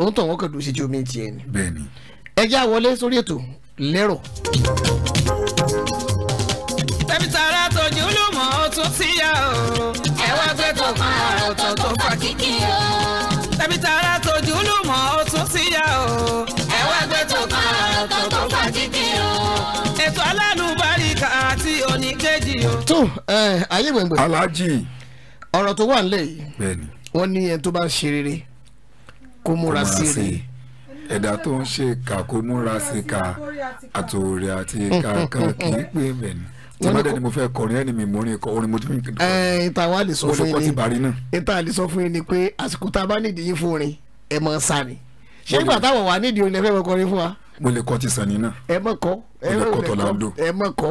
òun tàn wọ́n kàn dùn sí ju omi tiẹ̀ ni. bẹ́ẹ̀ni. ẹ já wọlé sórí ètò lérò. tẹ̀mí tààrà tòjú lùmọ̀ ó tún sí yá o. ẹ wá gbé tó kan ọ̀rọ̀ tó tó fa kíkì o. tẹ̀mí tààrà tòjú lùmọ̀ ó tún sí yá o. ẹ wá gbé tó kan ọ̀rọ̀ tó tó fa kíkì o. ètò alálùbáríkà àti oníkejì o. tó ayé gbẹ̀ngbẹ̀. aláàjì. ọ̀rọ̀ tó wà nílẹ̀ yìí. bẹ́ẹ̀ni. wọ́n ní ẹni tó bá ń ṣe rere kó múra sí rè ẹ̀dá tó ń ṣe ìkà kó múra sí ìkà àtòrè àti ìkà mm-hmm. kan kì í pè mí ni tí má dẹni mo fẹ́ kọrin ẹni mi mọrin kọ orin mo ti fi kọ. ẹ eh, ìta wa lè sọ fún yín ni ìta lè sọ fún yín ni pé àsìkò tá a bá nídìí yín fún orin ẹ mọ sá ni ṣé ìgbà táwọn wà nídìí orin ẹ fẹ́ mọ kọrin fún wa. mo lè kọ ti Sàní náà. ẹ mọ kọ ẹ mọ kọ tọ́ládò ẹ mọ kọ.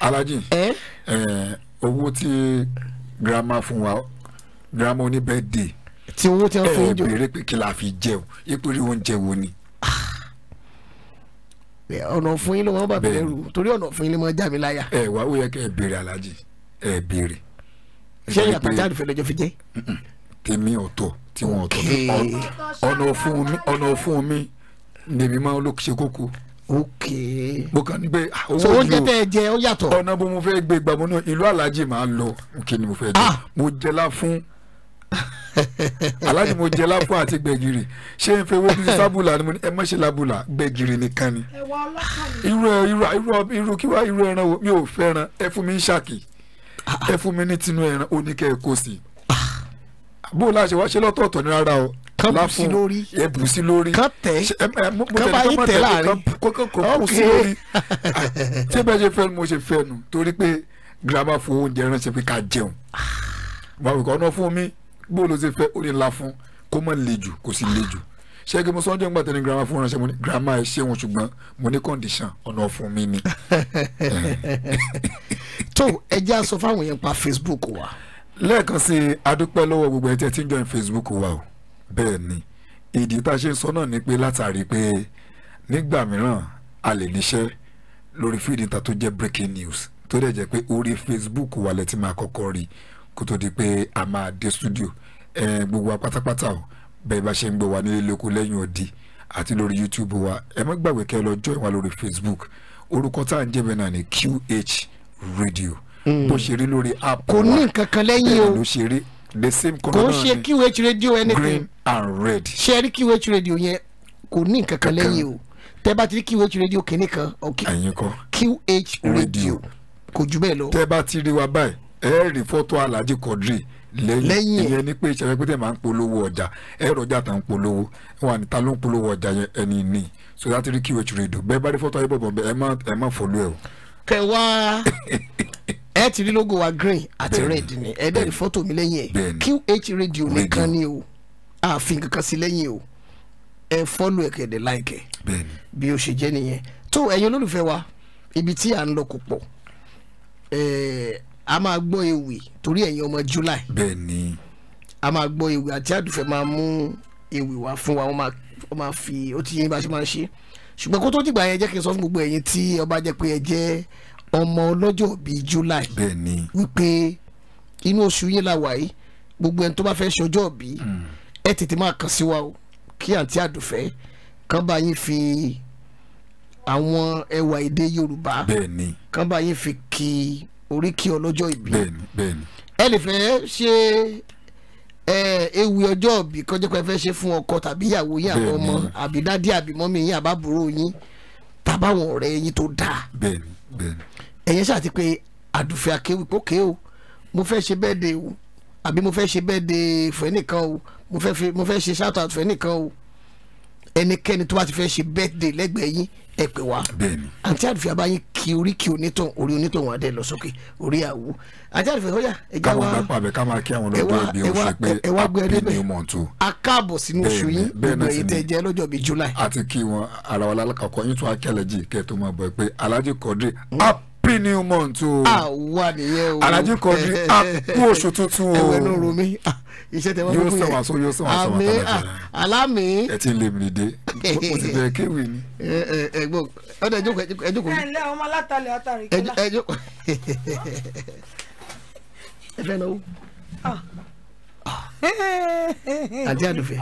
Alhaji eh, owó tí girama fún wa girama oníbẹ̀ẹ́dẹ̀ tí owó tí wọ́n fún yín ẹ bèrè pé kí la fi jẹun ìpínlẹ̀ oúnjẹ wo ni. ọ̀nà fún yín ló máa ń bàbá ẹrù torí ọ̀nà fún yín ló máa ń já mi láyà. ẹ wá ó yẹ kẹ ẹ bèrè alájì ẹ bèrè. ṣé ìyàtọ̀ jáde fẹ́ lẹ́jọ́ fi jẹ́. tèmi ọ̀tọ̀ tí wọ́n ọ̀tọ̀ ọ̀nà fún mi lèmi máa ló ṣe kókó ok mo kàn ní pé ah, owó yìí o so oúnjẹ tẹ ẹ jẹ ó yàtọ̀. ọ̀nà bó mo fẹ́ gbé gbàmú náà ìlú alájì máa ń lọ kí ni mo fẹ́ aláàjì mo jẹ lápò àti gbẹ̀gìrì ṣé n fẹ́ wo bí sábùlà ni mo ní ẹ má ṣe lábùlà gbẹ̀gìrì nìkan ni irú irú irú kí wá irú ẹran mi ò fẹ́ràn ẹ fún mi ń ṣàkì ẹ fún mi ní tinú ẹran oníkẹ́ ẹ kó sí bó láṣẹ wá ṣe lọ́tọ̀ọ̀tọ̀ ní rárá o kan bù sí lórí ẹ bù sí lórí kan tẹ kan bá yí tẹ láàrin kókó kó bù sí lórí ṣé bẹ́ẹ̀ ṣe fẹ́ nu mo ṣe fẹ́ nu torí pé girama fún oúnjẹ ránṣẹ́ pé ká jẹun báwo kọ́ ọ́nà fún mi bó ló ṣe fẹ́ ó ní la fún kó má le jù kó sì le jù ṣẹ́gi mo sọ́njọ́ ńgbà tẹ́ni girama fún ránṣẹ́ mo ní girama ẹ̀ ṣéun ṣùgbọ́n mo ní condition ọ̀nà fún mi ni. tó ẹ jẹ́ àsọ fáwọn yẹn pa Facebook wa. lẹ́ẹ̀kan sí i adúpẹ́ lọ́wọ́ gbogbo ẹ̀ tẹ́ tí ń join Facebook wa o bẹ́ẹ̀ ni ìdí tá a ṣe sọ náà ni pé látàrí pé nígbà mìíràn a lè níṣẹ́ lórí fídíì ta tó jẹ́ breaking news tó dẹ̀ jẹ́ pé orí Facebook wa lẹ ti máa kọ́kọ́ rí kó tó di pé a máa dé studio gbogbo wa pátápátá o bẹ́ẹ̀ bá ṣe ń gbọ́ wa nílé lóko lẹ́yìn odi àti lórí YouTube wa ẹ má gbàgbé kẹ́ ẹ lọ join wa lórí Facebook orúkọ tá à ń jẹ́ bẹ́ẹ̀ náà ni QH Radio hmm. bó ṣe rí lórí app wa kò ní nǹkan lẹ́yìn o the same kọ́nà náà kò ṣe QH Radio anything green and red ṣe rí QH Radio yẹn kò ní nǹkan kan lẹ́yìn o tẹ́ bá ti rí QH Radio kìíní kan ok QH Radio kò jù bẹ́ẹ̀ lọ. tẹ́ bá ti rí wa báyìí ẹ rí fọ́tò Alhaji Quadri lẹ́yìn ìyẹn ni pé ìṣẹ̀lẹ̀ pété máa ń polówó ọjà ẹ̀rọ ọjà tà ń polówó wà ní ta ló ń polówó ọjà ẹni ní so láti rí QH radio bẹ́ẹ̀ bá rí fọ́tò ayé bọ̀bọ̀ ẹ má ẹ má fọ́lú ẹ o. kẹ ẹ ti rí logo wa green àti red ni ẹ dẹ́rì fọ́tò mi lẹ́yìn ẹ QH radio nìkan ni o ààfin kankan sí lẹ́yìn o ẹ fọ́lù ẹ kẹ̀dẹ̀ láìkẹ́ bí o ṣe jẹ́ nìyẹn tó ẹ̀yin olólùfẹ́ wa ibi tí à ń lọ kò pọ̀ a máa gbọ́ ewì torí ẹ̀yin ọmọ July bẹ́ẹ̀ni a máa gbọ́ ewì àti àdùfẹ́ máa mú ewì wá fún wa wọ́n máa fi ó ti yẹn bá ṣe máa ṣe ṣùgbọ́n kó tó dìgbà yẹn jẹ́ kí n sọ fún gbogbo ẹ̀yin tí ọba jẹ́ pé ẹ jẹ́ ọmọ ọlọ́jọ́ bíi July bẹ́ẹ̀ni wípé inú oṣù yìí la wà yìí gbogbo ẹni tó bá fẹ́ ṣọjọ́ bí hmm. ẹ tètè máa kàn sí wa o kí àǹtí àdùfẹ́ kán bá yín fi àwọn ẹwà èdè Yorùbá kán bá yín fi kí oríkì ọlọ́jọ́ ìbí ẹ lè fẹ́ ṣe ewì ọjọ́ ìbí kọjá pé ẹ fẹ́ ṣe fún ọkọ tàbí ìyàwó yín àwọn ọmọ àbí dádì àbí mọ́mí yín àbábúrò yín tàbáwọn ọ̀rẹ́ yín tó dáa ẹ̀yẹ́ ṣàti pé àdùfẹ́ akéwì pókè o mo fẹ́ ṣe bẹ́ẹ̀ de o àbí mo fẹ́ ṣe bẹ́ẹ̀ de fẹ́ nìkan o mo fẹ́ ṣe shout out fẹ́ nìkan o ẹnikẹ́ni tó bá ti fẹ́ ṣe bẹ́ẹ̀ de lẹ́gbẹ̀ẹ́ yín ẹ pè wá àǹtí àdìfẹ́ abáyé kí orí kí onítàn orí onítàn wọn adé lọ sókè orí àwò àǹtí àdìfẹ́ ó yá ẹ já wa káwọn bá pàbẹ ká máa kí àwọn lọ́dọ̀ ẹbí ó ṣe pé happy new month o. a sínú oṣù yín gbogbo èyí tẹ jẹ lọ́jọ́ bíi july. àti kí wọn ara wa lálẹ́ kọ̀ọ̀kan yín tún akẹ́lẹ̀ jì kẹ́ tó máa bọ̀ pé Alhaji Quadri up happy new month o. àwa nìyẹn o. alhaji Quadri a kú oṣù tuntun o. ẹwẹ ló ro mi iṣẹ́ tẹ wọn fún mi. yóò sọ wàásù yóò sọ wàásù wàásù àtàlà. alámi. ẹ ti lè mi dé mo ti bẹ̀rẹ̀ kéwì ni. ẹ ẹ ẹ gbọ́ ọdọ ẹjọ kò ẹjọ kò. ẹ ǹlẹ́ ọmọ látàlẹ́ àtàrí kílá. ẹjọ ẹ fẹ́ lọ wò ah. ah. àti àdùfẹ́.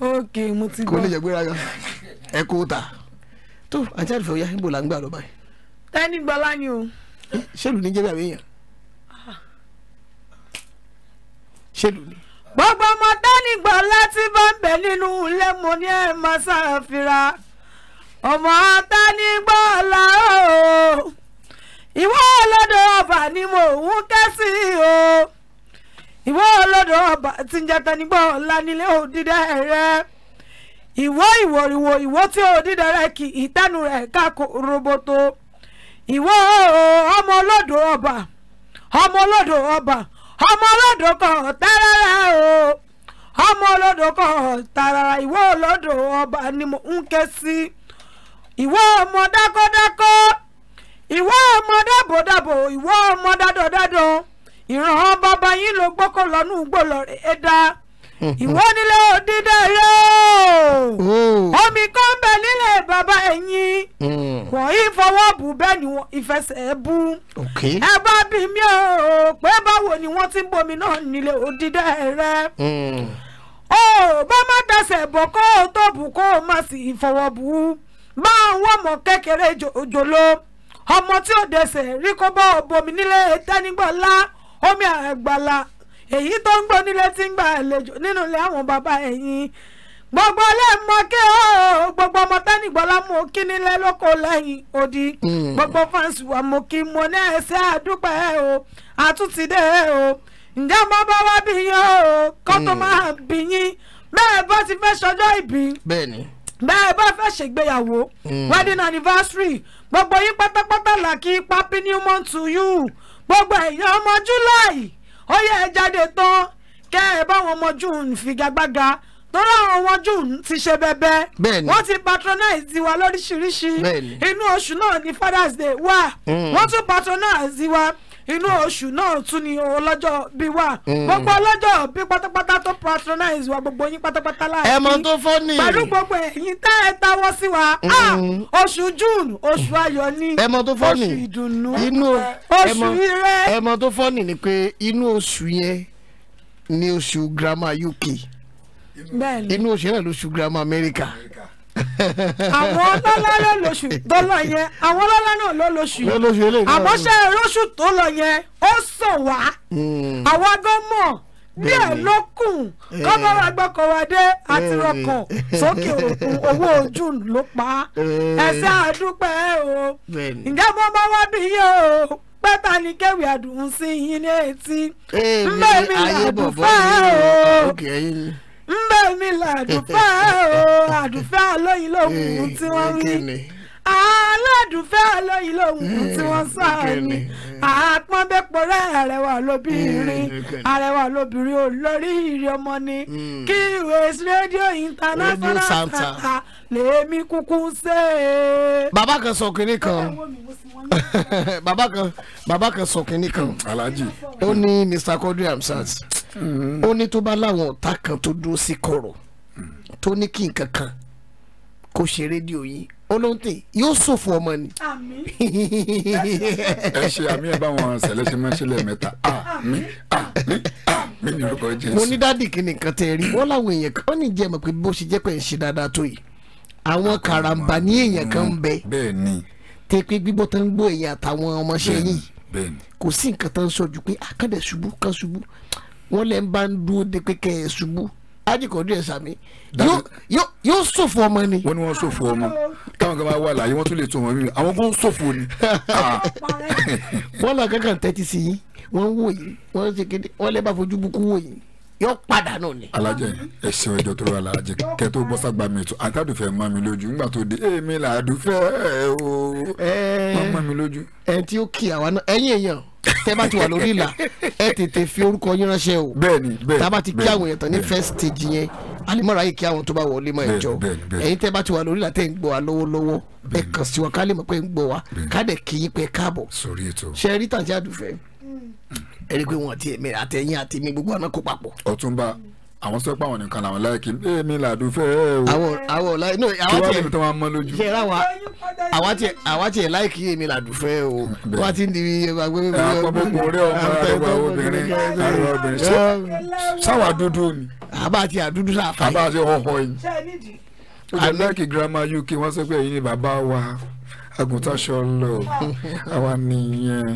ok mo ti gbọ́. kò lè jẹ́ gbéra yọ ẹ kó ta tó àti àdùfẹ́ ó yá ibo là ń gbà lọ báyìí ẹni gbọ́lá ni o. ṣèlú ní jẹ́bi àbẹ̀yàn ṣèlú ni. gbogbo ọmọ tẹ́ni gbọ́lá tí bá ń bẹ nínú ilé mo ní ẹ̀ máa ṣàfihàn ọmọ tẹ́ni gbọ́lá o ìwọ olódò ọba ni mo ń ké sí o ìwọ olódò ọba tí ń jẹta nígbà ọ̀la nílé òdìdẹ rẹ ìwọ ìwòrìwò ìwọ tí òdìdẹ rẹ kì í tẹnu rẹ ká roboto. ìwọ ọmọ olódò ọba ọmọ olódò ọba ọmọ olódò kan tárárá o ọmọ olódò kan tárárá ìwọ olódò ọba ni mo ń ké sí ìwọ ọmọ dákọ́dákọ́ ìwọ ọmọ dábòdábò ìwọ ọmọ dádọ̀dádọ̀ ìran bàbá yín ló gbọ́kọ̀ lọ́nù gbòòlò ẹ̀dá ìwọ nílé òdìdá yóò omi kan bẹ nílẹ̀ bàbá ẹ̀yìn mm-hmm. wọ̀nyí fọwọ́ bù bẹ́ẹ̀ ni ìfẹsẹ̀ bú ẹ bá bí mi ò pé báwo ni wọ́n ti ń bomi náà nílé òdìdá rẹ ó mm-hmm. bá má dẹsẹ̀ bọ̀ kó o tó bù kó o má sì fọwọ́ bù bá àwọn ọmọ kékeré jòjòló ọmọ tí ò dẹsẹ̀ rí kó bá o bomi nílé tẹ́nigbọ́lá omi àgbàlá èyí tó ń gbọ́ nílé tí ń gba àlejò nínú ilé àwọn bàbá ẹ̀yìn gbogbo ọlẹ́mọ̀kẹ́ o gbogbo ọmọ tẹ́nìgbọ́lá mo kí nílé lóko lẹ́yìn odi hmm. gbogbo fans wa mo kí mo ní ẹsẹ̀ àdúpẹ́ o àtúntìdé o ǹjẹ́ mo bá wá bí yín o kó tó hmm. máa bí yín bẹ́ẹ̀ bó ti fẹ́ sọjọ́ ìbí bẹ́ẹ̀ bá fẹ́ ṣègbéyàwó hmm. wedding anniversary gbogbo yín pátápátá là kí papi new month to you gbogbo ẹ̀yàn ọmọ July ó yẹ ẹ jáde tán kẹ́ ẹ báwọn ọmọ june figagbága torí àwọn ọmọ june ti ṣe bẹbẹ wọ́n ti patronize wa lóríṣiríṣi inú oṣù náà ni Father's Day wà hmm. wọ́n tún patronize wa inú oṣù náà tún ni ọlọ́jọ́ bí wà mm. gbogbo ọlọ́jọ́ bí pátápátá tó patronize wa gbogbo yín pátápátá láàbí ẹ̀mọ́ tó fọ́ ni pẹ̀lú gbogbo ẹ̀yin tẹ́ ẹ tawọ́ sí wa mm. ah, oṣù June oṣù ayọ̀ ni ẹ̀mọ́ tó fọ́ ni oṣù ìdùnnú oṣù ire ẹ̀mọ́ tó fọ́ ni ni pé inú oṣù yẹn ni oṣù grammar UK inú oṣù yẹn náà lóṣù grammar America. America àwọn ọlọ́lá ló lóṣù tó lọ yẹn àwọn ọlọ́lá náà ló lóṣù àmọ́ṣẹ́ lóṣù tó lọ yẹn ó sọ wá hmm. àwa gan mọ̀ díẹ̀ ló kù kọ́mọ́ra gbọ́kọ̀wádé àti eh. rọkàn sókè òkun owó ojú ló pa eh. ẹ̀sẹ̀ àdúpẹ́ o ǹjẹ́ mo máa wá bí yé o pẹ́ta ni kẹ́wì àdùn sí yín ní etí mbẹ́mi àdùn fẹ́ o ń bẹ̀ mí làdùfẹ́ o àdùfẹ́ olóyin lòun tí wọ́n wí aládùúfẹ́ olóyin lòun tí wọ́n sá ni àpọ́nbẹ́pọ̀rẹ́ àrẹwà lóbìnrin àrẹwà lóbìnrin olóríire ọmọ ni hmm. kí us radio international santa lèmi kúkú ṣe. bàbá kan sọ kínní kan bàbá kan bàbá kan sọ kínní kan Alhaji ó ní Mr. Quadri Hamzat ó ní tó bá láwọn ọ̀tá kan tó dúró sí kọ̀rọ̀ tó ní kí nǹkan kan kó ṣe rédíò yìí olóńtè yóò ṣòfò ọmọ ni. ẹ ṣe àmì ẹ bá wọn ṣẹlẹṣẹ máa ṣe lẹ́ẹ̀mẹ́ta àmì àmì àmì ní orúkọ jésù. mo ní dádì kí nìkan tẹ rí wọn láwọn èèyàn kan wọn ní jẹ mọ pé bó ṣe jẹ pé ń ṣe dáadáa tó yìí àwọn karambà ní èèyàn kan ń bẹ mm, tẹpẹ gbígbọ́ tó ń gbọ́ èèyàn àtàwọn ọmọọṣẹ́ yìí kò sí nǹkan tó ń sọ ju pé àkàndẹ̀ ṣubú kan ṣubú wọ́n lẹ́ ń bá ń dúró de kékeré ṣubú ajikọdu ẹ sami yóò ṣòfò ọmọ ni. wọ́n ní wọ́n ṣòfò ọmọ káwọn kan bá wà láàyè wọ́n tún lè tó wọn bíbí àwọn kan ṣòfò ni. Ah. wọ́n là kankan tẹ́tí sí yín wọ́n ń wò yín wọ́n ń ṣe kéde wọ́n lè bá fojú bukú wò yín yóò padà nù ni. alájẹ ẹ ṣe ọjọ́ tó rà alájẹ kẹ tó bọ sàgbà mi tó àtàdùfẹ mọ mi lójú nígbà tó dé èmi là á dùfẹ o mọ mi lójú. ẹ tí ó kí àwa náà ẹ̀yin èèyàn tẹ bá ti wà lórí ìlà ẹ tètè fi orúkọ yín ránṣẹ́ o bẹ́ẹ̀ni bẹ́ẹ̀ni tá a bá ti kí àwọn èèyàn tán ní first stage yẹn alimọ̀ra yìí kí àwọn tó bá wọlé mọ́ ẹ̀jọ́ ẹ̀yin tẹ́ bá ti wà lórí la tẹ́ ń gbọ́ wa lọ́wọ́lọ́wọ́ ẹ kàn sí wa ká mọ̀ pé ń gbọ́ wa ká dẹ̀ kí yín káàbọ̀ ṣe tàǹtí àdùfẹ́ ẹ i pé wọn ti èmi àtẹ̀yìn àti mi gbogbo ọ̀nà kó papọ̀. ọ̀túnba àwọn sọ pé àwọn nìkan làwọn láìkí ẹ mi làdùn fẹ ẹ o. àwọn àwọn láì no àwọn tiẹ̀ kí wọ́n mọ lójú. ṣe ráwa àwọn tiẹ̀ àwọn tiẹ̀ láìkí èmi làdùn fẹ o wọ́n ti ń di ẹgbẹ́ gbogbo. ẹ àpapọ̀ ọmọ rẹ ọmọ àrẹwà obìnrin àrẹwà obìnrin sáwà dúdú ni. àbá àti àdúdú sáfà àbá àti ọ̀họ̀ yìí. ó láìkí girama UK wọ́n sọ pé èyí ni bàbá wa àgùntàn ṣọlọ àwa nìyẹn.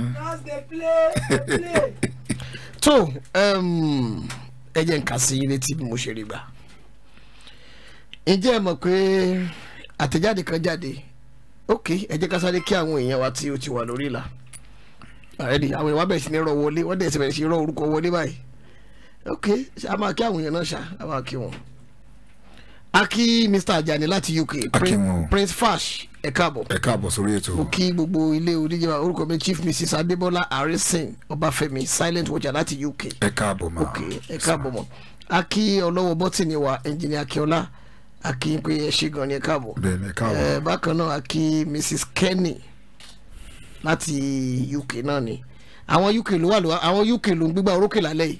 tó um, ẹ jẹ́ nǹkan sí ilé tí mo ṣe rí gbà ǹjẹ́ ẹ mọ̀ pé àtẹ̀jáde kan jáde ok ẹ jẹ́ ká sáré kí àwọn èèyàn wa tí ó ti wà lórí ìlà àrẹ́dì àwọn èèyàn wa bẹ̀rẹ̀ sí ní rọ wọlé wọ́n dẹ̀ sì bẹ̀rẹ̀ sí rọ orúkọ wọlé báyìí ok a máa kí àwọn èèyàn náà ṣá a máa kí wọn aki mr ajani láti uk prince fash ẹ káàbọ̀ ẹ káàbọ̀ sórí ètò mo kí gbogbo ilé oníjẹba orúkọ mi chief mrs adébọlá arison ọbáfẹ́mi silent watcher láti uk ẹ káàbọ̀ ma ok ẹ káàbọ̀ aki ọlọ́wọ́ bọ́tìnì wa engineer akínọlá aki pé ẹ ṣe gan ni ẹ káàbọ̀ bẹ́ẹ̀ni ẹ bákan náà aki mrs kenny láti uk náà ni àwọn uk ló wà lọ àwọn uk ló ń gbígbà orókè lálẹ́ yìí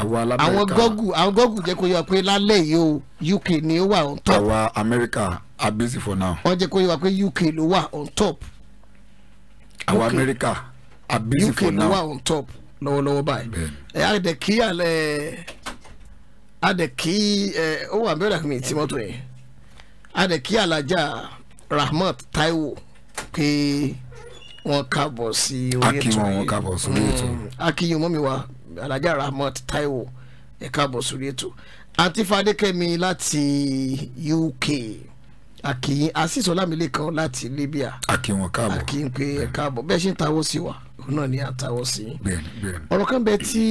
àwa lamẹ́ríkà àwọn gọ́gù àwọn gọ́gù jẹ́ kó yọ pé lálẹ́ yìí o UK ni ó wà on top. àwa Amẹ́ríkà are busy for now. wọ́n jẹ́ kó yọ pé UK ló wà on top. àwa Amẹ́ríkà are busy UK for now. UK ló wà on top lọ́wọ́lọ́wọ́ báyìí. ẹ á dẹ̀ kí alẹ́ á dẹ̀ kí ẹ ó wà mẹ́rin àkàmì tí mọ́tò yẹn á dẹ̀ kí alájà Rahmat Taiwo pé wọ́n kábọ̀ sí orí ètò yìí. akíwọn wọn kábọ̀ sórí ètò. Mm, akíyàn mọ́mi wa alájà Rahmat Taiwo ẹ káàbọ̀ sórí ètò àti Fadékẹ́mi láti UK àkìyìn asís ọlámilékan láti Libya àkìwọn káàbọ̀ àkìyìn pé ẹ káàbọ̀ bẹ́ẹ̀ ṣe ń tawọ́ sí wa òun náà ni àtàwọ̀ sí i ọ̀rọ̀ kan bẹ tí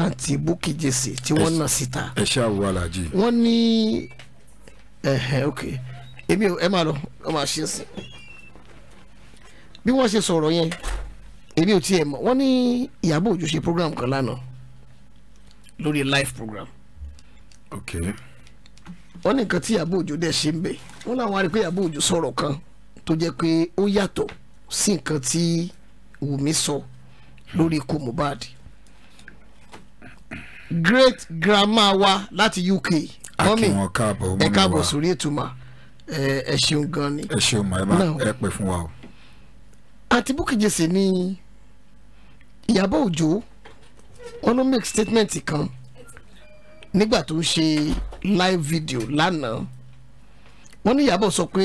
àǹtí Bukky Jesse tí wọ́n nà síta ẹ ṣe àwọ̀ alájì wọ́n ní ẹ̀hẹ̀ ok èmi ò ẹ máa lọ ọ máa ṣe é sí bí wọ́n ṣe sọ̀rọ̀ yẹn èmi ò tiẹ̀ mọ̀ wọ́n ní Ìyábọ̀ Òjó ṣe program kan lánàá lórí live program. ok. wọ́n ní nǹkan tí Ìyábọ̀ Òjó dẹ̀ ṣe ń bẹ̀ wọ́n láwọn arí pé Ìyábọ̀ Òjó sọ̀rọ̀ kan tó jẹ́ pé ó yàtọ̀ sí nǹkan tí Wùmí sọ lórí ikú Mohbad great grandma wa láti UK mọ́mì ẹ káàbọ̀ sórí ìtumọ̀ ẹ ṣeun gan ni. ẹ ṣeun ma ẹ pè fún wa o. àǹtí Bukky Jesse ní Ìyábọ̀ wọn ló make statement kan nígbà tó ń ṣe live video lánàá wọn ní Ìyábọ̀ sọ pé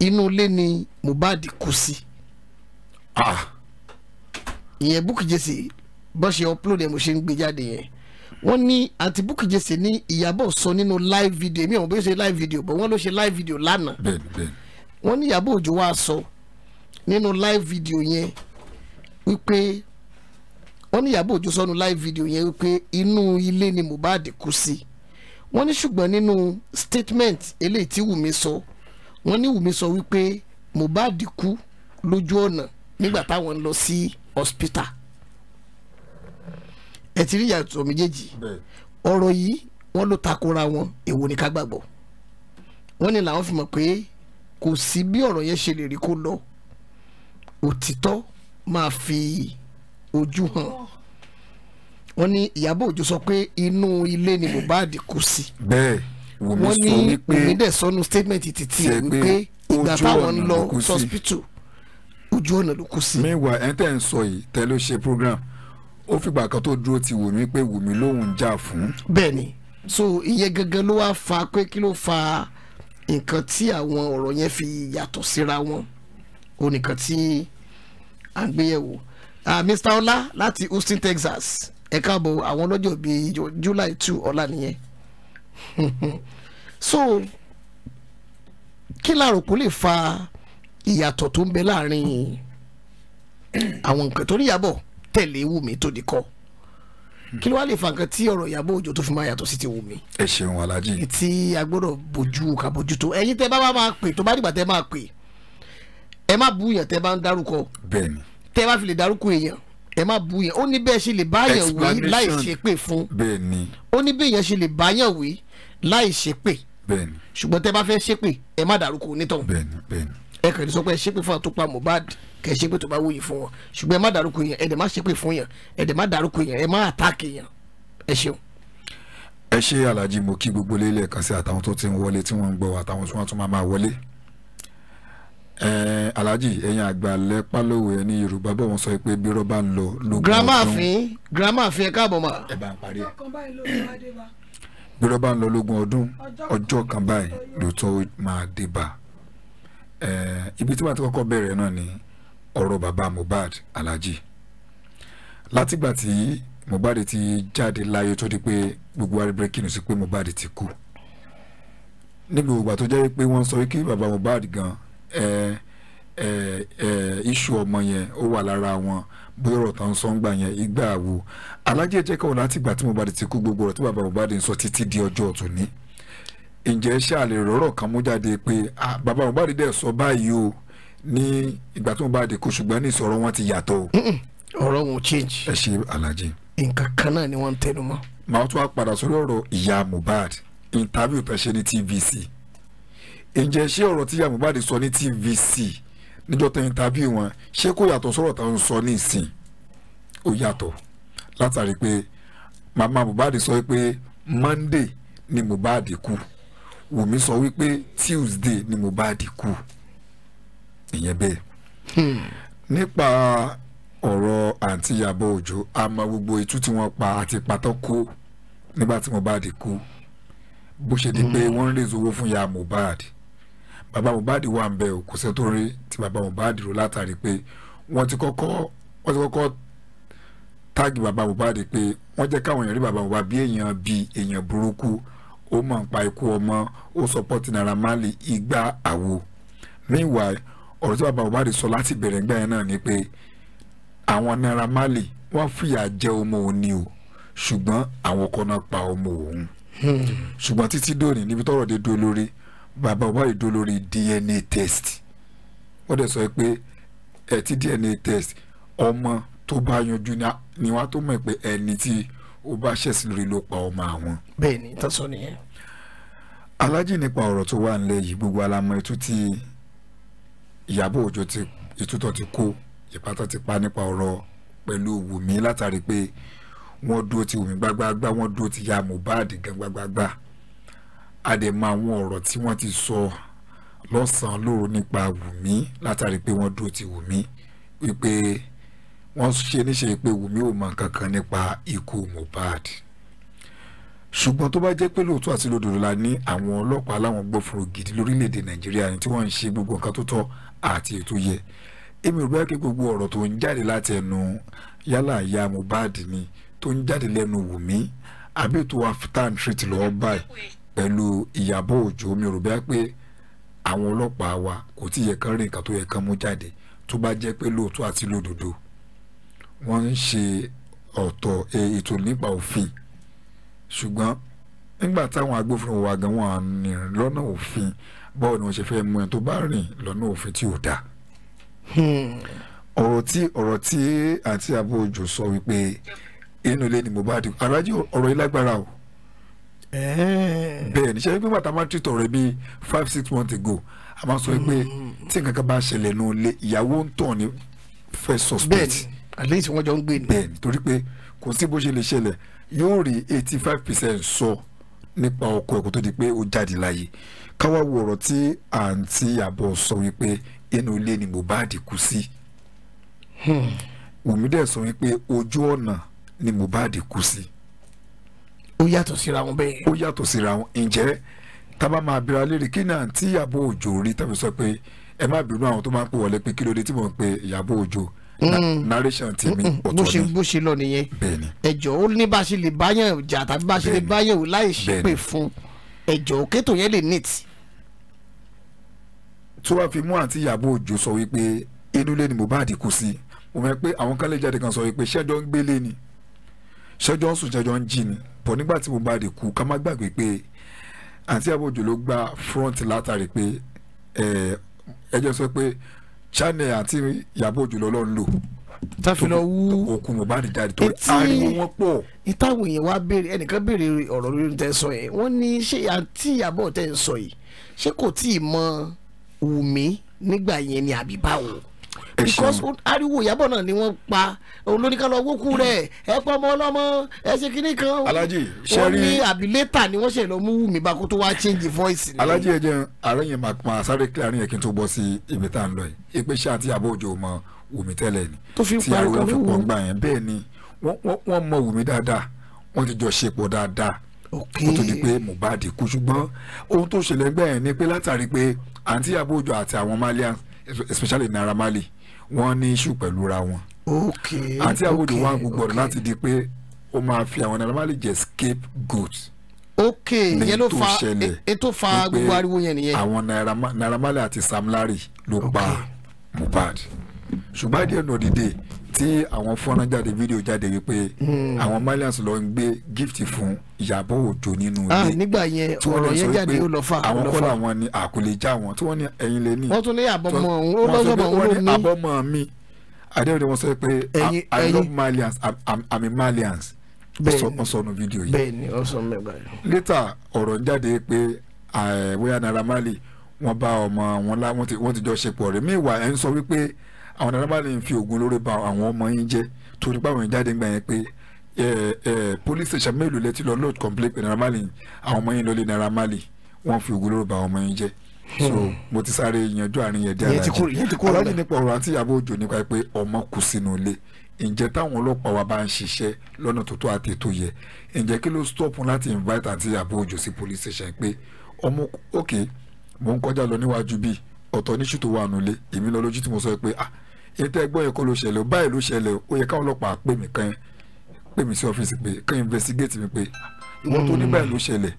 inú ilé ni Mohbad kú sí ah. ìyẹn Bukky Jesse bó ṣe upload ẹ̀ mo ṣe ń gbé jáde yẹn wọ́n ní àǹtí Bukky Jesse ní Ìyábọ̀ sọ nínú live video èmi ò bẹ́ẹ̀ ṣe live video bọ̀ wọ́n ló ṣe live video lánàá wọ́n ní Ìyábọ̀ Òjó wa sọ nínú live video yẹn wípé wọ́n ní Ìyábọ̀ Òjó sọnù live video yẹn wípé inú ilé ni Mohbad kú sí wọ́n ní ṣùgbọ́n nínú statement eléyìí tí Wùmí sọ wọ́n ní Wùmí sọ wípé Mohbad kú lójú ọ̀nà nígbà táwọn ń lọ sí hospital ẹ ti rí ìyàtọ̀ méjèèjì ọ̀rọ̀ yìí wọ́n ló takora wọn èwo ni ká gbàgbọ́ wọ́n ní làwọn fi mọ̀ pé kò sí bí ọ̀rọ̀ yẹn ṣe lè rí kó lọ òtítọ́ máa fi ojú hàn wọ́n ní Ìyábọ̀ Òjó sọ pé inú ilé ni Mohbad kú sí. bẹ́ẹ̀ Wùmí sọ wípé Wùmí dẹ̀ sọnù statement títí ẹ̀ wípé ìgbà táwọn ń lọ hospital ojú ọ̀nà ló kú sí. meanwhile ẹ̀ ń sọ yìí tẹ́ ṣe program ó fìgbà kan tó dúró ti Wùmí pé Wùmí lòun jà fún. bẹ́ẹ̀ni so ìyẹn gangan ló wáá fa pé kí ló fa nǹkan tí àwọn ọ̀rọ̀ yẹn fi yàtọ̀ síra wọn ó tí à ń gbéyẹ̀wò uh, ah, Mr. Ola, láti Houston Texas ẹ káàbọ̀ àwọn ọlọ́jọ́ bíi July two ọ̀la nìyẹn so kí làròkó lè fa ìyàtọ̀ tó ń bẹ láàrin àwọn nǹkan tó ní tẹ̀lé Wùmí tó di kọ́ kí ló wá lè fa nǹkan tí ọ̀rọ̀ Ìyábọ̀ Òjó tó fi máa yàtọ̀ sí ti Wùmí. ẹ ṣeun alájí. tí a gbọ́dọ̀ bójú ká bójú tó ẹ̀yin tẹ́ bá máa pè tó bá dìgbà tẹ́ máa pè ẹ má bú yàn tẹ́ bá ń dárúkọ. bẹ́ẹ̀ni tẹ́ bá fi lè dárúkọ èèyàn ẹ má bu yẹn ó ní bẹ́ẹ̀ ṣe lè báyàn wí láì ṣe pé fún ó ní bẹ́ẹ̀ yẹn ṣe lè báyàn wí láì ṣe pé ṣùgbọ́n tẹ́ bá fẹ́ ṣe pé ẹ má dárúkọ onítọ̀hún ẹ kàn ní sọ pé ẹ ṣe pé fún àtúpà Mohbad kẹ ṣe pé tó bá wúyì fún wọn ṣùgbọ́n ẹ má dárúkọ yẹn ẹ dẹ̀ má ṣe pé fún yẹn ẹ dẹ̀ má dárúkọ yẹn ẹ má àtàkì yẹn ẹ ṣeun ẹ ṣe Alhaji mo kí gbogbo lélẹ̀ kan sí àtàwọn tó ti ń wọlé tí wọ́n ń gbọ́ àtàwọn tí wọ́n tún máa máa wọlé alhaji ẹ̀yin àgbà lẹ́pà lówe ẹni yorùbá bọ̀ wọ́n sọ pé bí rọ́bà ń lọ lókun ọdún. girama fin girama fin ẹ káàbọ̀ ma. ẹ bá ń parí ẹ bí rọ́bà ń lọ lógún ọdún ọjọ́ kan báyìí lóòótọ́ máa dé bá ibi tí wọ́n ti kọ́kọ́ bẹ̀rẹ̀ náà ni ọ̀rọ̀ bàbá Mohbad alhaji látìgbà tí Mohbad ti jáde láyé tó di pé gbogbo arìbẹ́kìnì sí pé Mohbad ti kú ní tó jẹ́ pé wọ́n sọ pé bàbá Mohbad gan-an iṣu ọmọ yẹn ó wà lára wọn bóyá ọ̀rọ̀ táwọn sọ ń gbà yẹn ìgbà àwo alájẹ jẹ́ kọ́ láti ìgbà tí Mohbad ti kú gbogbo ọ̀rọ̀ tí bàbá Mohbad ń sọ títí di ọjọ́ òtòní ǹjẹ́ ṣáà lè rọ́rọ̀ kan mú jáde pé bàbá Mohbad dẹ̀ sọ báyìí o ní ìgbà tí Mohbad kú ṣùgbọ́n ní ìsọ̀rọ̀ wọn ti yàtọ̀ o. ọ̀rọ̀ wọn change. ẹ ṣe alájẹ. nǹkan kan náà ni wọ́n ń tẹnu mọ́. màá tún wá padà sórí ọ̀rọ̀ ìyá Mohbad interview tó ṣe ní TVC ǹjẹ́ ṣé ọ̀rọ̀ tí Mohbad sọ ní TVC níjọ́ tó interview wọn ṣé kò yàtọ̀ sọ̀rọ̀ táwọn sọ ní ìsìn ó yàtọ̀ látàrí pé màmá Mohbad sọ pé Monday ni Mohbad kú Wùmí sọ wípé Tuesday ni Mohbad kú ìyẹn bẹ́ẹ̀ hmm. nípa ọ̀rọ̀ àǹtí Ìyábọ̀ Òjó a mọ gbogbo itú tí wọ́n pa àti pàtó kó nígbà tí Mohbad kú bó ṣe di pé hmm. wọ́n ń rèé owó fún ya Mohbad bàbá Mohbad wà ń bẹ o kò sẹ́ni tó rí tí bàbá Mohbad rò látàrí pé wọ́n ti kọ́kọ́ wọ́n ti kọ́kọ́ táàgì bàbá Mohbad pé wọ́n jẹ́ káwọn èèyàn rí bàbá Mohbad bí èèyàn bí èèyàn burúkú ó mọ̀ ń pa ikú ọmọ ó sọpọ́tì Naira Marley igba àwo meanwhile ọ̀rọ̀ tí bàbá Mohbad sọ láti bẹ̀rẹ̀ ńgbà yẹn náà ni pé àwọn Naira Marley wọ́n fìyà jẹ ọmọ òní o ṣùgbọ́n àwọn kan náà pa ọmọ òun hmm. ṣùgbọ́n títí dòní níbi tọ́rọ̀ dé dúró lórí bàbá Mohbad dó lórí DNA test wọ́n dẹ̀ sọ pé ẹ̀ tí DNA test ọmọ tó bá yanjú ni wọ́n á tó mọ̀ pé ẹni tí ó bá ṣẹ̀sìn lórí ló pa ọmọ àwọn. bẹ́ẹ̀ni tọ́sọ nìyẹn. alájì nípa ọ̀rọ̀ tó wà nílẹ̀ yìí gbogbo alamọ ètò tí Ìyábọ̀ Òjó ti ìtútọ̀ ti kó ìpátá ti pa nípa ọ̀rọ̀ pẹ̀lú Wùmí látàrí pé wọ́n dúró ti Wùmí gbágbáágbá wọ́n dúró ti ya Mohbad gan gbágbáágbá àdèmọ àwọn ọ̀rọ̀ tí wọ́n ti sọ lọ́sàn-án lóru nípa Wùmí látàrí pé wọ́n dúró ti Wùmí wípé wọ́n ṣe níṣe pé Wùmí ò mọ nǹkan kan nípa ikú Mohbad ṣùgbọ́n tó bá jẹ́ pé lóòótọ́ àti lódodo la ní àwọn ọlọ́pàá láwọn gbófinró gidi lórílẹ̀‐èdè nàìjíríà ni tí wọ́n ń ṣe gbogbo nǹkan tó tọ́ àti ètò yẹ èmi ò gbà pé gbogbo ọ̀rọ̀ tó ń jáde láti ẹnu yálà ìyá Mohbad ni tó ń jáde lẹ́nu Wùmí àbí ètò afghan treat lọ́ọ́ báyìí pẹ̀lú Ìyábọ̀ Òjó mi rò bẹ́ẹ̀ pé àwọn ọlọ́pàá wa kò tí yẹ kán rí nǹkan tó yẹ kán mú jáde tó bá jẹ́ pé lóòótọ́ àti lódodo wọ́n ń ṣe ọ̀tọ̀ ètò nípa òfin ṣùgbọ́n nígbà táwọn agbófinró wa gan wọn rìn lọ́nà òfin bọ́ọ̀ ni wọ́n ṣe fẹ́ mú ẹni tó bá rìn lọ́nà òfin tí ò dáa. ọ̀rọ̀ tí ọ̀rọ̀ tí àǹtí Ìyábọ̀ sọ wípé inú ilé ni Mohbad arájú ọ̀rọ̀ yìí lágbára o bẹ́ẹ̀ ṣe pé bàtà máa tìtọ̀ rẹ bíi five six months ago a máa sọ pé mm-hmm. tí nǹkan kan bá ṣẹlẹ̀ nù lé ìyàwó ń tàn ní first suspect. bẹ́ẹ̀ni at least wọn jọ ń gbé ni. bẹ́ẹ̀ni torí pé kò sí bó ṣe lè ṣẹlẹ̀ yóò rí eighty five percent sọ nípa ọkọ ẹ̀kọ́ tó di pé ó jáde láyé káwá wo ọ̀rọ̀ tí àǹtí àbọ̀ sọ wípé inú ilé ni Mohbad kú sí. Hmm. Wùmí sọ wípé ojú ọ̀nà ni Mohbad kú sí ó yàtọ̀ síra wọn bẹ́ẹ̀. ó yàtọ̀ síra wọn ǹjẹ́ tábà máa bẹ̀rẹ̀ alẹ́ rè kí náà tí Ìyábọ̀ Òjó rí tàbí sọ pé ẹ má bínú àwọn tó máa ń pè wọlé pé kí ló dé tí mò ń pe Ìyábọ̀ Òjó mm. narration ti mi ọ̀tọ̀ ni bó ṣe bó ṣe lọ nìyẹn ẹjọ́ ó ní bá a ṣe lè báyàn jà tàbí bá a ṣe lè báyàn wò láì ṣépè fún ẹjọ́ òkètò yẹn lè neat. tó wàá fi mú àǹtí Ìyábọ̀ Òjó sọ wípé inú lé ni Mohbad kú sí mo mọ̀ pé àwọn kan lè jáde kan sọ wípé ṣẹ́jọ́ ń gbélé ni ṣẹjọ ń sùn ṣẹjọ ń jí ni pọ̀ nígbà tí mo bá rè kú ká má gbàgbé pé àǹtí àbójò ló gba front látàrí pé ẹjọ́ sọ pé channel àti ìyàbọ̀ òjò lọ́lọ́ ń lò tàfilọ wú òkun Mohbad jáde tó ariwo wọn pọ̀. ìtàwọn èèyàn wá béèrè ẹnìkan béèrè ọ̀rọ̀ lórí tẹ́ sọ yẹn wọ́n ní ṣé àǹtí ìyàbọ̀ tẹ́ ń sọ yìí ṣé kò tí ì mọ Wùmí nígbà yẹn ni àbí báwo because ariwo Ìyábọ̀ náà ni wọ́n pa olóníkàlọ́ wókù rẹ̀ ẹ pọ́ ọmọ ọlọ́mọ ẹ ṣe kínní kan Alhaji sẹ́rí wọ́n ní àbílẹ́tà ni wọ́n ṣe lọ mú wùmí bá kó tó wá change voice ni. Alhaji ẹ jẹ́ ààrẹ yẹn máa pa sáré kílẹ̀ àárín yẹn kí n tó bọ́ sí ibi tá à ń lọ yìí ipe ṣáà tí àbọ̀ òjò mọ wùmí tẹ́lẹ̀ ni tí ariwo fi pọ̀ gbà yẹn bẹ́ẹ̀ ni wọ́n mọ wùmí dáadáa wọ́n ti jọ ṣepọ̀ dáadáa okay. kó tó di pé Mohbad kú ṣùgbọ́n ohun tó ṣẹlẹ̀ gbẹ̀yìn ni pé látàrí pé àǹtí àbójọ àti àwọn malians especially Naira Marley wọ́n ní issue pẹ̀lú ra wọn. ok ok àti àwòdì wọn gbogbo ọ̀rọ̀ láti di pé ó máa fi àwọn Naira Marley jẹ scapegoat. ok ìyẹn ló fa èyí tó fa e- e gbogbo ariwo yẹn nìyẹn. àwọn Naira Marley àti Sam Larry ló pa Mohbad ṣùgbọ́n at the end of the day tí àwọn fọ́nrán jáde fídíò jáde wípé hmm. àwọn Malians lọ ń gbé gift fún Ìyábọ̀ Òjó nínú ilé ah, nígbà yẹn ọ̀rọ̀ yẹn jáde ó lọ fà àwọn kọ́ làwọn ni àkùlẹ̀já wọn tí wọ́n ní ẹ̀yin lé ní. wọ́n tún ní àbọ̀mọ̀ òun ó lọ́sọ̀bọ̀ òun ló ní adéwìnrin wọn sọ pé i love malians i'm, a malians wọn sọ nu fídíò yìí bẹ́ẹ̀ni wọn sọ mẹba later ọ̀rọ̀ ń jáde pé eh, bóyá Naira Marley wọ́n bá ọmọ wọn lá wọ́n ti jọ àwọn arábàlì ń fi oògùn olóró ba àwọn ọmọ yín jẹ́ torí báwọn ìjáde gbà yẹn pé police station mélòó lẹ́tí lọ lodge complaint pé Naira Marley àwọn ọmọ yín lọlé Naira Marley wọ́n fi oògùn olóró ba àwọn ọmọ yín jẹ́ so mo ti sáré yanjú àárín yẹn dé alájí alájí nípa ọ̀rọ̀ àti Ìyábọ̀ Òjó nípa pé ọmọ kù sínú ilé ǹjẹ́ táwọn ọlọ́pàá wa bá ń ṣiṣẹ́ lọ́nà tó tó àti ètò yẹ ǹjẹ́ kí ló stop láti invite àti Ìyábọ̀ Òjó sí police station pé ọmọ ok mo ń kọjá lọ níwájú bíi ọ̀tọ̀ níṣù tó wa nulẹ̀ èmi lọ lójú tí mo sọ pé ah èyí tẹ́ gbọ́ yẹn kọ́ ló ṣẹlẹ̀ báyìí ló ṣẹlẹ̀ ó yẹ káwọn ọlọ́pàá pè mí kan pè mí sí ọ́fíìsì pé kan investigate mi pé ìwọ tó ní báyìí ló ṣẹlẹ̀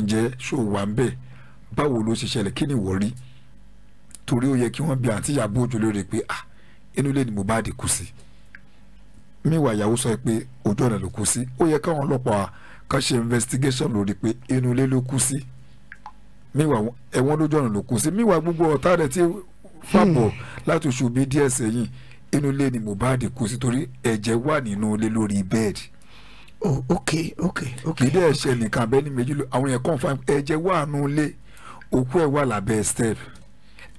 ǹjẹ́ ṣó wà ń bẹ̀ báwo ló ṣe ṣẹlẹ̀ kí ni ìwọ rí torí ó yẹ kí wọ́n bi àǹtí Ìyábọ̀ Òjó lórí pé ah inú ilé ni Mohbad kú sí miwa ìyàwó sọ pé ojú ọ̀nà ló kú sí ó yẹ káwọn ọlọ́pàá kan ṣe investigation lórí pé inú ilé ló kú sí miwa ẹ̀wọ̀n lójú ọ̀nà ló kù sí miwa gbogbo ọ̀tá rẹ̀ ti fàbọ̀ hmm. láti oṣù bíi díẹ̀ sẹ́yìn inú ilé ni Mohbad kú sí torí ẹ̀jẹ̀ wà nínú ilé lórí bẹ́ẹ̀dì. oh ok ok ok kì í dẹ́ ẹ̀ṣẹ̀ nìkan abẹ́ni méjì àwọn yẹn kàn fún ẹ̀jẹ̀ wà nínú ilé òkú ẹ̀ wà lábẹ́ step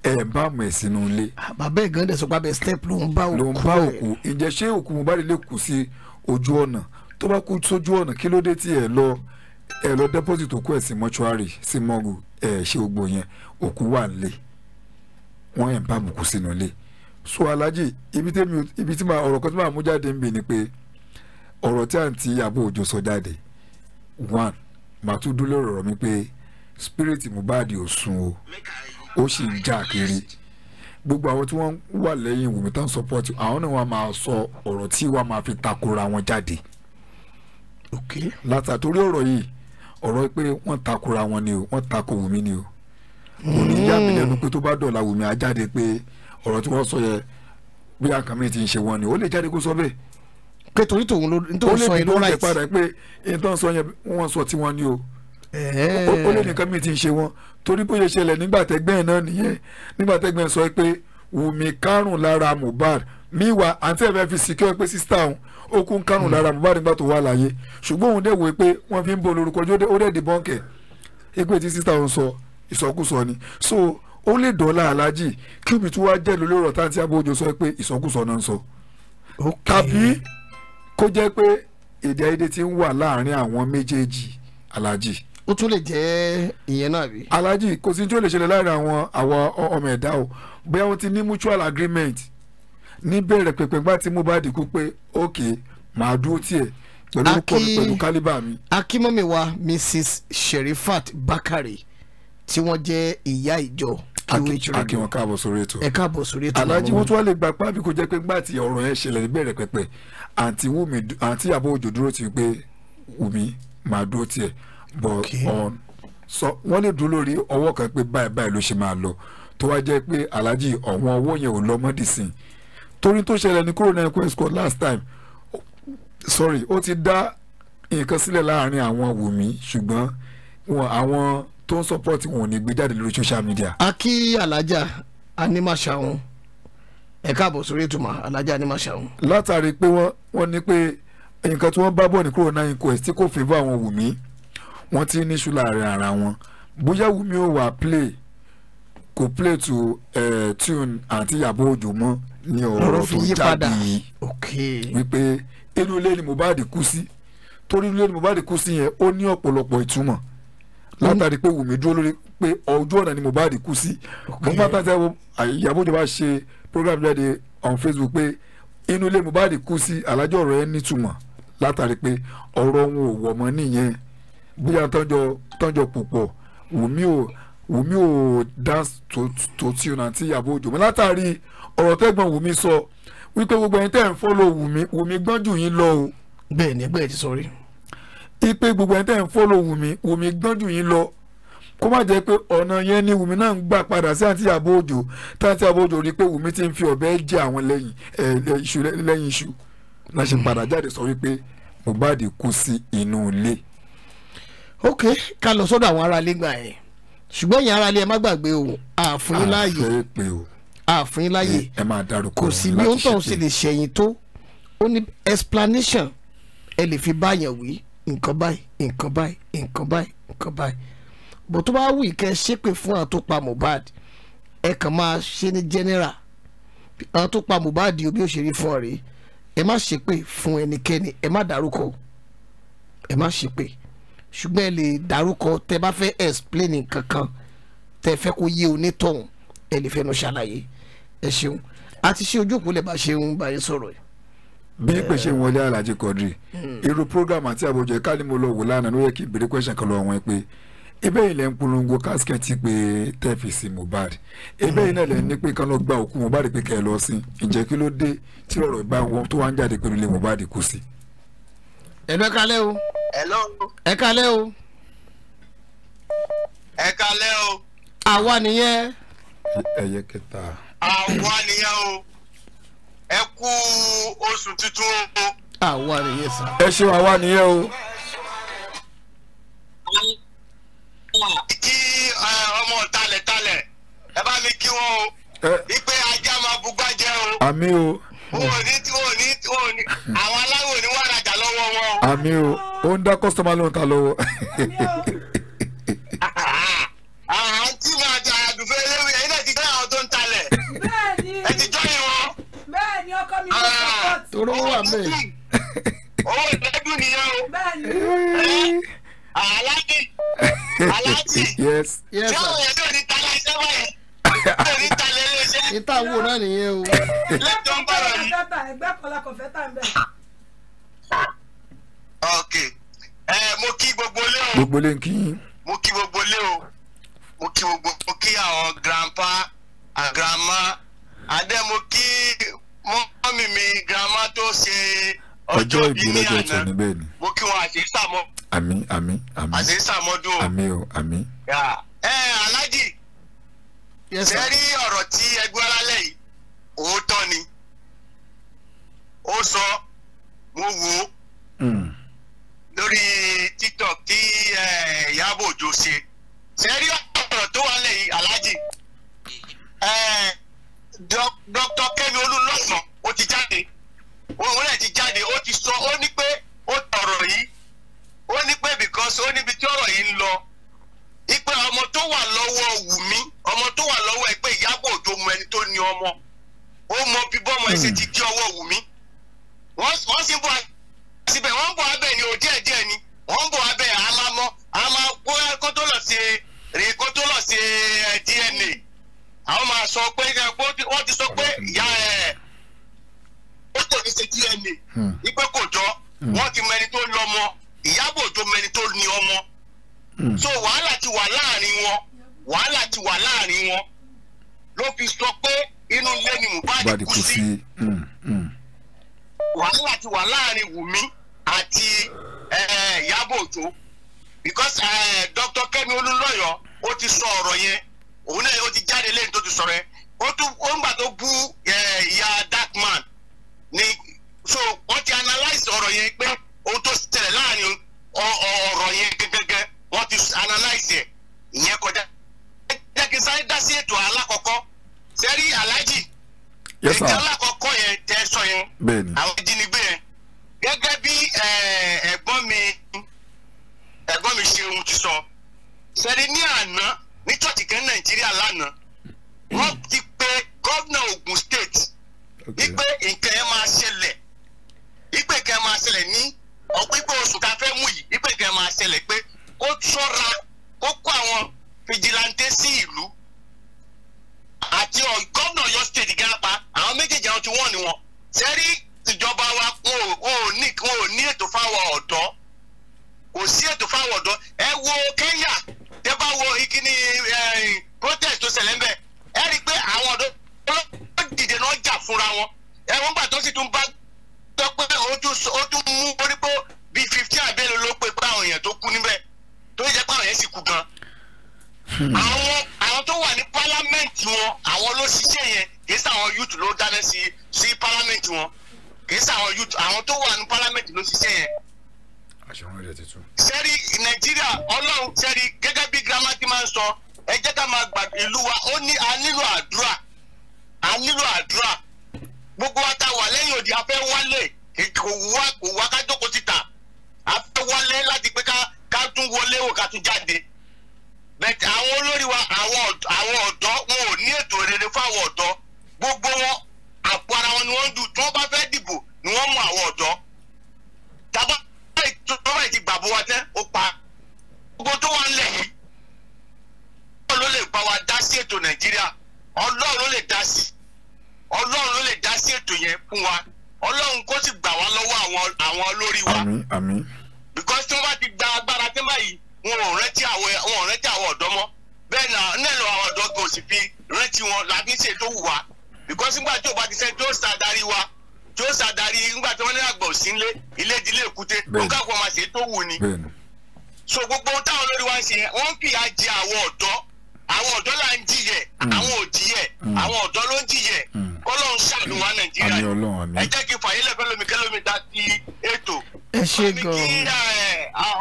ẹ bá mọ̀ ẹ̀ sínú ilé. Ah, bàbá ẹ̀ gan-an dẹ̀sọ́ pàbẹ step ló ń bá òkú ló ń bá òkú ǹjẹ́ ṣé òkú Mohbad lè kú sí ojú ọ̀nà tó bá kú sójú ọ̀nà kí ló dé tí ẹ lọ ẹ lọ deposit òkú ẹ̀ sí mọ́ṣúárì sí mọ́gù ẹ ṣe gbogbo yẹn òkú wà nílé wọ́n yẹn bá bùkún sínú ilé so alájì ibi tí ma ọ̀rọ̀ kan tí ma mú jáde ń bì ni pé ọ̀rọ̀ tí à ń ti àbò òjò sọ jáde one màá tún dúró lọ́rọ̀ mi pé spirit Mohbad ò sùn o ó sì ń jà kiri gbogbo àwọn tí wọ́n wà lẹ́yìn Wunmi tán support àwọn náà wọ́n máa sọ ọ̀rọ̀ tí wọ́n máa fi takora wọn jáde látàtórí ọ̀rọ̀ yìí ọ̀rọ̀ pé wọ́n takora wọn ni o wọ́n tako Wùmí ni o òní yà mí lẹ́nu pé tó bá dọ̀la Wùmí á jáde pé ọ̀rọ̀ tí wọ́n sọ yẹ bí àkànmí ti ń ṣe wọn ni ó lè jáde kó sọ bẹ́ẹ̀. pé torí tòun ló ń tó sọ yẹn ló ráìtì. ó lè padà pé ẹni sọ yẹn wọ́n sọ tiwọn ni o ó lè nìkan mi ti ń ṣe wọn torí bó ṣe ṣẹlẹ̀ nígbà náà nìyẹn nígbà sọ pé Wùmí kárùn lára Mohbad miwa àǹtí ẹ̀ fẹ́ fi secure pé sísítà òun ó kún kánù lára hmm. Mohbad nígbà tó wà láyé ṣùgbọ́n òun dẹ̀ wò pé wọ́n fi ń bo olórúkọ ó dẹ̀ di ẹgbẹ́ tí sísítà òun sọ ìsọkúsọ ni so ó lè dọ́là aláàjì kí omi tí wàá jẹ́ lórí ọ̀rọ̀ táǹtí abójó sọ pé ìsọkúsọ náà ń sọ. tàbí kó jẹ́ pé èdè àìyedè ti ń wà láàárín àwọn méjèèjì aláàjì ó tún lè jẹ́ ìyẹn náà bí. aláàjì kò sí tí ó lè ṣẹlẹ̀ láàrin àwọn àwọn ọmọ ẹ̀dá o bóyá wọ́n ti ní mutual agreement níbẹ̀rẹ̀ pẹ̀pẹ̀ gbá tí Mohbad kú pé ókè màá dúró tiẹ̀ pẹ̀lú orúkọ mi pẹ̀lú kálíbà mi. akínmọ́mi wa Mrs Sherifat Bakari, tí wọ́n jẹ́ ìyá ìjọ kí wọ́n káàbọ̀ sórí ètò ẹ káàbọ̀ sórí ètò alájí wọn tún wá lè gba pábí kó jẹ́ pé gbà tí ọ̀rọ̀ yẹn ṣẹlẹ̀ níbẹ̀rẹ̀ pẹ̀pẹ̀ àǹtí wùmí àǹtí àbọ̀ òjò dúró ti pé wùmí màá dúró tiẹ̀ but so wọ́n lè dúró lórí ọwọ́ kan pé báyìí báyìí ló ṣe máa lọ tó wá jẹ́ pé alájí ọ̀wọ́n owó yẹn ò lọ́mọdé sìn torí tó ṣẹlẹ̀ ní Coronel Quest court last time sorry ó ti dá nǹkan sílẹ̀ láàrin àwọn Wùmí ṣùgbọ́n wọn àwọn tó ń support wọn ò ní gbé jáde lórí social media. a kí alájà animaṣahun ẹ káàbọ̀ sórí ìtumọ̀ alájà animaṣahun. látàrí pé wọ́n wọ́n ní pé nǹkan tí wọ́n bá bọ̀ ní Coronel Quest tí kò favour àwọn Wùmí wọ́n ti ní ṣùlá rẹ̀ ara wọn bóyá Wùmí ò wà play kò play to uh, tune àti Ìyábọ̀ Òjó mọ́ ní ọ̀rọ̀ tó jáde yìí wípé inú ilé ni Mohbad kú sí torí inú ilé ni Mohbad kú sí yẹn ó ní ọ̀pọ̀lọpọ̀ ìtumọ̀ látàrí pé Wùmí dúró lórí pé ọjọ́ ọ̀nà ni Mohbad kú sí wọ́n bá tàbí Ìyábọ̀ Òjó bá ṣe program jáde on Facebook pé inú ilé ni Mohbad kú sí alájọ ọ̀rọ̀ yẹn nítumọ̀ látàrí pé ọ̀rọ̀ wọn ò wọ̀ mọ́ nìyẹn bóyá tọ́jọ́ tọ́jọ́ púpọ̀ Wùmí ò Wùmí ò dance to to tune àti Ìyàbọ̀ Òjò mọ́ látàrí ọ̀rọ̀ tẹ́gbọ̀n Wùmí sọ wípé gbogbo ẹni tẹ́ ń fọ́lọ̀ Wùmí Wùmí gbọ́n jù yín lọ o. bẹ́ẹ̀ ni ẹgbẹ́ ẹ ti sọ rí. ipe gbogbo ẹni tẹ́ ń fọ́lọ̀ Wùmí Wùmí gbọ́n jù yín lọ kó má jẹ́ pé ọ̀nà yẹn ni Wùmí náà ń gbà padà sí àti Ìyàbọ̀ Òjò tá àti Ìyàbọ̀ Òjò rí pé Wùmí ti ń fi ọ̀bẹ jẹ àwọn lẹ́yìn iṣu láṣẹ padà jáde sọ wípé Mohbad kú sí inú ilé. ok ká lọ sọ́dọ̀ àwọn aráalé gbà yẹn ṣùgbọ́n ìyẹn ara lé ẹ má gbàgbé o àfún yín láàyè àfún yín láàyè kò sí bí ó ń tàn lè ṣẹ̀yìn tó ó ní explanation ẹ lè fi báyàn wí nǹkan báyìí nǹkan báyìí nǹkan báyìí nǹkan báyìí bó tó bá wù í kẹ́ ṣépè fún àwọn Mohbad ẹ kàn máa ṣe ní general àwọn tó pa Mohbad o bí ó ṣe rí fún ọ rèé ẹ má ṣépè fún ẹnikẹ́ni ẹ má dárúkọ ẹ má ṣépè ṣùgbọ́n ẹ lè dárúkọ tẹ bá fẹ́ explain kankan tẹ fẹ́ kó yé onítọ̀hún ẹ lè fẹnu ṣàlàyé ẹ ṣeun àti ṣe ojú lè bá ṣeun báyìí sọ̀rọ̀ ẹ̀ bí pé ṣe wọlé Alhaji Quadri hmm. irú program àti àbójọ ká ní mo lọ wò lánàá ló yẹ kí ìbéèrè question kan lọ wọn pé ebe yìí lẹ ń polongo casket pé tẹfìsì Mohbad ebe yìí náà lẹ ní pé kán lọ gba òkú Mohbad pé kẹ lọ sí ǹjẹ́ kí ló dé tí ọ̀rọ̀ ìbá wọn tó wá ń jáde pẹ̀lú ilé Mohbad kù sí. ẹ̀dọ́kalẹ́ o hello. ẹ kalẹ́ o. ẹ kalẹ́ o. àwa nìyẹn. ẹyẹ kẹta. àwa nìyẹn o ẹ kú oṣù tuntun o. àwa nìyẹn sà. ẹ ṣe àwa nìyẹn o. kí ọmọ talẹ̀talẹ̀ ẹ bá mi kí wọn o. Ipe ajá máa bugbá jẹ́ o. àmì o àwọn aláwò ni wọ́n rajà lọ́wọ́ wọn. àmì o ó ń dá kọ́sọ́mà ló ń ta lọ́wọ́. àǹtí máa ta àdùfẹ́ eléwé ẹ̀yin náà ti gbé àwọn tó ń talẹ̀. ẹ ti jọ́ ìwọ̀n. bẹ́ẹ̀ni ọkọ mi ló ah. sọ́kọ̀tì. toró wà mẹ́ẹ̀. owó ìtọ́jú nìyẹn o. bẹ́ẹ̀ni. Eh, aláàjì aláàjì. yes yes. tí àwọn ẹ̀dọ́ ni tala ìṣẹ́ wáyé níta wo náà nìyẹn o. lẹ́tọ̀ ń bára yìí. ok ẹ mo kí gbogbo ilé o. gbogbo ilé ń kí yín. mo kí gbogbo ilé o mo kí gbogbo mo kí àwọn grandpa and grandma adé mo kí mọ́mí mi grandma tó ṣe ọjọ́ ìbí lọ́jọ́ tó ní bẹ́ẹ̀ ni. mo kí wọn àṣẹ sàmọ́. àmín àmín àmín. àṣẹ sàmọ́ dùn. àmín o àmín. ẹ alájì bẹ́ẹ̀ rí ọ̀rọ̀ tí ẹgbẹ́ alálẹ̀ yìí òótọ́ ni ó sọ mo wò ó hmm. lórí tiktok tí Ìyábọ̀ Òjó ṣe bẹ́ẹ̀ rí ọ̀rọ̀ tó wà lẹ́yìn aláàjì dr Kẹ́mi Olúnlọ́sàn ó ti jáde òun náà ti jáde ó ti sọ ó ní pé ó tọrọ yìí ó ní pé because ó níbi tí ọ̀rọ̀ yìí ń lọ ipe ọmọ tó wà lọ́wọ́ Wùmí ọmọ tó wà lọ́wọ́ ẹ pé Ìyábọ̀ Òjó mọ ẹni tó ní ọmọ ó mọ bí bọ́mọ ẹ ṣe ti jí ọwọ́ Wùmí wọ́n sì ń síbẹ̀ wọ́n ń abẹ́ ni ò díẹ̀ ni wọ́n ń abẹ́ àmàmọ́ àmà kó tó lọ sí rè kó tó lọ sí DNA àwọn máa sọ pé wọ́n ti sọ pé ìyá ẹ̀ ó kò ní ṣe DNA ipe hmm. kò jọ hmm. wọ́n ti mọ ẹni tó lọ́mọ Ìyábọ̀ Òjó mọ ẹni tó ní ọmọ. Mm. so wàhálà ti wà láàrin wọn wàhálà ti wà láàrin wọn ló fi sọ pé inú ilé ni Mohbad kú sí mm, mm. wàhálà ti wà láàrin Wùmí àti Ìyábọ̀ Òjó because uh, Dr. Kẹ́mi Olúnlọ́yọ̀ ó ti sọ ọ̀rọ̀ yẹn òun náà ó ti jáde lẹ́yìn tó ti sọ̀rọ̀ yẹn ó tún ó ń gbà tó bú ìyá Darkman ni so wọ́n ti analyse ọ̀rọ̀ yẹn pé ohun tó ṣẹlẹ̀ láàrin ọ̀rọ̀ yẹn gẹ́gẹ́gẹ́ wọ́n ti analyze ẹ̀ kọjá sáré dá sí ètò alákọ̀ọ́kọ́ sẹ́rí aláàjì ètò yẹn tẹ́ sọ àwọn ìjínigbé yẹn gẹ́gẹ́ bí Ẹgbọn mi Ẹgbọn mi ṣeun ti sọ ní àná ní kan nàìjíríà lánàá pe gómìnà Ogun state Ipe yẹn máa Ipe yẹn máa ní oṣù tá a mú yìí Ipe yẹn máa pé kó ṣọ́ra kó kó àwọn fìjìláńtẹ́ sí ìlú àti gọ́ọ̀nà Ọ̀yọ́ state gánapa àwọn méjèèjì àwọn tí wọ́n ní wọn sẹ́rí ìjọba wa wọn ò ní ètò fáwọn ọ̀dọ́ kò sí ètò fáwọn ọ̀dọ́ ẹ wo Kenya tẹ bá wo ìkíní protest tó ṣẹlẹ̀ ń bẹ̀ ẹ rí i pé àwọn ọ̀dọ́ ló dìde náà jà fúnra wọn ẹ wọ́n gbà tó sì tún bá gbọ́ pé ó tún mú orí pé bíi fifteen abẹ́lẹ̀ ló pé pé àwọn èèyàn tó kú níbẹ̀ tó yẹ pé àwọn yẹn sì kú gan. àwọn àwọn tó wà ní pálámẹ́ǹtì wọn àwọn ló ṣiṣẹ́ yẹn kì í sàwọn youth ló dáná sí sí pálámẹ́ǹtì wọn kì í sàwọn youth àwọn tó wà ní pálámẹ́ǹtì ló ṣiṣẹ́ yẹn. sẹ́rí nàìjíríà ọlọ́run sẹ́rí gẹ́gẹ́ bí gírámàtì máa ń sọ ẹ jẹ́ ká máa gbà ìlú wa ó ní a nílò àdúrà a nílò àdúrà gbogbo wa ta wà lẹ́yìn òdì afẹ́ wálé kò wá kò wá ká jókòó síta afẹ́ wálé láti pé ká ká tún wọlé wò ká tún jáde bẹ́ẹ̀ tí àwọn olórí wa àwọn ọ̀dọ́ wọn ò ní ètò rere fún àwọn ọ̀dọ́ gbogbo wọn àpò ara wọn ni wọ́n ń dù tí wọ́n bá fẹ́ dìbò ni wọ́n mú àwọn ọ̀dọ́ tábà ìjọba ìdí gbàgbọ́ wa tẹ́ ó pa gbogbo tó wà nílẹ̀ yìí ọlọ́run ló lè bá wa dá sí ètò nàìjíríà ọlọ́run ló lè dá sí ọlọ́run ló lè dá sí ètò yẹn fún wa ọlọ́run kó sì gbà wá lọ́wọ́ àwọn olórí wa. àmín àmín because tí wọ́n bá ti gba agbára tí báyìí wọn ò rántí àwọn wọn ò rántí àwọn ọ̀dọ́ mọ́ bẹ́ẹ̀ náà nílò àwọn ọ̀dọ́ kò sì fi rántí wọn làbí ṣe tó wù wá because nígbà tí ò bá ti sẹ́ tí ó ṣàdarí wa tí ó ṣàdarí nígbà tí wọ́n ní àgbọ̀ sílé ilé ìdílé èkúté nǹkan kan máa ṣe tó wù ni so gbogbo ohun táwọn olórí wa ń ṣe wọ́n ń fìyà jẹ àwọn ọ̀dọ́ àwọn ọ̀dọ́ là ń jìyẹ mm. àwọn ò mm. àwọn ọ̀dọ́ ló ń jìyẹ mm. Ọlọ́run ṣàánú wa Nàìjíríà ẹ jẹ́ kí fàyè lẹ́fẹ̀lómi kẹlómi dá sí ètò ẹ ṣe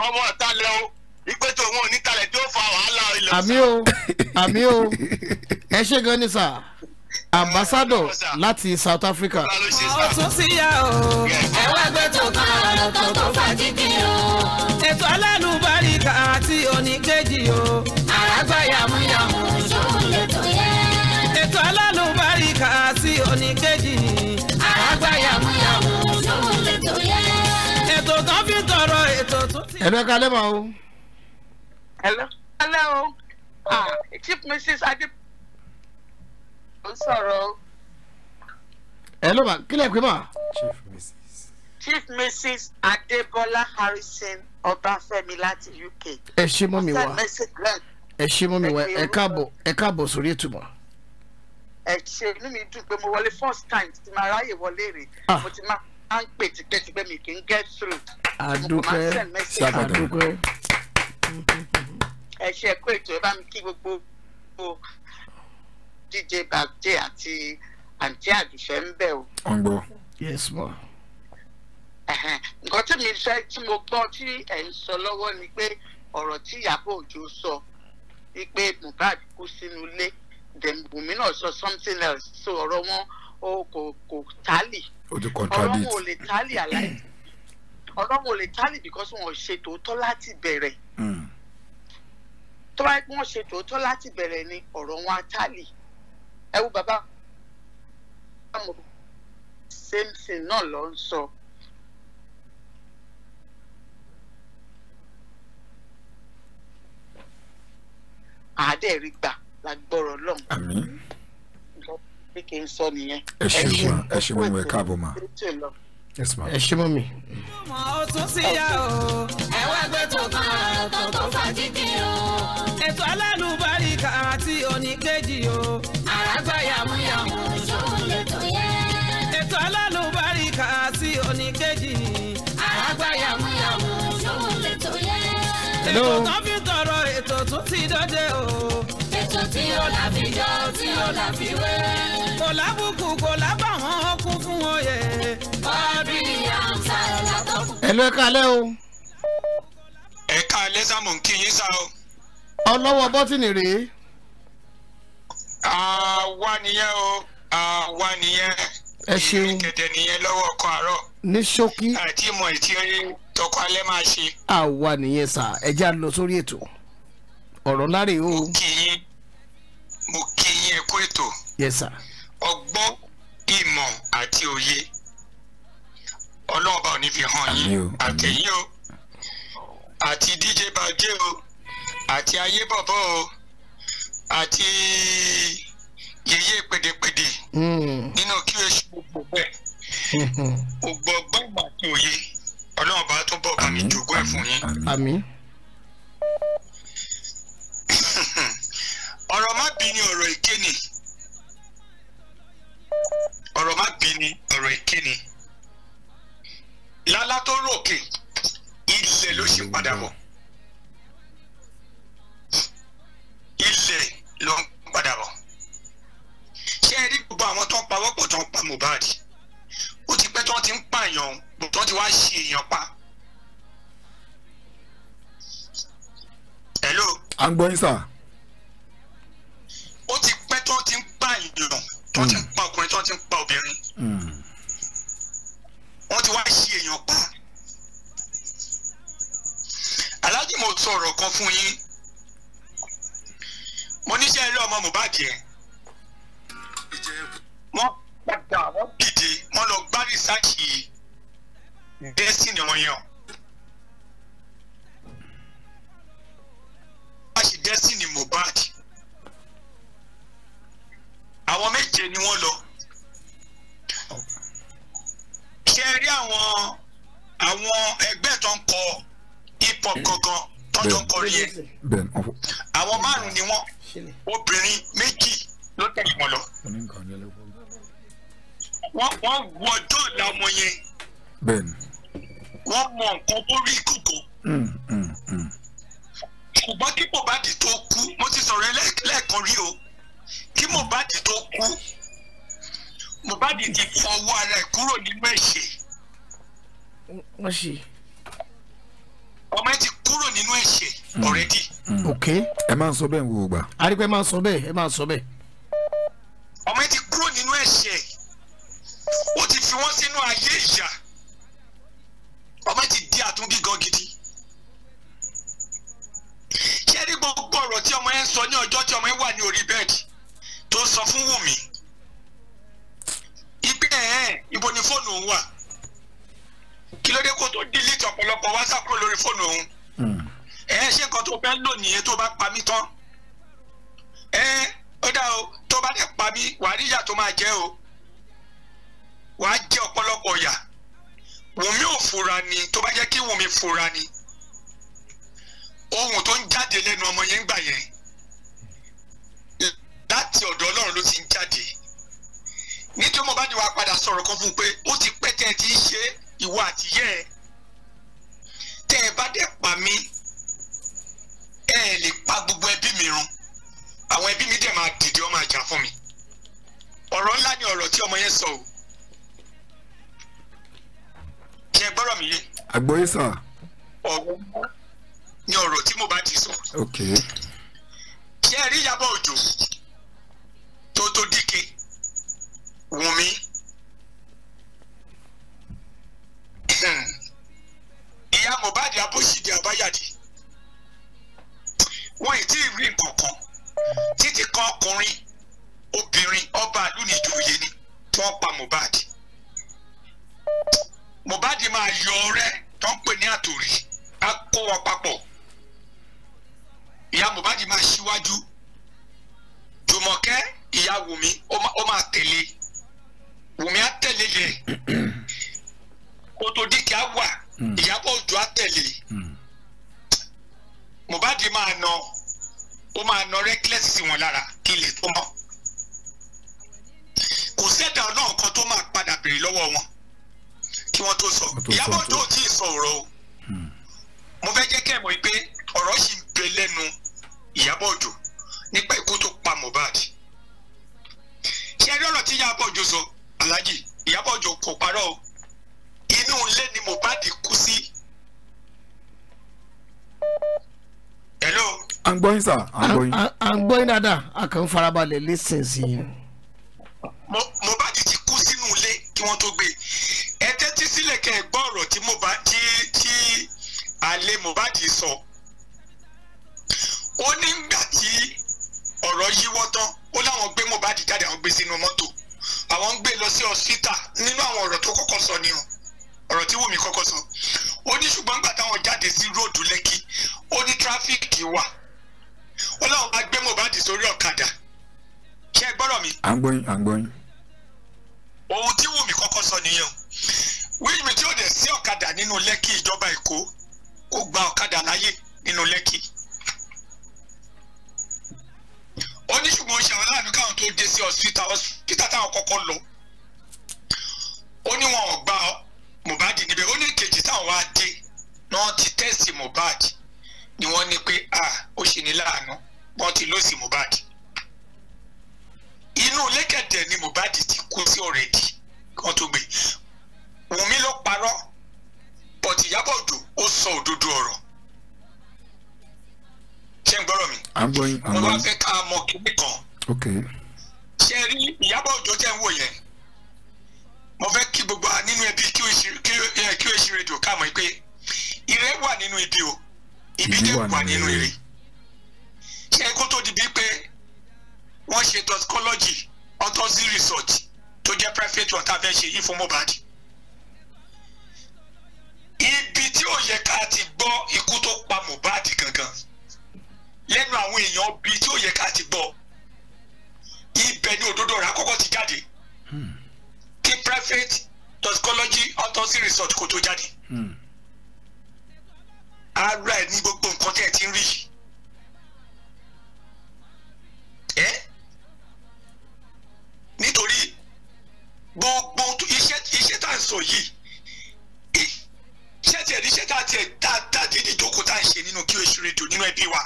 ọmọ ọ̀tá lẹ o ìgbé tó wọn ò ní talẹ̀ tí ó fa wàhálà ilẹ̀ ọ̀sán. àmì o àmì o ẹ ṣe gan ni sà ambassador láti South Africa. ó tún sí yá o ẹwà gbé tó kan ọ̀rọ̀ tó fàjì bí o ètò alálùbáríkà àti oníkejì o. hello ẹ hello ah, ah. chief mrs adi ó hello ma kílẹ̀ pé ma. chief mrs. chief mrs adebola harrison ọbáfẹ́mi láti uk. ẹ ṣé mọ́ mi wá ẹ ṣé mọ́ mi wá ẹ káàbọ̀ ẹ káàbọ̀ sórí ètò ẹ ṣe inú mi dùn pé mo wọlé first time tí màá ráyè wọlé rè ah. mo ti máa ń pè tipẹ́tipẹ́ mi kì í get through adúpẹ́ adúpẹ́. ẹ ṣe ẹ̀kọ́ ètò ẹ bá mi kí gbogbo dj babjé àti àǹtí àdùfẹ́ ń bẹ̀ o. ń gbọ́ yes ma. nǹkan tí mi fẹ́ tí mo gbọ́ tí ẹ̀ ń sọ lọ́wọ́ ni pé ọ̀rọ̀ tí Ìyábọ̀ Òjó sọ wípé Mohbad kú sínú ilé then Wùmí náà sọ something else so ọ̀rọ̀ wọn kò kò tálì ọ̀rọ̀ wọn ò lè tálì àlàyé ọlọ́run ò lè tálì because wọn ò ṣe tòótọ́ láti bẹ̀rẹ̀ hmm. tó bá yẹ ṣe tòótọ́ láti bẹ̀rẹ̀ ni ọ̀rọ̀ wọn á tálì ẹ wo bàbá same thing náà ló ń sọ. àádẹ́rì gbà la gbọ́rọ̀ lọ́n. àmín. pé kí n sọ nìyẹn. ẹ ṣe wọn ẹ ṣe wọn ẹ káàbọ̀ mà. Yes ẹ ṣe mọ mi. mo tún sí ya o. ẹ wá gbé tó kan ọ̀tọ̀ tó fàjíjì o. ètò alálùbáríkà àti oníkejì o. àràgbá yàmúyàmú ṣòwò lè tó yẹ. ètò alálùbáríkà àti oníkejì. àràgbá yàmúyàmú ṣòwò lè tó yẹ. ètò kan fi tọrọ ètò tún ti dọ́jẹ́ o. ètò tí o là fi jọ tí o là fi wé. kò lábùkù kò lábàwọ́n kún fún oyè ẹ̀lú ẹ káalẹ́ o. ẹ káalẹ́ sámù ń kí yín sá o. ọlọ́wọ́ bọ́tìnì rèé. àwa nìyẹn o àwa nìyẹn. ẹ ṣeun kẹ̀dẹ̀ nìyẹn lọ́wọ́ ọkọ àárọ̀. ní ṣókí. àti ìmọ̀ ìtí tọkọ alẹ́ máa ṣe. àwa nìyẹn sà ẹ lọ sórí ètò ọ̀rọ̀ láre o. mo kì í mo kì í ẹ kú ètò. yes sir. ọgbọ́n ìmọ̀ àti òye ọlọ́ọ̀bá ò ní fi hàn yín àtẹ̀yìn o àti DJ Bajé o àti Ayébọ̀bọ̀ o àti yèyé pèdèpèdè hmm. nínú QH gbogbo bẹ́ẹ̀ ògbọ́gbọ́n àti òye ọlọ́ọ̀bá tó bọ̀ bá mi jogún ẹ̀ fún yín. àmín. ọ̀rọ̀ má bí ni ọ̀rọ̀ ìkéni ọ̀rọ̀ má bí ni ọ̀rọ̀ ìkéni lálá tó ròkè ilẹ̀ ló sì padà bọ̀ ilẹ̀ ló ń padà bọ̀ ṣé ẹ rí gbogbo àwọn tó ń pa wọ́pọ̀ tó ń pa Mohbad ó ti pẹ́ tó ti ń pààyàn tó ti wá ṣe èèyàn pa. hello. à ń gbọ́ yín sà. ó ti pẹ́ tó ti ń pààyàn tó ti ń pa ọkùnrin tó ti ń pa obìnrin. Hmm wọ́n ti wá ṣe èèyàn pa aláàjì mo sọ ọ̀rọ̀ kan fún yín mo níṣẹ́ ilé ọmọ Mohbad yẹn wọ́n padà wọ́n dìde wọ́n lọ gbá rìsáàcì dẹ́sìnì wọn yẹn wọ́n ṣe dẹ́sìnì Mohbad àwọn méje ni wọ́n lọ. ṣe rí àwọn àwọn ẹgbẹ́ tó ń kọ hip hop hmm. gangan tó jọ ń kọrin yẹn àwọn márùn ni wọ́n obìnrin méjì ló tẹ̀lé wọn lọ wọ́n wọ́n wọjọ́ ọ̀la ọmọ yẹn wọ́n mọ nǹkan bórí ìkòkò hmm, hmm, ṣùgbọ́n kí Mohbad tó kú mo ti sọ̀rọ̀ lẹ́ẹ̀kan rí o kí Mohbad tó kú. Mohbad ti fọwọ́ ara ẹ̀ kúrò nínú ẹ̀ṣẹ̀. wọ́n ṣe. ọmọ ẹ ti kúrò nínú ẹ̀ṣẹ̀ hmm. already. Hmm. ok ẹ máa ń sọ bẹ́ẹ̀ gbogbo gbà. arípẹ́ máa ń sọ bẹ́ẹ̀ ẹ máa ń sọ bẹ́ẹ̀. ọmọ ẹ ti kúrò nínú ẹ̀ṣẹ̀ ó ti fi wọ́n sínú ayé ìyà ọmọ ẹ ti di àtúndí gan gidi. ṣé ẹ rí gbogbo ọ̀rọ̀ tí ọmọ ẹ ń sọ ní ọjọ́ tí ọmọ ẹ wà ní orí bẹ́ẹ̀dì tó sọ fún Wùmí ẹ̀ẹ́n eh, eh, eh. ibo ni fóònù òun wà kí ló dé kó tó delete ọ̀pọ̀lọpọ̀ whatsapp kúrò lórí fóònù òun ẹ̀ẹ́n hmm. ṣé nǹkan tó fẹ́ lò nìyẹn tó bá pa mí tán ẹ̀ẹ́n ó dá o tó bá dẹ̀ pa mí wàá ríyà tó máa jẹ́ o wàá jẹ́ ọ̀pọ̀lọpọ̀ ọ̀yà wùmí ò fura ni tó bá jẹ́ kí wùmí fura ni ohun tó ń jáde lẹ́nu ọmọ yẹn ń gbà yẹn láti ọ̀dọ̀ ọlọ́run ló ti ń jáde níjọ́ Mohbad wá padà sọ̀rọ̀ kan fún un pé ó ti pẹ́ tẹ́ ẹ ti ń ṣe ìwọ àtìyẹ́ ẹ tẹ́ ẹ bá dẹ̀ pa mí ẹ lè pa gbogbo ẹbí mi run àwọn ẹbí mi dẹ̀ máa dìde ọmọ àjà fún mi ọ̀rọ̀ ńlá ni ọ̀rọ̀ tí ọmọ yẹn sọ o jẹ gbọ́rọ̀ mi yé. àgbọ̀yé sàn. ọ̀rọ̀ ni ọ̀rọ̀ tí Mohbad sọ. ok. ṣé ẹ rí Ìyábọ̀ Òjó tó tó díke. Wùmí ìyá Mohbad abóṣìdì àbáyàdì wọn ìtí ìrìn kankan títí kan ọkùnrin obìnrin ọba àlùní ìjòyè ni tó ń pa Mohbad Mohbad máa yọ ọ̀rẹ́ tó ń pè ní àtòrí á kó wọn papọ̀ ìyá Mohbad máa ṣíwájú Jùmọ̀kẹ́ ìyá Wùmí ó máa tẹ̀lé. Wùmí á tẹ̀lé yẹ kótó díkì á wà hmm. Ìyábọ̀ Òjó á tẹ̀lé hmm. Mohbad máa nà ó máa nà reckless sí wọn lára kí ilẹ̀ tó mọ́ kò sẹ́dà náà kan tó máa padà béèrè lọ́wọ́ wọn kí wọ́n tó sọ Ìyábọ̀ Òjó ò tí ì sọ ọ̀rọ̀ o hmm. mo fẹ́ jẹ́ kẹ́ ẹ̀ mọ̀ pé ọ̀rọ̀ sì ń bẹ lẹ́nu Ìyábọ̀ Òjó nípa ikú tó pa Mohbad ṣé ẹ rí ọ̀rọ̀ tí Ìyábọ̀ Òjó sọ. So aláàjì Ìyábọ̀ Òjó kò parọ́ o inú ilé ni Mohbad kú sí. hello. à ń gbọ́ yín sà à ń gbọ́ yín. à ń gbọ́ yín dáadáa a kàn ń farabalẹ̀ listen sí i. Mohbad ti kú sínú ilé kí wọ́n tó gbé ẹ tẹ́tí sílẹ̀ kẹ́ ẹ gbọ́ ọ̀rọ̀ tí Mohbad tí tí àlè Mohbad sọ ó nígbà tí ọ̀rọ̀ yíwọ́ tán ó láwọn gbé Mohbad jáde àwọn gbé sínú mọ́tò àwọn ń gbé lọ sí hospital nínú àwọn ọ̀rọ̀ tó kọ́kọ́ sọ ni o ọ̀rọ̀ tí Wùmí kọ́kọ́ sọ ó ní ṣùgbọ́n nígbà táwọn jáde sí róòdù Lẹ́kì ó ní tráfíìkì wà ó láwọn máa gbé Mohbad sórí ọ̀kadà ṣé ẹ gbọ́dọ̀ mi. à ń ohun tí Wùmí kọ́kọ́ sọ nìyẹn Wùmí tí ó dẹ̀ sí ọ̀kadà nínú Lẹ́kì ìjọba Èkó kò gba ọ̀kadà láyè nínú Lẹ́kì. ó ní ṣùgbọ́n ṣàwọn aláàánú káwọn tó dé sí hospital hospital táwọn kọ́kọ́ lọ ó ní wọn ò gba Mohbad níbẹ̀ ó ní kejì táwọn wá dé náà ti tẹ́sì Mohbad ni wọ́n ní pé à ó ṣe ní láàánú wọ́n ti lọ́sì Mohbad inú lẹ́kẹ̀dẹ̀ ni Mohbad ti kú sí ọ̀rẹ́dì wọ́n tó gbé Wùmí ló parọ́ bọ̀tìyàbọ̀ òjò ó sọ òdodo ọ̀rọ̀ ṣé ń gbọ́rọ̀ mi. à ń gbọ́ yín à bá fẹ́ ká mọ kíní kan. ok. ṣe rí Ìyábọ̀ Òjó tẹ́ ń wò yẹn mo fẹ́ kí gbogbo wa nínú ẹbí QH radio ká mọ̀ pé ire wà nínú ibi o ibi dẹ̀ wà nínú ire ṣe kó tó di bíi pé wọ́n ṣe toxicology autopsy research tó jẹ́ private one fẹ́ ṣe yìí Mohbad ibi tí ò yẹ ká ti gbọ́ ikú tó pa Mohbad gangan lẹ́nu àwọn èèyàn bíi tí ó yẹ ká ti gbọ́ ibẹ̀ ni òdodo rà kọ́kọ́ ti jáde hmm. kí private toxicology autopsy result kò tó jáde hmm. ara ẹ̀ ní gbogbo nǹkan tẹ́ ẹ ti ń rí yìí ẹ́ nítorí gbogbo iṣẹ́ iṣẹ́ tá à ń sọ yìí iṣẹ́ tiẹ̀ ní iṣẹ́ tá a tiẹ̀ tá a dídì jókòó tá a ń ṣe nínú QH radio nínú ẹbí wa.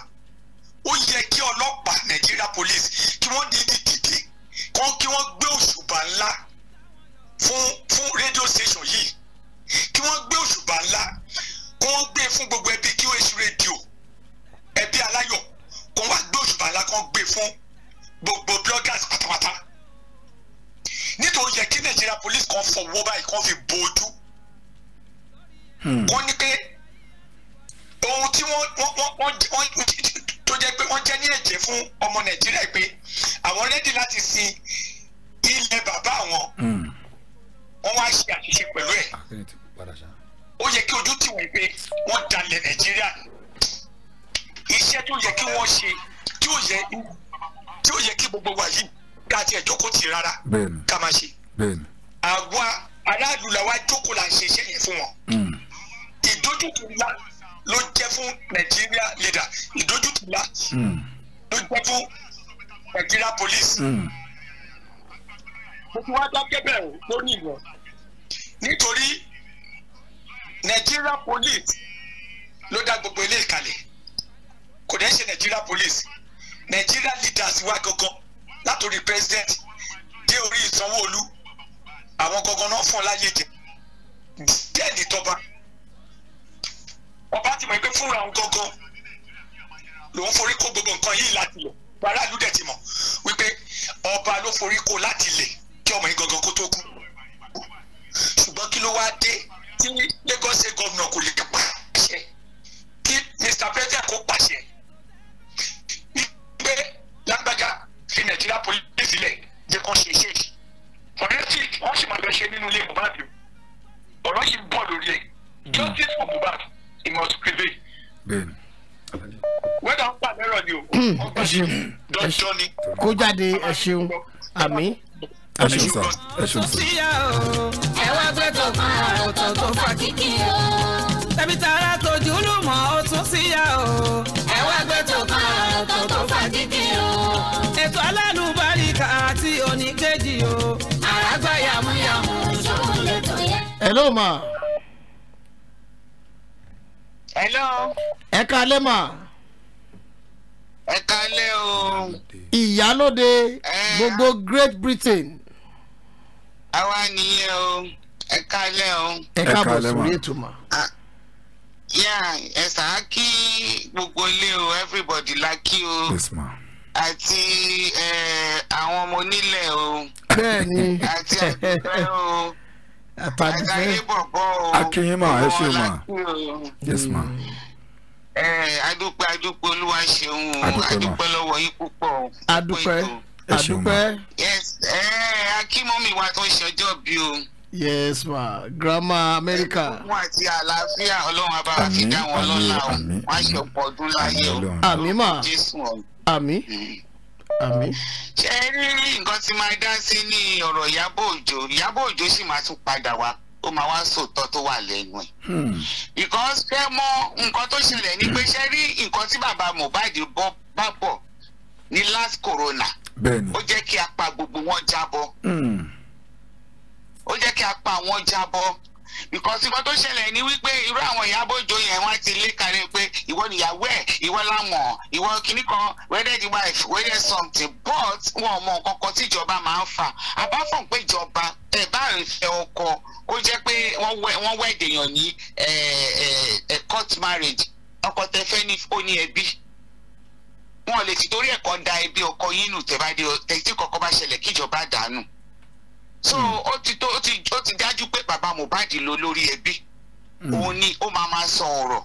ìyálóde gbogbo Great Britain. àwa nìyẹn o ẹ kálẹ́ o. ẹ káàbọ̀ sórí ètò mà. yà ẹ sàá kí gbogbo ilé o everybody la kí o. yes ma. àti àwọn ọmọ onílẹ̀ o. bẹ́ẹ̀ni. àti àgbẹ̀ o àtàdé akínyìn mà ẹ ṣe mà yes mà adúpẹ́ adúpẹ́ olúwa ṣeun adúpẹ́ lọ́wọ́ yín púpọ̀. adúpẹ́ adúpẹ́. yes wa tó ń ṣọjọ́ bí o. yes ma grandma america. ẹ̀kún àti àlàáfíà ọlọ́run abáwá fi dá wọn lọ́la o wọ́n ṣe ọ̀pọ̀ ọdún láyé o. àmín ma àmín mm. àmín. ṣé rí nǹkan tí máa dá sí ní ọ̀rọ̀ ìyábọ̀ òjó ìyábọ̀ òjó sì máa tún padà wá ó máa wá sòótọ́ tó wà lẹ́nu ẹ̀. Hmm. because mọ nǹkan tó ṣẹlẹ̀ ni pé ṣé rí nǹkan tí bàbá Mohbad bọ́ bá bọ̀ ní last corona ó jẹ́ kí apá gbogbo wọn jábọ. Hmm. ó kí apá wọn because nǹkan tó ṣẹlẹ̀ ni wípé irú àwọn Ìyábọ̀ Òjó yẹn wọ́n ti lé kárẹ́ pé ìwọ nìyàwó ẹ̀ ìwọ láwọn ìwọ kìíní kan wedded wife wedded something but wọn ò mọ nǹkan kan tí ìjọba máa ń fà àbáfọ̀n pé ìjọba ẹ̀ bá ń fẹ́ ọkọ kó jẹ́ pé wọ́n wed èèyàn ní court marriage ọkọ tẹ fẹ́ ní ó ní ẹbí wọn ò lè ti torí ẹ̀kọ́ da ẹbí ọkọ yín nù tẹ́ bá dé tẹ́ tí kọ̀ọ̀kan bá ṣẹlẹ̀ kíjọba dànù so hmm. ó ti tó ó ti ó ti dájú pé bàbá Mohbad ló lórí ẹbí òun hmm. ni ó máa máa sọ ọ̀rọ̀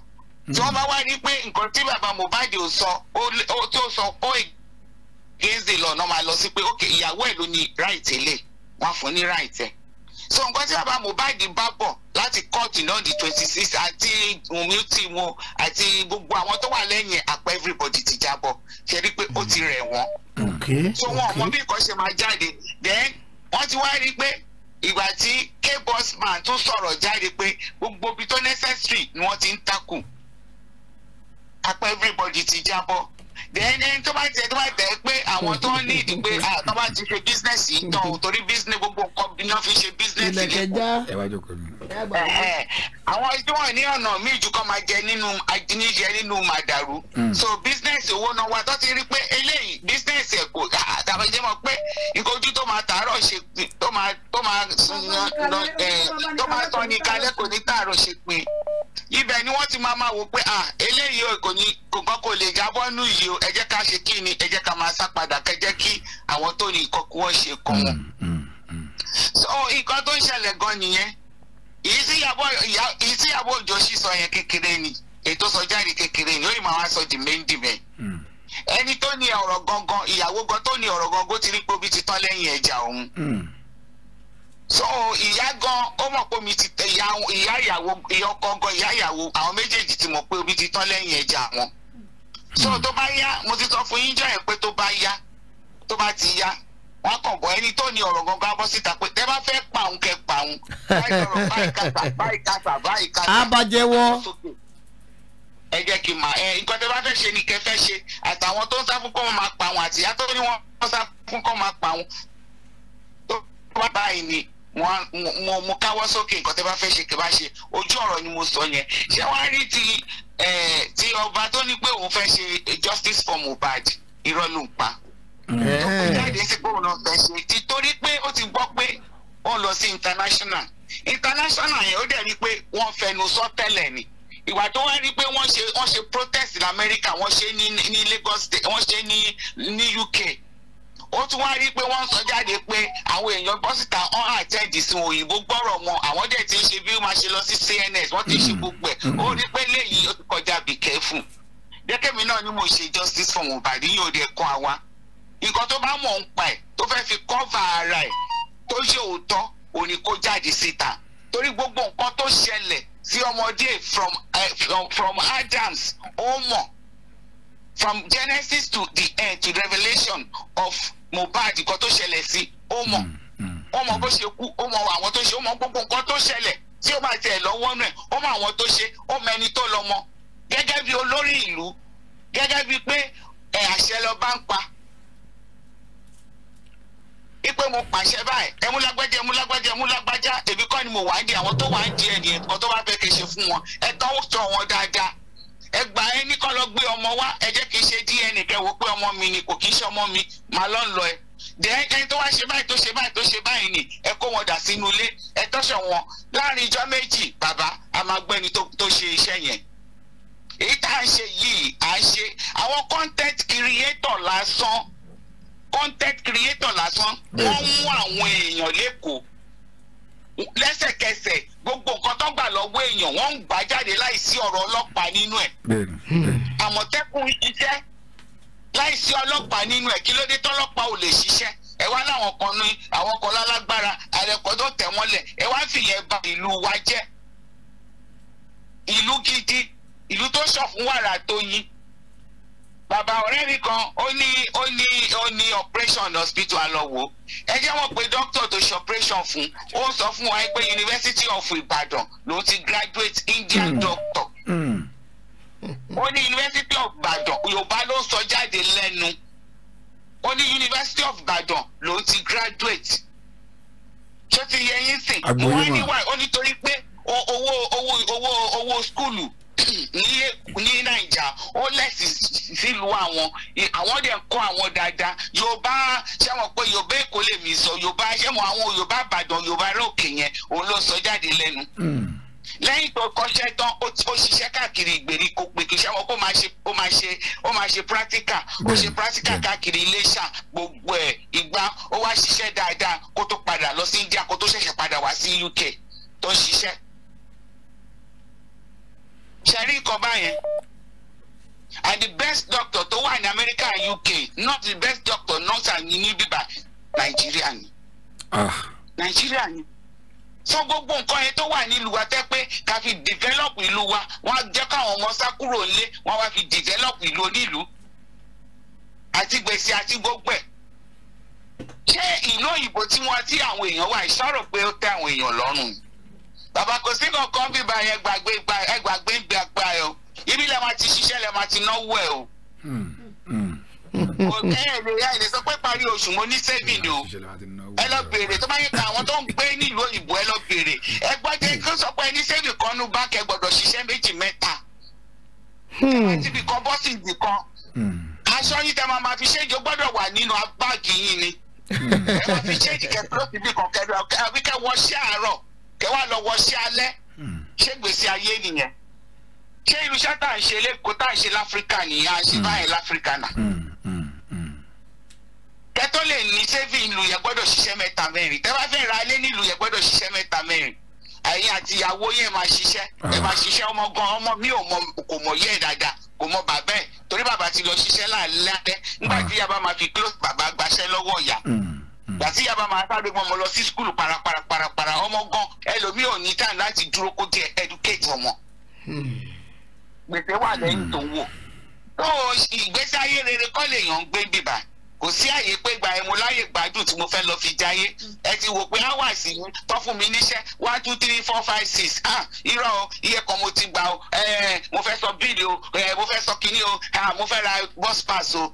tí wọ́n bá hmm. wá ní pé nǹkan tí bàbá Mohbad ò sọ ó tó sọ ó gẹ́ǹsì lọ náà máa lọ sí pé ok ìyàwó ẹ̀ ló ní right lè wọ́n fún ní right ẹ̀ so nǹkan tí bàbá Mohbad bá bọ̀ láti kóòtù náà di twenty six àti wùmí tí wọn àti gbogbo àwọn tó wà lẹ́yìn àpá everybody ti jábọ̀ ṣe rí i pé ó ti rẹ̀ wọ́n so wọn ò mọ bí nǹkan ṣe máa jáde then wọ́n ti wá rí i pé ìgbà tí k-bossman tún sọ̀rọ̀ jáde pé gbogbo ibi tó necessary ni wọ́n ti ń takùn apá everybody ti jábọ́ ẹni tó bá jẹ tó bá jẹ pé àwọn tó ń ní ìdìgbé ah, tó bá ti ṣe bísínẹ́sì yìí tán o torí bísínẹ́ gbogbo nǹkan bí wọ́n fi ṣe bísínẹ́sì lẹ́kọ̀ọ́ àwọn tí wọ́n ní ọ̀nà míì jù kọ́ máa jẹ nínú ajínigbé nínú màdàrú hmm. so bísínẹ́sì owó náà wà tó ti rí pé eléyìí bísínẹ́sì ẹ̀kọ́ ah, tàbí jẹ́ mọ́ pé nǹkan ojú tó máa tàárọ̀ ṣe pin tó máa tó máa sọ ní kálẹ́kọ̀ọ́ ní tàárọ̀ ṣe pin ibẹ̀ ni wọ́n ti máa máa wò pé à eléyìí kò ní nǹkan kò lè jábọ́ nù yìí o ẹ jẹ́ ká ṣe kí ni ẹ jẹ́ ká máa sá padà kẹ kí àwọn tó ní nǹkan kí wọ́n ṣe kàn wọ́n. Mm, mm, mm. so nǹkan tó ń ṣẹlẹ̀ gan nìyẹn èyí tí Ìyábọ̀ Òjó sì sọ yẹn kékeré ni ètò sọjáde kékeré ni ó lè máa wá sọ di méńdì bẹ́ẹ̀ ẹni tó ní ọ̀rọ̀ gangan ìyàwó gan tó ní ọ̀rọ̀ gangan ó ti rí pé obi ti tán lẹ́yìn ẹja òun so ìyá gan ó mọ̀ pé omi ti tẹ ìyá ìyàwó ìyá ọkọ gan ìyá ìyàwó àwọn méjèèjì ti mọ̀ pé omi ti tán lẹ́yìn ẹja wọn so hmm. tó bá yá mo ti sọ fún yín jọ ẹ pé tó bá yá tó bá ti yá wọn kàn bọ ẹni tó ní ọ̀rọ̀ gangan bọ síta pé tẹ bá fẹ́ pa òun kẹ pa òun báyìí kàtà báyìí kàtà báyìí kàtà. abajẹwọ. ẹ jẹ́ kí n mọ̀ ẹ nǹkan tẹ bá fẹ́ ṣe ni kẹ fẹ́ ṣe àtàwọn tó ń sá fún kọ́ máa pa òun àtìyá tó ní wọ́n sá fún kọ́ máa pa òun tó bá báyìí ni mo mo káwọ́ sókè nǹkan tẹ́ bá fẹ́ ṣe kẹ́bá ṣe ojú ọ̀rọ̀ ni mo sọ yẹn ṣé wàá rí ti ti ọba tó ní pé òun fẹ́ ṣe justice for Mohbad irọ́ ló ń pa tó pé jáde ti torí pé ó ti gbọ́ pé ó lọ sí international international yẹn ó dẹ̀ rí pé wọ́n fẹnu sọ tẹ́lẹ̀ ni ìwà tó wá rí pé wọ́n ṣe wọ́n protest in America wọ́n ṣe ní Lagos State wọ́n ṣe ní UK ó tún wá rí pé wọ́n ń sọ jáde pé àwọn èèyàn bọ́ síta ọ́n àtẹ́ǹdì sí òyìnbó gbọ́rọ̀ wọn àwọn dẹ̀ ti ń ṣe bí ó máa ṣe lọ sí CNS wọ́n ti ṣe mm-hmm. gbogbo ẹ̀ ó rí pé léyìí ó ti kọjá bí kẹ́fù gẹ́gẹ́ mi náà ni mo ṣe justice for Mohbad yóò dé kọ́ àwa nǹkan tó bá mọ̀ ń pa ẹ̀ tó fẹ́ fi kọ́va ara ẹ̀ tó ṣe òótọ́ òní kó jáde síta torí gbogbo nǹkan tó ṣẹlẹ̀ sí ọmọdé from uh, from Adams ó mọ̀ from Genesis to the end eh, to Revelation of Mohbad nǹkan tó ṣẹlẹ̀ sí ó mọ̀ mm, mm, ó mọ̀ bó mm. ṣe kú ó mọ̀ àwọn tó ṣe ó mọ̀ gbogbo nǹkan tó ṣẹlẹ̀ tí ó máa tẹ̀ lọ́wọ́ náà ó mọ̀ àwọn tó ṣe ó mọ̀ ẹni tó lọ́mọ gẹ́gẹ́ bí olórí ìlú gẹ́gẹ́ bí pé ẹ̀ àṣẹ lọ bá ń pa ipe mo pàṣẹ báyìí ẹmúlágbájá ẹmúlágbájá ẹmúlágbájá èmi kọ́ ni mo wá di àwọn tó wá di ẹ̀ nìyẹn kan tó bá fẹ́ kẹ́ ṣe fún wọn ẹ tọ́wọ́ tọ́ wọn dáadáa ẹ gbà ẹ ní kọ́ lọ gbé ọmọ wá ẹ jẹ́ kí n ṣe dna kẹwò pé ọmọ mi ni kò kí n ṣe ọmọ mi màá lọ lọ ẹ dẹ́n ẹni tó wá ṣe báyìí tó ṣe báyìí tó ṣe báyìí ni ẹ kó wọn dà sínú ilé ẹ tọ́ṣọ̀ wọn láàrin ijọ́ méjì bàbá a máa gbẹ́ni tó ṣe iṣẹ́ yẹn èyí tá à ń ṣe yìí à ń ṣe àwọn content creator lásán content creator lásán wọ́n mú àwọn èèyàn lẹ́kọ̀ọ́ lẹ́sẹ̀kẹsẹ̀ gbogbo nǹkan tó gbà lọ́wọ́ èèyàn wọ́n ń gbà jáde láìsí ọ̀rọ̀ ọlọ́pàá nínú ẹ̀. Hmm. àmọ̀tẹ́kùn iṣẹ́ láìsí ọlọ́pàá nínú ẹ̀ kí ló dé tọ́lọ́pàá ò lè ṣiṣẹ́ ẹ wá láwọn kan ní àwọn kan lálágbára àrẹ̀kọ́ tó tẹ̀ wọ́n lẹ̀ ẹ wá fìyẹn ba ìlú wa jẹ́ ìlú gidi ìlú tó ṣọ̀fún wàrà tó yín bàbá ọ̀rẹ́ mi kan ó ní ó ní ó ní operation hospital alọ́wọ́ ẹ jẹ́ wọ́n pé doctor tó ṣe operation fún ó sọ fún wa pé University of Ibadan ló ti graduate Indian mm. doctor hmm. ó ní University of Ibadan Yorùbá ló sọ jáde lẹ́nu ó ní University of Ibadan ló ti graduate ṣé ti yẹ yín sìn wọ́n ní wà ó nítorí pé owó owó owó owó skulu ní ní nàìjà ó lẹ́sìn sílùú àwọn àwọn dẹ̀ ń kọ́ àwọn dáadáa yorùbá sẹ́wọ̀n pé yorùbá èkó lè mí sọ yorùbá sẹ́wọ̀n àwọn yorùbá àbàdàn yorùbá lókè yẹn òun ló sọ jáde lẹ́nu. Hmm. lẹ́yìn tó kọ́ṣẹ́ tán ó ṣiṣẹ́ káàkiri ìgbèríko pèkì sẹ́wọ̀n kó máa ṣe ó máa ṣe ó máa ṣe practical ó ṣe practical káàkiri iléṣà gbogbo ẹ̀ ìgbà ó wá ṣiṣẹ́ dáadáa kó tó padà lọ sí India kó tó ṣẹ̀ṣẹ̀ padà wá sí UK tó ṣiṣẹ́ ṣẹ̀rí ikọ̀ báyẹn and the best doctor tó wà ní America and UK not the best doctor nurse ni ní bíbá Nàìjíríà ni ah. Nàìjíríà ni so gbogbo nǹkan yẹn tó wà nílùú wa tẹ́ pé ká fi develop ìlú wa wọ́n á jẹ́ káwọn ọmọ sá kúrò nílé wọ́n wá fi develop ìlú onílùú àti gbèsè àti gbogbo ẹ̀ ṣé ìlú òyìnbó tí wọ́n ti àwọn èèyàn wà ìṣòro pé ó tẹ́ àwọn èèyàn lọ́rùn ni bàbá kò sí kankan bíbá yẹn gbàgbé gbàgbé gbàgbá ẹ o ibi lẹ́ẹ̀ máa ti ṣiṣẹ́ lẹ́ẹ̀ máa ti náwó ẹ o hmm, hmm. ẹ lè sọ pé parí oṣù mo ní sẹ́fìn o ẹ lọ béèrè tó bá yẹ ká àwọn tó ń gbé nílùú òyìnbó ẹ lọ béèrè ẹ gbọ́dọ̀ kí n sọ pé ẹni sẹ́fìn kan nú báńkì ẹ gbọ́dọ̀ ṣiṣẹ́ méjì mẹ́ta ẹ hmm. ti fi kan bọ́sì ìdì kan aṣọ yìí tẹ máa ma fi ṣéǹjì ó gbọ́dọ̀ wà nínú abáàgì yìí ni ẹ máa fi ṣéǹjì kẹ́kẹ́ ló kan kẹ́kẹ́ àbíkẹ́ wọ àárọ̀ kẹ wá lọ wọṣẹ́ alẹ́ hmm. ṣé gbèsè ayé nìyẹn ṣé irú iṣẹ́ tá à ń ṣe lẹ́kọ̀ọ́ tá à ń ṣe láfíríkà nìyẹn à ń ṣe hmm. báyìí láfíríkà náà hmm, kẹtọ lè ní sẹ́fìn ìlú yẹn gbọ́dọ̀ ṣiṣẹ́ mẹ́ta mẹ́rin tẹ́ bá fẹ́ ra ilé nílùú yẹn gbọ́dọ̀ ṣiṣẹ́ mẹ́ta mẹ́rin ẹ̀yin àti ìyàwó yẹn máa ṣiṣẹ́ ah. ẹ máa ṣiṣẹ́ ọmọ gan ọmọ mi ò mọ kò mọ yẹ dáadáa kò mọ bàbá ẹ̀ torí bàbá ti lọ ṣiṣẹ́ láàlẹ́ nígbà ah. tí yaba máa fi close bàbá gbaṣẹ́ lọ́wọ́ ìyá gbàtí hmm. yaba máa sáré wọn mo lọ sí skul parapara parapara ọmọ gan ẹlòmíì ò ní time láti dúró kó jẹ educate ọmọ hmm. gbèsè wà lẹ́yìn hmm. tó wò tó ìgbésí ayé rere kọ́ lèèyàn ń gbé bìbà kò sí àyè pé gba ẹmu láyè gbádùn tí mo fẹ́ lọ fi jayé ẹ ti wò pé hours yìí tó fún mi níṣẹ́ one two three four five six ah irọ́ o iye kan mo ti gbà o mo fẹ́ sọ bíìlì o mo fẹ́ sọ kínní o ah, mo fẹ́ ra bus pass o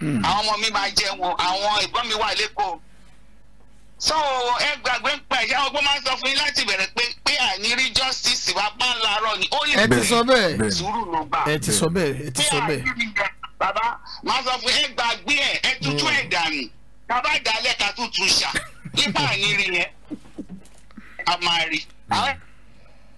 àwọn ọmọ mi máa jẹun àwọn ìbọn mi wà lẹ́kọ̀ọ́ so ẹ gbàgbé ń pa ìyá ọgbọ́n máa ń sọ fún yín láti bẹ̀rẹ̀ pé pé àní rí justice wa bá ń larọ ni ó lè bẹ̀rẹ̀ sùúrù ló gbà ẹ ti sọ bẹ́ẹ̀ ẹ ti sọ bẹ́ẹ̀. bàbá máa sọ fún ẹ gbàgbé ẹ ẹ tutù ẹ hmm. dànù bàbá ìdálẹ́ ká tutù ṣà nípa àní rí yẹn a máa rí. àwọn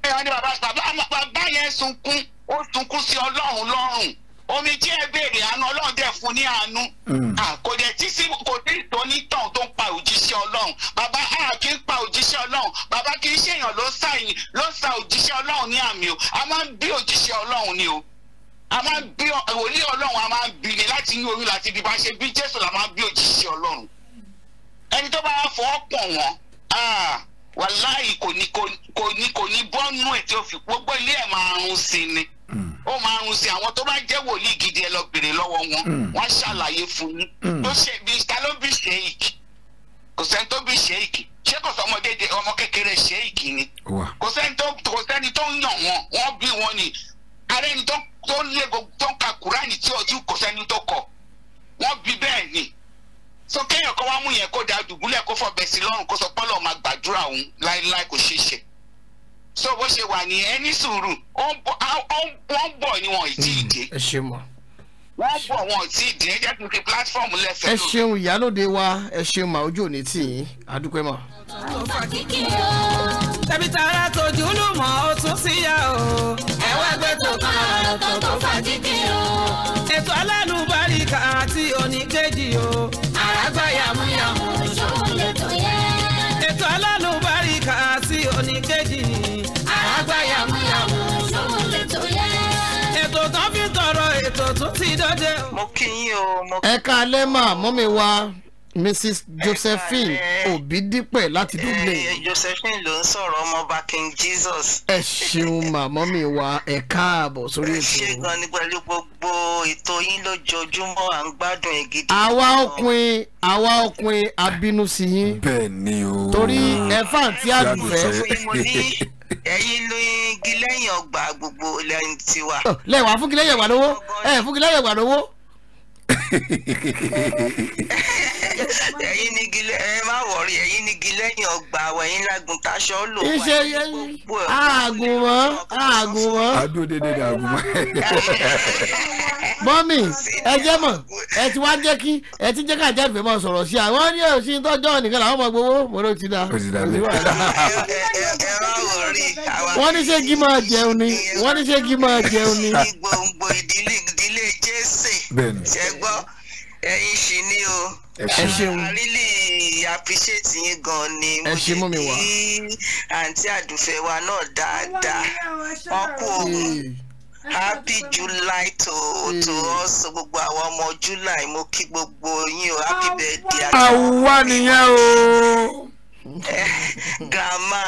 ẹ̀yọ́ ni bàbá bàbá yẹn sunkún ó sunkún sí ọlọ́run lọ́rùn omi tí ẹ béèrè àánú ọlọ́run dẹ̀ fún ní àánú mm. kò dẹ̀ tí sí kò dé ìtọ́nítàn tó ń pa òjíṣẹ́ ọlọ́run bàbá a kì í pa òjíṣẹ́ ọlọ́run bàbá kì í ṣèyàn ló sà yín ló sà òjíṣẹ́ ọlọ́run ní àmì o a máa ń bí òjíṣẹ́ ọlọ́run ni o a máa ń bí wòlíì ọlọ́run a máa ń bí ni láti inú orí láti ibi bá ṣe bí jésù la máa ń bí òjíṣẹ́ ọlọ́run ẹni tó bá fọwọ́ pọ̀ wọ́n wàláì kò ní kò ní bọ́ọ̀nù ẹ̀ tí ó fi gbogbo ilé ẹ̀ máa rún sí ni ó máa ń sin àwọn tó bá jẹ́ wòlíì gidi ẹ lọ béèrè lọ́wọ́ wọn hmm. wọ́n ṣàlàyé fún yín tó hmm. ṣe bí ta ló bí sheik kò sẹ́ni tó bí sheik ṣé kò sọ ọmọdé ọmọ kékeré sheik ni kò sẹ́ni tó kò sẹ́ni tó ń yàn wọn wọ́n bí wọn ni ààrẹ ni tó lé tó ń ka kúránì tí ọtí kò sẹ́ni tó kọ wọ́n bí bẹ́ẹ̀ ni sọ kéèyàn kan wá mú yẹn kó da dùbúlẹ̀ kó fọbẹ̀ sí lọ́rùn kó sọ pé Ọlọ́run so bó ṣe wà nìyẹn ẹni sùúrù wọ́n bọ̀ ni wọn ì dé. ẹ ṣe wọn tí ì dín jẹ́ tuntun platform lẹ́sẹ̀ ẹ ṣeun ìyálòde wa ẹ ṣeun màá ojú òní tì yín adúpẹ́ mọ́. tẹ̀bí tara tójú ló mọ̀ ó tún síyá o. ẹ wá tó kan ọ̀rọ̀ tó tó fà kíkì o. ètò alánú baríka àti oníkejì o. àràgbá yàmúyàmú ṣòwò lè tó yẹ. ètò alánú baríka àti oníkejì. ti dọ́jẹ́ o. mo kí yín o. ẹ káalẹ́ mà mọ́mi wa mrs josephine obidipẹ láti dublin. josephine ló ń sọ̀rọ̀ ọmọọba king jesus. ẹ ṣeun màmọ́ mi wá ẹ káàbọ̀ sórí ètò. ṣé gan ni pẹ̀lú gbogbo ètò yín lójoojúmọ́ à ń gbádùn ìgidì. àwa ọkùnrin àwa ọkùnrin abínú sí yín. bẹ́ẹ̀ ni o. torí ẹ fàǹtí àdùfẹ́ ẹ̀yin ló ń gi lẹ́yìn ọgbà gbogbo lẹ́yìn tiwa. lẹ́wà fún kílẹ̀ yẹ̀wà lówó ẹ̀ fún kílẹ̀ yẹ̀wà lówó. ẹ̀yin ni gilẹ̀ ẹ má wọ̀rí ẹ̀yin ni gilẹ̀ yẹn ọgbà àwọn ẹ̀yin lágùn taṣọ lò wá. iṣẹ́ yẹn àgùn mọ́ àgùn mọ́. adúlódé dèdè àgùn mọ́. mọ́mì ẹ jẹ́ mọ̀ ẹ ti wá jẹ́ kí ẹ ti jẹ́ káàjá ìfẹ́ mọ̀ sọ̀rọ̀ sí àwọn ní òsì tọ́jọ́ nìkan làwọn ọmọ gbowó mọ̀rọ̀ ti da. wọ́n ní ṣé kí máa jẹun ni wọ́n ní ṣé kí máa jẹun ni. gbòǹgbò ìdílé ìdílé jésè ṣẹgbọ́ ẹ̀yin sì ni o ẹ ṣeun yín gan ni mo ṣe kí àǹtí àdùfẹ́ wa náà dáadáa wọ́n òun happy july to to hmm. us gbogbo àwọn ọmọ july mo kí gbogbo yín o happy birthday. àwa nìyẹn o. grandma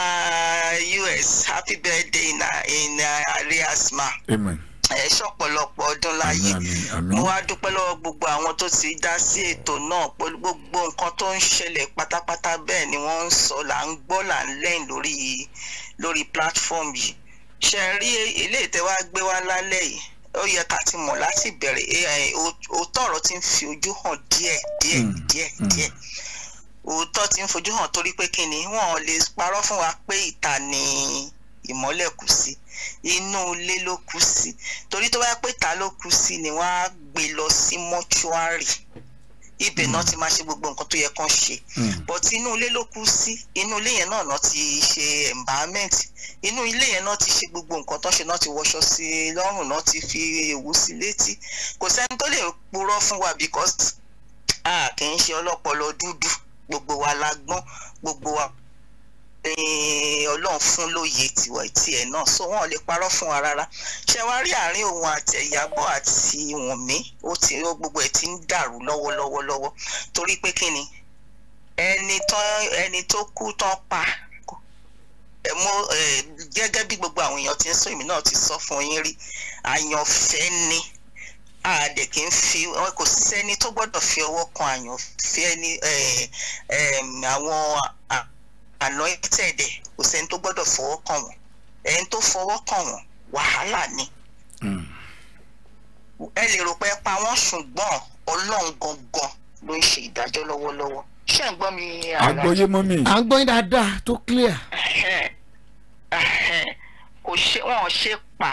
us happy birthday in in uh, arias ma. amen ẹ ṣọ̀pọ̀lọpọ̀ ọdún láyé mo wá dúpẹ́ lọ́wọ́ gbogbo àwọn tó ti dá sí ètò náà pẹ̀lú gbogbo nǹkan tó ń ṣẹlẹ̀ pátápátá bẹ́ẹ̀ ni wọ́n ń sọ là ń gbọ́ là ń lẹ́yìn lórí lórí platform yìí ṣe rí ilé ìtẹ́wá gbé wá lálẹ́ yìí ó yẹ ká ti mọ̀ láti bẹ̀rẹ̀ òótọ́ ọ̀rọ̀ ti ń fi ojú hàn díẹ̀ díẹ̀ hmm, díẹ̀ hmm. díẹ̀ òótọ́ ti ń fojú hàn torí pé kí ni wọ́n lè parọ́ fún wa pé ìta ni ìmọ́lẹ̀ kù sí inú ilé ló kù sí torí tó bá pé ìta ló kù sí ni wọ́n á gbé lọ sí mọ́ṣúárì ibẹ̀ náà ti máa ṣe gbogbo nǹkan tó yẹ kán ṣe hmm. but inú ilé ló kú sí inú ilé yẹn náà náà ti ṣe empowerment inú ilé yẹn náà ti ṣe gbogbo nǹkan tó ṣe náà ti wọṣọ sí i lọ́rùn náà ti fi èwú sí létí kò sẹ́ni tó lè purọ́ fún wa because a kì í ṣe ọlọ́pọlọ dúdú gbogbo wa la gbọ́n gbogbo wa ọlọ́run fún lóye tiwọ̀ tiẹ̀ náà so wọn lè parọ́ fún wa rárá ṣé wàá rí àárín òun àti Ìyábọ̀ àti Wùnmí ó ti ó gbogbo ẹ̀ ti ń dàrú lọ́wọ́lọ́wọ́ lọ́wọ́ torí pé kí ni ẹni tán ẹni tó kú tán pa mo gẹ́gẹ́ bí gbogbo àwọn èèyàn ti ń sọ èmi náà ti sọ fún yín rí àyànfẹ́ ni àdè kì í fi kò sẹ́ni tó gbọ́dọ̀ fi ọwọ́ kan àyànfẹ́ ni àwọn anointed ẹ̀ kò sẹ́ni tó gbọ́dọ̀ fọwọ́ kàn wọ́n ẹni tó fọwọ́ kàn wọ́n wàhálà ni. Hmm. ẹ lè rò pé ẹ pa wọ́n ṣùgbọ́n ọlọ́run gangan ló ń ṣe ìdájọ́ lọ́wọ́lọ́wọ́ ṣé ń gbọ́ mi. àgbọ́yé mọ́ mi. à ń dáadáa tó clear. kò ṣe wọn ò ṣe pa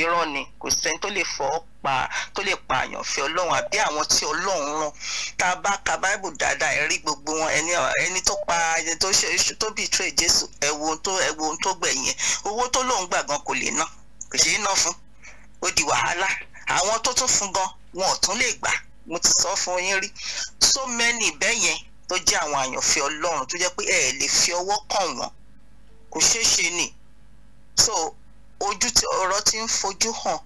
irọ́ ni kò sẹ́ni tó lè fọwọ́ pa tó lè pa àyànfẹ́ ọlọ́run àbí àwọn tí ọlọ́run rán tá a bá ka báìbù dáadáa rí gbogbo wọn ẹni tó pa ẹni tó ṣe tó bìtúrè jésù ẹ wo tó ẹ tó gbẹ̀yìn owó tó lóun gbà gan kò lè ná kò ṣeé ná fún ó di wàhálà àwọn tó tún fún gan wọn ò tún lè gbà mo ti sọ fún yín rí so many bẹ́ẹ̀ tó jẹ́ àwọn àyànfẹ́ ọlọ́run tó jẹ́ pé ẹ lè fi ọwọ́ kàn wọ́n kò ṣeé ṣe ni so ojú tí ọ̀rọ̀ ti ń fojú hàn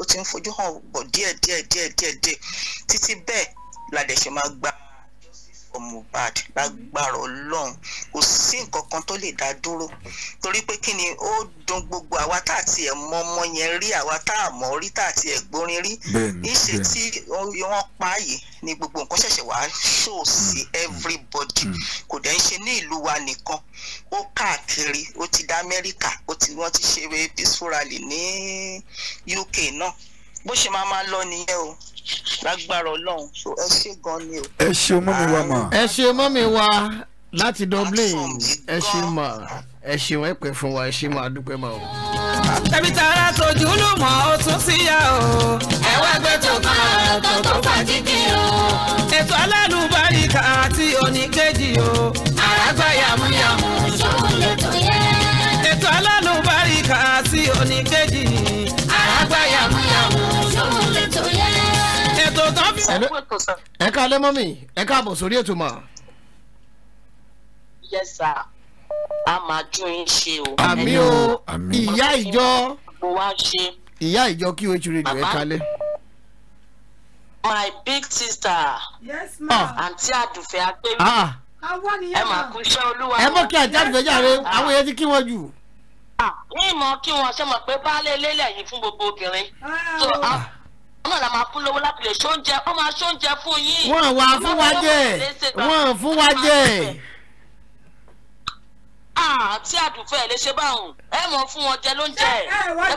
ó ti ń fojú hàn bọ̀ díẹ̀ díẹ̀ díẹ̀ díẹ̀ díẹ̀ títí bẹ́ẹ̀ la dẹ̀ ṣe máa gba for Mohbad lágbára Ọlọ́run kò sí nǹkan kan tó lè dá dúró torí pé kí ni ó dùn gbogbo àwa tá àti ẹ̀ mọ ọmọ yẹn rí àwa tá a rí tá àti ẹ̀ gbọ́rin rí ìṣe tí wọ́n pa yìí ni gbogbo nǹkan ṣẹ̀ṣẹ̀ wá ṣò sí mm, mm, everybody mm. kò dẹ̀ ń ṣe ní ìlú wa nìkan ó káàkiri ó ti dá Amẹ́ríkà ó ti wọ́n ti ṣe peaceful rally ní UK náà bó ṣe máa máa lọ nìyẹn o lágbára Ọlọ́run so ẹ ṣe gan ni o. ẹ ṣe mọ́mi wa mà. ẹ ṣe mọ́mi wa láti Dublin ẹ ṣe mà ẹ ṣeun ẹ pẹ́ fún wa ẹ ṣe máa dúpẹ́ máa o. ẹbí tara tójú ló mọ ó tún síyá o. ẹ gbé tó kan tó tó fàjíkì o. ètò alálùbáríkà àti oníkejì o. ẹ ká lẹ́ mọ́mì ẹ káàbọ̀ sórí ètò mà. yes sir a máa tún yín ṣe o. àmì o ìyá ìjọ ìyá ìjọ kí o ètò rẹ̀ ẹ kalẹ̀. my big sister yes ah. ma àǹtí àdùfẹ́ agbẹ́rù ah. ẹ máa kú iṣẹ́ olúwa. ẹ mọ̀ kí àǹtí àdùfẹ́ jàre àwọn èèyàn ti kí wọ́n jù. Ah, ní ìmọ̀ kí wọ́n ṣe mọ̀ pé baálé ilé lẹ́yìn fún gbogbo obìnrin. Oh náà la máa fún lówó láti lè ṣóúnjẹ wọ́n máa ṣóúnjẹ fún yín. wọ́n wà fún wa jẹ́ wọ́n fún wa jẹ́. àǹtí àdùfẹ́ lè ṣe báwọn ẹ mọ̀ fún wọn jẹ lóúnjẹ ẹ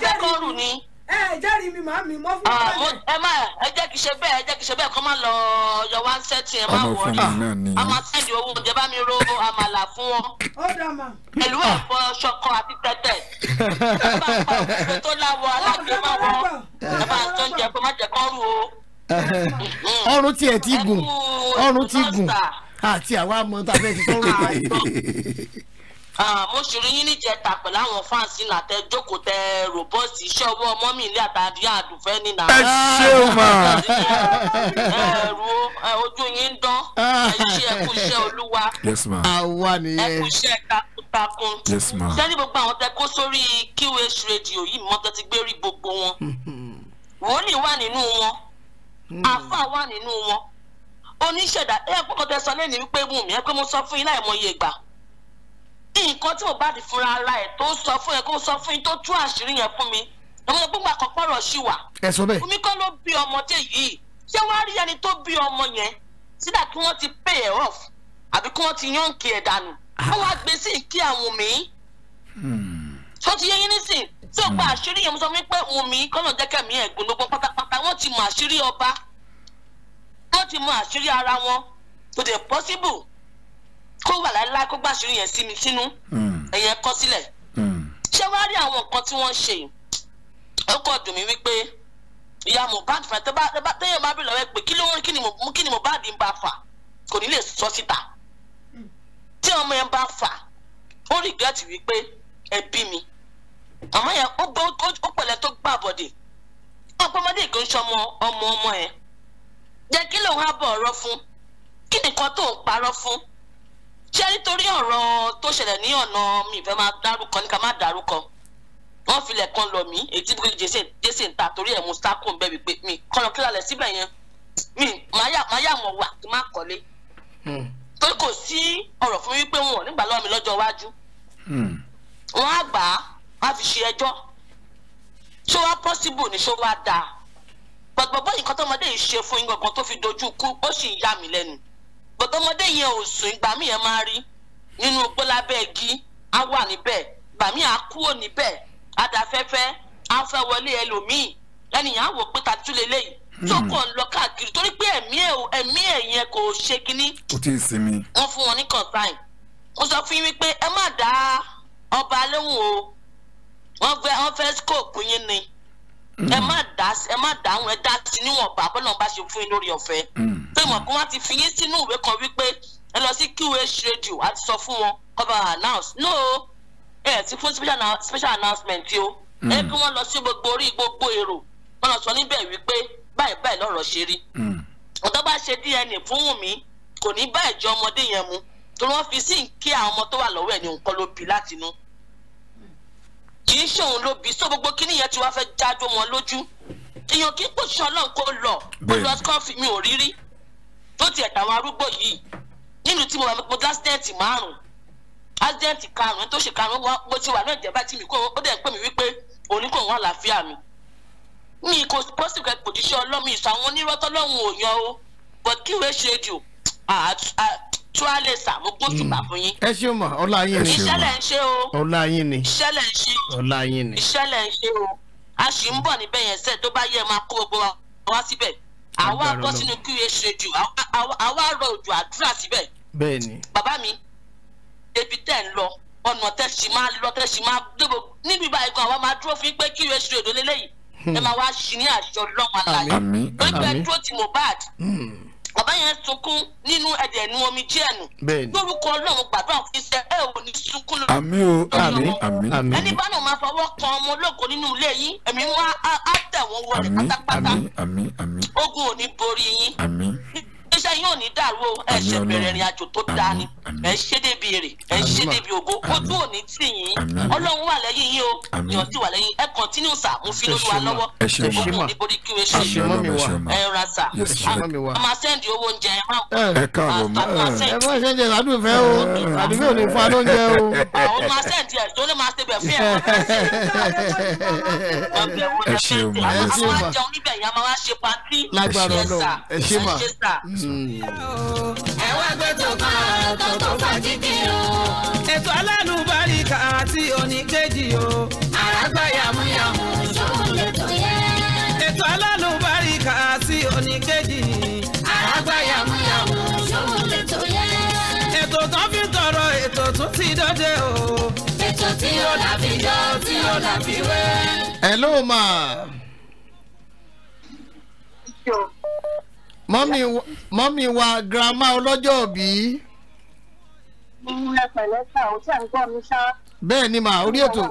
fẹ́ kọ́rù ni ẹ jẹ́rìí mi màá mi mọ́ fún mi. Ah, ẹ má ẹ jẹ́ kí ṣe bẹ́ẹ̀ ẹ jẹ́ kí ṣe bẹ́ẹ̀ kọ́ má lọ yọ wá ń sẹ́tì ẹ má wọlé a máa sẹ́ndì owó oúnjẹ bá mi ro àmàlà fún wọn. ó dà mà. pẹ̀lú ah. ẹ̀fọ́ ṣọkọ àti tẹ́tẹ́. ẹ bá pa òkúta tó láwọ alágbé má wọ ẹ bá tó ń jẹ kó má jẹ kọ́ rù o. ọrùn tiẹ̀ ti gùn ọrùn ti gùn àti àwa mọ̀ tá a fẹ́ fi tọ́rọ̀ àìsàn. Ah, mo sì rí yín pẹ̀lú àwọn fáǹsì náà tẹ jókòó tẹ rọ́bọ́ọ̀sì iṣẹ́ ọwọ́ ọmọ ilé àtàdé àdùfẹ́ nínà. ẹ ṣé o ẹrù ojú yín dán ah. ẹ ẹkú iṣẹ́ olúwa. yes ma. ẹkú iṣẹ́ takuntakun. sẹ́ni gbogbo àwọn tẹ kó sórí QH radio yìí mọ́tẹ́ ti gbé rí gbogbo wọn. wòlíì wà nínú wọn hmm. àfa wà nínú wọn oníṣẹ̀dá ẹ̀ pọ́kọ̀tẹ̀ sọ lẹ́nu wípé mú mi ẹ pé mo sọ fún yín láì mọ iye ìgbà nǹkan tí ò bá di fúnra ara ẹ̀ tó sọ fún ẹ kó sọ fún yín tó tú àṣírí yẹn fún mi àwọn gbogbo àkọ́kọ́ rọ̀ sí wa. ẹ sọ bẹ́ẹ̀. omi kọ́ ló bí ọmọdé yìí ṣé wàá rí ẹni tó bí ọmọ yẹn sídà kí wọ́n ti pay ẹ̀ off àbí kí wọ́n ti yànkì ẹ̀ dànù wọ́n wá gbé sí ìkí àwọn mi. tó hmm. ti yẹ yín nísìn tí ó gba hmm. àṣírí yẹn mo sọ fún mi pé òun mi kọ́nà jẹ́kẹ̀ mi ẹ̀gbọ́n gbogbo pátápátá wọ́n ti mọ àṣírí ọba wọ́n ti mọ àṣírí ara wọn tó dẹ̀ possible kó wà láíláí kó gbàṣírí yẹn sí mi sínú hmm. ẹ̀yẹn kọ́ sílẹ̀ hmm. ṣé wàá rí àwọn nǹkan tí wọ́n ṣe ó kọ́ dùn mí wípé ìyá Mohbad fún ẹ tẹ́yẹ̀ máa bí lọ́wọ́ pé kí ni Mohbad ń bá fà kò ní lè sọ síta hmm. tí ọmọ yẹn bá fà ó rìgẹ́tì wípé ẹbí mi àmọ́ yẹn ó gbọ́ ó pẹ̀lẹ́ tó gbà bọ̀dẹ̀ ọpọmọdé kò ń ṣọmọ ọmọ ọmọ ẹ̀ jẹ́ kí lòun á bọ̀ ọ̀rọ̀ fún kí nìkan tó ń parọ́ fún ṣé nítorí ọ̀rọ̀ tó ṣẹlẹ̀ ní ọ̀nà mi ìfẹ́ máa dárúkọ ní ká má dárúkọ wọ́n filẹ̀ kan lọ mí ètí bí jésè ń ta torí ẹ̀ mú sákò ń bẹ́ mi pé mi kọ́ lọ kí lálẹ́ síbẹ̀ yẹn mi máa yà mọ̀ wà kí má kọ́lé hmm. torí kò sí ọ̀rọ̀ fún mi pé wọn ò nígbà lọ́wọ́ mi lọ́jọ́ iwájú hmm. wọn á gbà á wọn á fi ṣe ẹjọ́ ṣé wàá pọ́síbù ni ṣé wàá dáa gbọ̀gbọ̀gbọ̀ nǹkan tọmọdé yìí ṣe fún yín gbọ̀ngàn tó fi dojú kú ó sì ń yà mí lẹ́nu bọ̀dọ́mọdé yẹn ò sùn ìgbà míì yẹn máa rí nínú igbó lábẹ́ igi á wà níbẹ̀ ìgbà míì á kúrò níbẹ̀ á da fẹ́fẹ́ á fẹ́ wọlé ẹlòmíì ẹnìyàn á wò pé ta tún lélẹ́yìí hmm. tó kọ̀ ń lọ káàkiri torí pé ẹ̀mí ẹ̀mí ẹ̀yẹn kò ṣe kínní. kò tí ì sinmi. wọ́n fún wọn ní consign wọ́n sọ fún yín wípé ẹ má dá ọba lóhùn o wọ́n fẹ́ wọ́n fẹ́ scope yín ni ẹ má dá ẹ má dá àwọn ẹ dá sí níwọ̀nba bọ́lá bá ṣe fún yín lórí ọ̀fẹ́ hmm. pé mọ̀ kí wọ́n ti fi yín sínú ìwé kan wípé ẹ lọ sí QH radio a ti sọ fún wọn cover announce no ẹ ti fún special announcement yìí o ẹ hmm. kí wọ́n lọ sí gbogbo orí gbogbo èrò wọ́n lọ sọ níbẹ̀ wípé báyìí báyìí lọ́rọ̀ ṣe rí hmm. ọ̀tọ́ bá ṣe DNA fún Wùnmí kò ní bá ìjọ ọmọdé yẹn mu torí wọ́n fi sí nkí àwọn ọmọ tó wà lọ́wọ́ ẹ̀ ní nǹkan ló bi látinú kì í ṣe òun ló bí so gbogbo kíní yẹn tí wàá fẹ́ jájọ wọn lójú èèyàn kì í pòṣìṣàn náà kó lọ kó lọ kọ́fì mi ò rí rí tó tiẹ̀ tàwọn arúgbó yìí nínú tí mo wà mo dásítẹ́ǹtì márùn-ún ásítẹ́ǹtì karùn-ún tó ṣe karùn-ún wá mo ti wà náà jẹ́bá tí mi kó ó dẹ̀ ń pè mí wípé òní kò wọ́n àlàáfíà mi mi kò pósì kẹ kò jíṣẹ́ ọlọ́mi ìsọ àwọn onírọ́tọ́ lọ́hùn-ún òyàn o but kí wẹ́ẹ́ ṣe jù tuale sa mo gbóṣù hmm. bá fún yín. ẹ ṣe mọ ọlá yín ni iṣẹ́ lẹ̀ ń ṣe o ọlá yín ni iṣẹ́ lẹ̀ ń ṣe o ọlá yín ni iṣẹ́ lẹ̀ ń ṣe o a sì ń bọ̀ níbẹ̀ yẹn sẹ́ẹ̀ tó bá yẹ máa kó gbogbo wa síbẹ̀ àwa bọ́ sínú kí wọ́n ṣe jù àwa rọ òjò àdúrà síbẹ̀. bẹ́ẹ̀ni. bàbá mi ebi tẹ́ ń lọ ọ̀nà tẹ́ sì máa lọ tẹ́ sì máa dégbò níbi báyìí gan àwa máa dúró fún pé kí wọ́n ṣe èdò lélẹ́yìí hmm. ẹ máa wá sí ní àṣọ lọ́wọ́ ọba yẹn sunkún nínú ẹ̀jẹ̀ nu omi díẹ̀ nù. bẹ́ẹ̀ni lórúkọ Ọlọ́run gbàdúrà fún iṣẹ́ ẹ ò ní sunkún lórí. àmín o àmín àmín àmín. ẹni bá náà máa fọwọ́ kan ọmọ ológo nínú ilé yìí ẹ̀mí wọn á tẹ̀ wọlé pátápátá. àmín àmín àmín. ogun ò ní borí yín. àmín iṣẹ́ yóò ní dàrú o ẹ ṣe bẹ̀rẹ̀ ìrìn àjò tó dáa ni ẹ ṣe débi èrè ẹ ṣe débi ògo ojú òní tì yín ọlọ́run wà lẹ́yìn yín o yàn ti wà lẹ́yìn ẹ kọ́ntínú sà mo fi lórí wa lọ́wọ́ ìgbókùn ní borí kí o ṣe ẹ ra sà a máa sẹ́ndì owó oúnjẹ ẹ máa ẹ káàbọ̀ mọ́ ẹ máa sẹ́ndì ẹ̀ ládùn o àdúgbò ò ní fún alóúnjẹ o. àwọn máa sẹ́ndì ẹ̀ tó lè máa ṣe bẹ̀ fún ẹ̀ ẹ ṣe o ẹ ṣe o ẹ wá gbé tó kan ọ̀tọ̀ tó fà o. ètò alánú báríkà àti oníkejì o. àràgbá yàmúyàmú ṣòwò lè yẹ. ètò alánú báríkà àti oníkejì. àràgbá yàmúyàmú ṣòwò lè yẹ. ètò tán fi tọrọ ètò tún ti dọ́dẹ o. ètò tí ó láfi yọ tí ó láfi wẹ́. ẹ ló máa mọ́mì wa girama ọlọ́jọ́ òbí. ẹ pẹ̀lẹ́ sá o tí à ń gbọ́ mi sá. bẹ́ẹ̀ ni màá orí ètò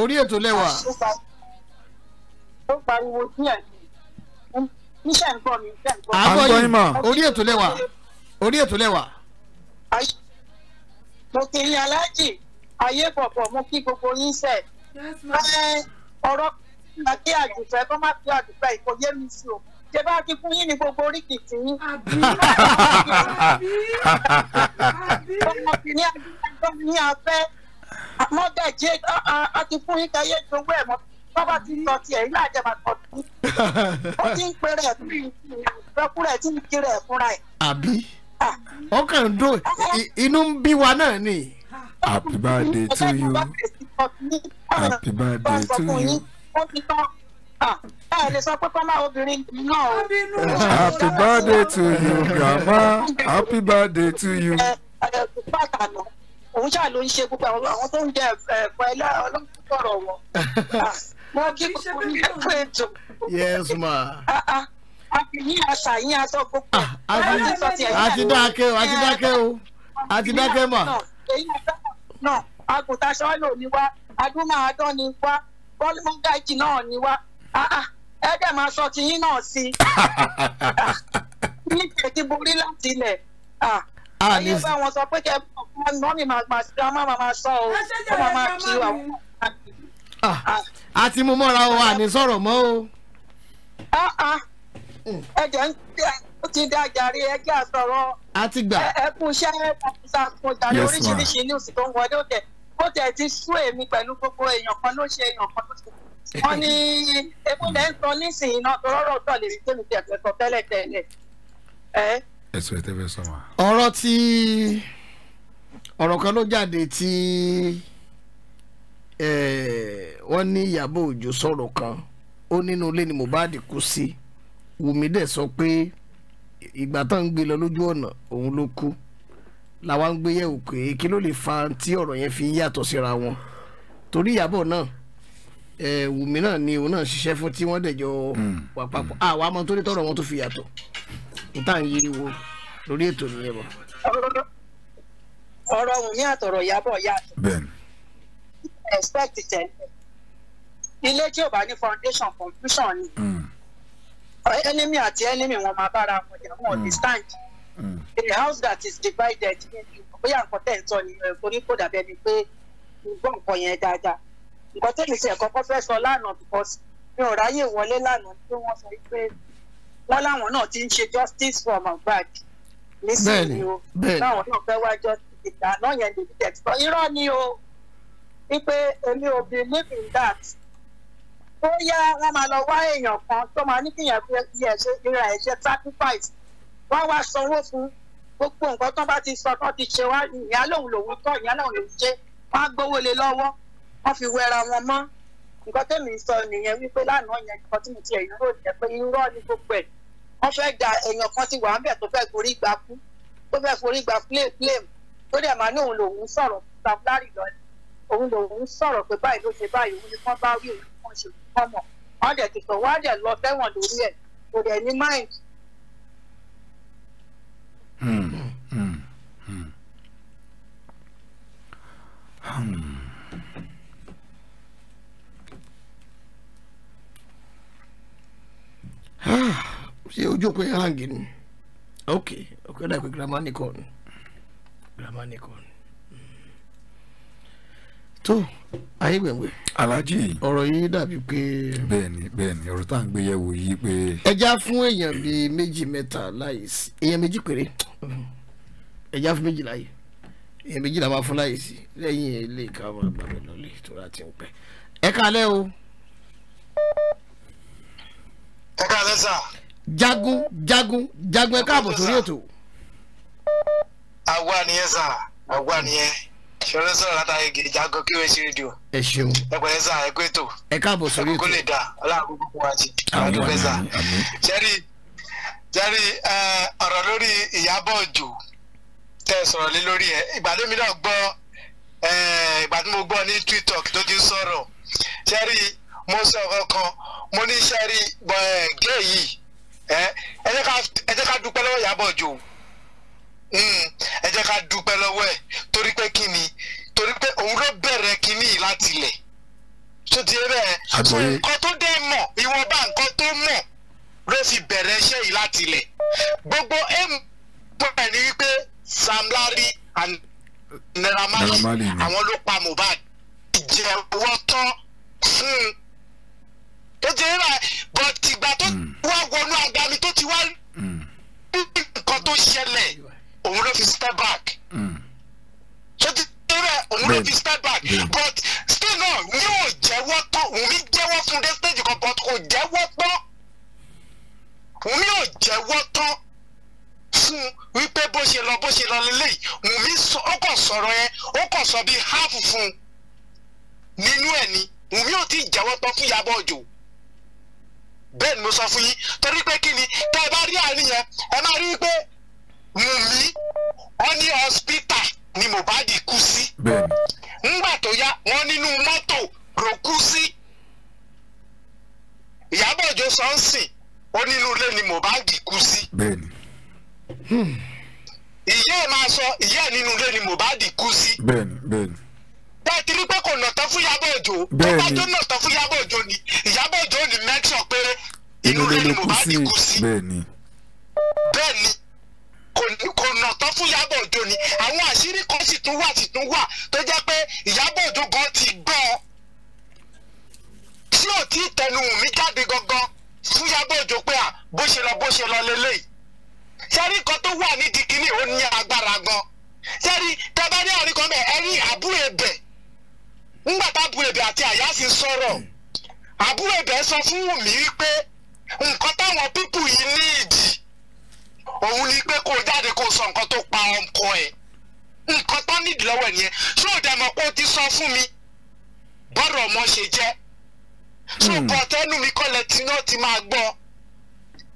orí ètò lẹ́wà. ó pariwo díẹ̀ ní sẹ́ ń gbọ́ mi sẹ́ ń gbọ́ mi. àgbọ̀ yìí orí ètò lẹ́wà orí ètò lẹ́wà. mo kì í aláàjì ayé bọ̀bọ̀ mo kí gbogbo yín sẹ̀ ọ̀rọ̀ kí àjùfẹ́ kọ́ má fi àjùfẹ́ ìkọ̀yé mi sí o ṣe bá ti fún yín ní gbogbo oríkì tí. ọmọ kìíní àgbẹ̀dọ́ ní afẹ́ àmọ́gàjẹ́ a ti fún yín káyé gbogbo ẹ̀ mọ́ bábà ti tọ́ tiẹ̀ ilé àjẹmà tọ́ tí. ó ti ń pèrè ẹ̀ fún ìfẹ́kúrẹ́ tí ń kiri ẹ̀ fúnra ẹ̀. àbí ọkàn ń dùn inú ń bí wa náà ni. happy birthday to you happy birthday to you. Ah, ẹ lè sọ pé kọ́lá eh, happy birthday to you grandma happy birthday to you. Eh, eh, bàtà nù òun ṣáà ló ń ṣe gbogbo àwọn àwọn tó ń jẹ ẹ̀fọ́ ẹlẹ́ ọlọ́mọdọ́rọ̀ wọn. wọ́n ah, kí gbogbo ní ẹ̀kọ́ ètò. yes ma. Ah, a fi yín àṣà yín aṣọ gbogbo. a ti dákẹ́ o a ti dákẹ́ o a ti dákẹ́ mà. náà agùntàn aṣọ lò ní wá adúmọ̀ adán ni wá bọ́ọ̀lù mọ́gájì náà ni wá. Ah, ah, ẹ dẹ̀ máa sọ tiyín náà sí i ní kẹ̀kí borí láti ilẹ̀ ah, ayé bá wọn sọ pé kẹ́ mọ́mí máa ṣe ọmọ máa sọ o ó máa máa kí àwọn ọmọ máa kí. àti mo mọ́ra o àní sọ̀rọ̀ mọ́ o. ẹ jẹ́ ń tẹ́ ó ti dá jàre ẹ kí a sọ̀rọ̀ ẹ kú iṣẹ́ àkójà ní oríṣiríṣi news tó ń wọlé òtẹ̀ ó tẹ̀ ti sú èmi pẹ̀lú gbogbo èèyàn kan ló ṣe èèyàn kan ló ṣe kú wọ́n ní ewu lẹ́ ń sọ nísìnyí náà tó rọ́rọ̀ tó lè rí tèmi tẹ̀ fẹ́ sọ tẹ́lẹ̀ tẹ́lẹ̀. ẹsọ ẹ tẹfẹ sọ wa. ọ̀rọ̀ tí ọ̀rọ̀ kan ló jáde tí wọ́n ní Ìyábọ̀ Òjó sọ̀rọ̀ kan ó nínú ilé ni Mohbad kú sí Wùmí dẹ̀ sọ pé ìgbà tán ń gbé lọ lójú ọ̀nà òun ló kú làwọn ń gbé yẹ̀wò pé kí ló lè fa tí ọ̀rọ̀ yẹn fi yàtọ̀ síra wọn torí Ìyábọ̀ náà wùmí náà ni òun náà ṣiṣẹ́ fún tí wọ́n dẹ̀jọ́ hmm. wà papọ̀ àwa ọmọ tó ní tọrọ wọn tó fi yàtọ̀ n tà ń yiri wo lórí ètò nìyẹn bọ̀. ọ̀rọ̀ wùmí àtọ̀rọ̀ Ìyábọ̀ yàtọ̀ expect tẹ̀lé ilé tí ò bá ní foundation confusion ni hmm. enemy àti enemy wọn máa bára wọn jà wọn ò hmm. stand a house that is divided bóyá nǹkan tẹ̀ ń sọ nìyẹn kò ní kó dàbẹ́ ni pé gbọ́ nǹkan yẹn dáadáa nǹkan tẹ́mi ti ẹ̀kọ́ fẹ́ sọ lánàá because mi ò ráyè wọlé lánàá tí wọ́n sọ pé wọ́n láwọn náà ti ń ṣe justice for Mohbad nísìnyí o láwọn náà fẹ́ wá justice ìdáná yẹn lè tẹ̀ sọ irọ́ ni o wípé èmi ò believe in that bóyá wọ́n máa lọ wá èèyàn kan tó máa ní kíyàn fi iye ẹ̀ṣẹ̀ ìra ẹ̀ṣẹ̀ sacrifice wọ́n wá sanwó fún gbogbo nǹkan tó bá ti sọ tó ti ṣe wá ìyá lòun lòun tọ́ ìyá lòun lòun ṣe wọ́n á gbówó lé lọ́wọ́ wọ́n fi wẹ́ra wọn mọ́ nǹkan tẹ̀mí sọ nìyẹn wípé lánàá yẹn nǹkan tí mo ti ẹ̀yìn rò jẹ́ pé irọ́ ni gbogbo ẹ̀ wọ́n fẹ́ da èèyàn kan ti wà ń bẹ̀ tó fẹ́ forí gba kú tó fẹ́ forí gba claim claim tó dẹ̀ máa ní òun lòun sọ̀rọ̀ vocabulary lọ òun lòun sọ̀rọ̀ pé báyìí ló ṣe báyìí òun ni wọ́n bá wí òun ni wọ́n ṣe kọ́mọ̀ wọ́n dẹ̀ ti sọ wọ́n dẹ̀ lọ sẹ́wọ̀n lórí ẹ̀ kò dẹ̀ ní mind Ah, ṣé ojú pé hangi ni ok ok ó dà pé grammaticon grammaticon tó ayégbẹ̀ngbẹ̀. alhaji ọ̀rọ̀ yìí dàbí pé. bẹ́ẹ̀ni bẹ́ẹ̀ni ọ̀rọ̀ tá à ń gbé yẹ̀wò yìí pé. ẹja fún èèyàn bíi méjì mẹ́ta láyè sí èèyàn méjì péré ẹja fún méjì láyè èèyàn méjì la máa fún sí lẹ́yìn ilé ìkàwé àgbàgbẹ́ lọ́lẹ̀ tó láti ń pẹ́ ẹ kálẹ́ o ẹ káàlẹ́ sà. jagun jagun jagun ẹ káàbọ̀ sórí ètò. àwa nìyẹn sà àwa nìyẹn ṣọlá sọ̀rọ̀ látàrí gidi jagun kí wọ́n ṣe rédíò. ẹ ṣeun ẹ pẹ̀lẹ́ sà ẹ kó ètò. ẹ káàbọ̀ sórí ètò ẹ kó lè dà ọlọ́run kúkú fún wa jì. àwọn àmì àmì. sẹ́rí sẹ́rí ọ̀rọ̀ lórí Ìyábọ̀ Òjó tẹ́ sọ̀rọ̀ lé lórí ẹ̀ ìgbàdé mi náà gbọ́ ìgbà mo gbọ́ ní Twitter tó ti sọ̀rọ̀ sẹ́rí mo sọ kankan mo ní sẹ́rí gẹ́ yìí ẹ jẹ́ ká dúpẹ́ lọ́wọ́ Ìyábọ̀ Òjó hmm, ẹ jẹ́ ká dúpẹ́ lọ́wọ́ ẹ̀ torí pé kí ni torí pé òun ló bẹ̀rẹ̀ kínní láti ilẹ̀ tó ti rẹ̀ so nǹkan tó dé mọ̀ ìwọ̀nba nǹkan tó mọ̀ ló fi bẹ̀rẹ̀ iṣẹ́ yìí láti ilẹ̀ gbogbo èèmù pọ̀ ní wípé Sam Larry and Naira Marley àwọn ló pa Mohbad ìjẹ́wọ́ tán fún hmm. un ó ti rí báyìí but tìgbà tó hmm. wá wọnú agbami tó ti wá hmm. nǹkan tó ṣẹlẹ̀ òun ló fi step back hmm. ṣé ti rí báyìí òun ló fi step back but still náà ní ò jẹ́wọ́ tó òun mi jẹ́wọ́ fún dé stage kan but kò jẹ́wọ́ tán òun mi ò jẹ́wọ́ tán fún wípé bó ṣe lọ bó ṣe lọ lélẹ́yìí òun mi ó kàn sọ̀rọ̀ yẹn ó kàn sọ bí half fún nínú ẹ̀ ni wùmí ò tí jẹ́wọ́ tán fún Ìyábọ̀ Òjó bẹ́ẹ̀ ni mo sọ fún yín torí pé kí ni tẹ́ ẹ bá rí àárín yẹn ẹ máa rí pé Wùmí wọ́n hospital ni Mohbad kú sí ńgbà tó yá wọ́n nínú mọ́tò ló kú sí Ìyábọ̀ Òjó sọ́nsìn onínú ilé ni Mohbad kú sí hmm. ìyá ẹ̀ máa sọ ìyá ẹ̀ nínú ilé ni Mohbad kú sí. bẹ́ẹ̀ni bẹ́ẹ̀ ti rí pé kò nà tán fún Ìyábọ̀ Òjó tó bá tó nà fún Ìyábọ̀ Òjó ni Ìyábọ̀ Òjó ni mẹ́tọ̀ pé inú rẹ̀ ni Mohbad kú sí bẹ́ẹ̀ ni kò nà fún Ìyábọ̀ Òjó ni àwọn àṣírí kan sì tún wà sì tún wà tó jẹ́ pé Ìyábọ̀ Òjó gan ti gbọ́ tí ò tí tẹnu mi jáde gangan fún Ìyábọ̀ Òjó pé à bó ṣe lọ bó ṣe lọ lélẹ́yìí sẹ́rí kan tó wà nídìí kínní ò ní agbára gan sẹ́rí tẹ́ bá ní àríkọ́ mẹ́ ẹ̀rí àbúrò ẹ̀bẹ̀ ńgbà tá àbúrò èdè àti àyàsí sọ̀rọ̀ àbúrò èdè sọ fún Wùmí wípé nǹkan táwọn pípù yìí níìdì òun ni pé kó o jáde kó o sọ nǹkan tó pa ọkọ ẹ nǹkan tó nídìí lọ́wọ́ nìyẹn ṣé ò dẹ̀mọ̀ kó o ti sọ fún mi bọ́dọ̀ ọmọ ṣe jẹ́ ṣé o bọ̀ hmm. tẹ́nu mi kọ́lẹ̀ tí náà ti máa gbọ́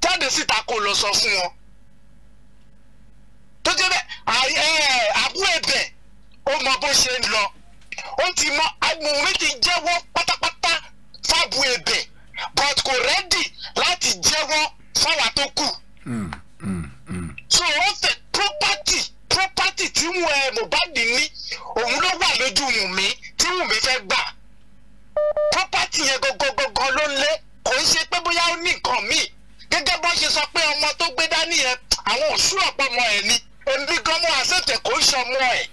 jáde síta kó o lọ sọ fún wọn tó jẹ́ bẹ́ẹ̀ àbúrò ẹ̀bẹ̀ ó mọ bó ṣe ń lọ ó ti mọ amòmí ti jẹ́wọ́ pátápátá fáàbù ẹ̀bẹ̀ but kò rẹ́dì láti jẹ́wọ́ fáwa tó kù. Hmm, hmm, hmm. so wọ́n fẹ́ property property tí wọ́n ẹ eh, Mohbad ní òun ló wà lójú Wùnmí tí Wùnmí fẹ́ gbà property yẹn gọgọgọgọ ló ń lé kò ń ṣe pé bóyá ó ní nǹkan míì gẹ́gẹ́ bó ṣe sọ pé ọmọ tó gbé dání yẹn àwọn òṣùwọ̀n pọ̀ mọ́ ẹ̀ ni èmi gan mọ́ àṣẹ̀tẹ̀ kò ń ṣọmọ ẹ̀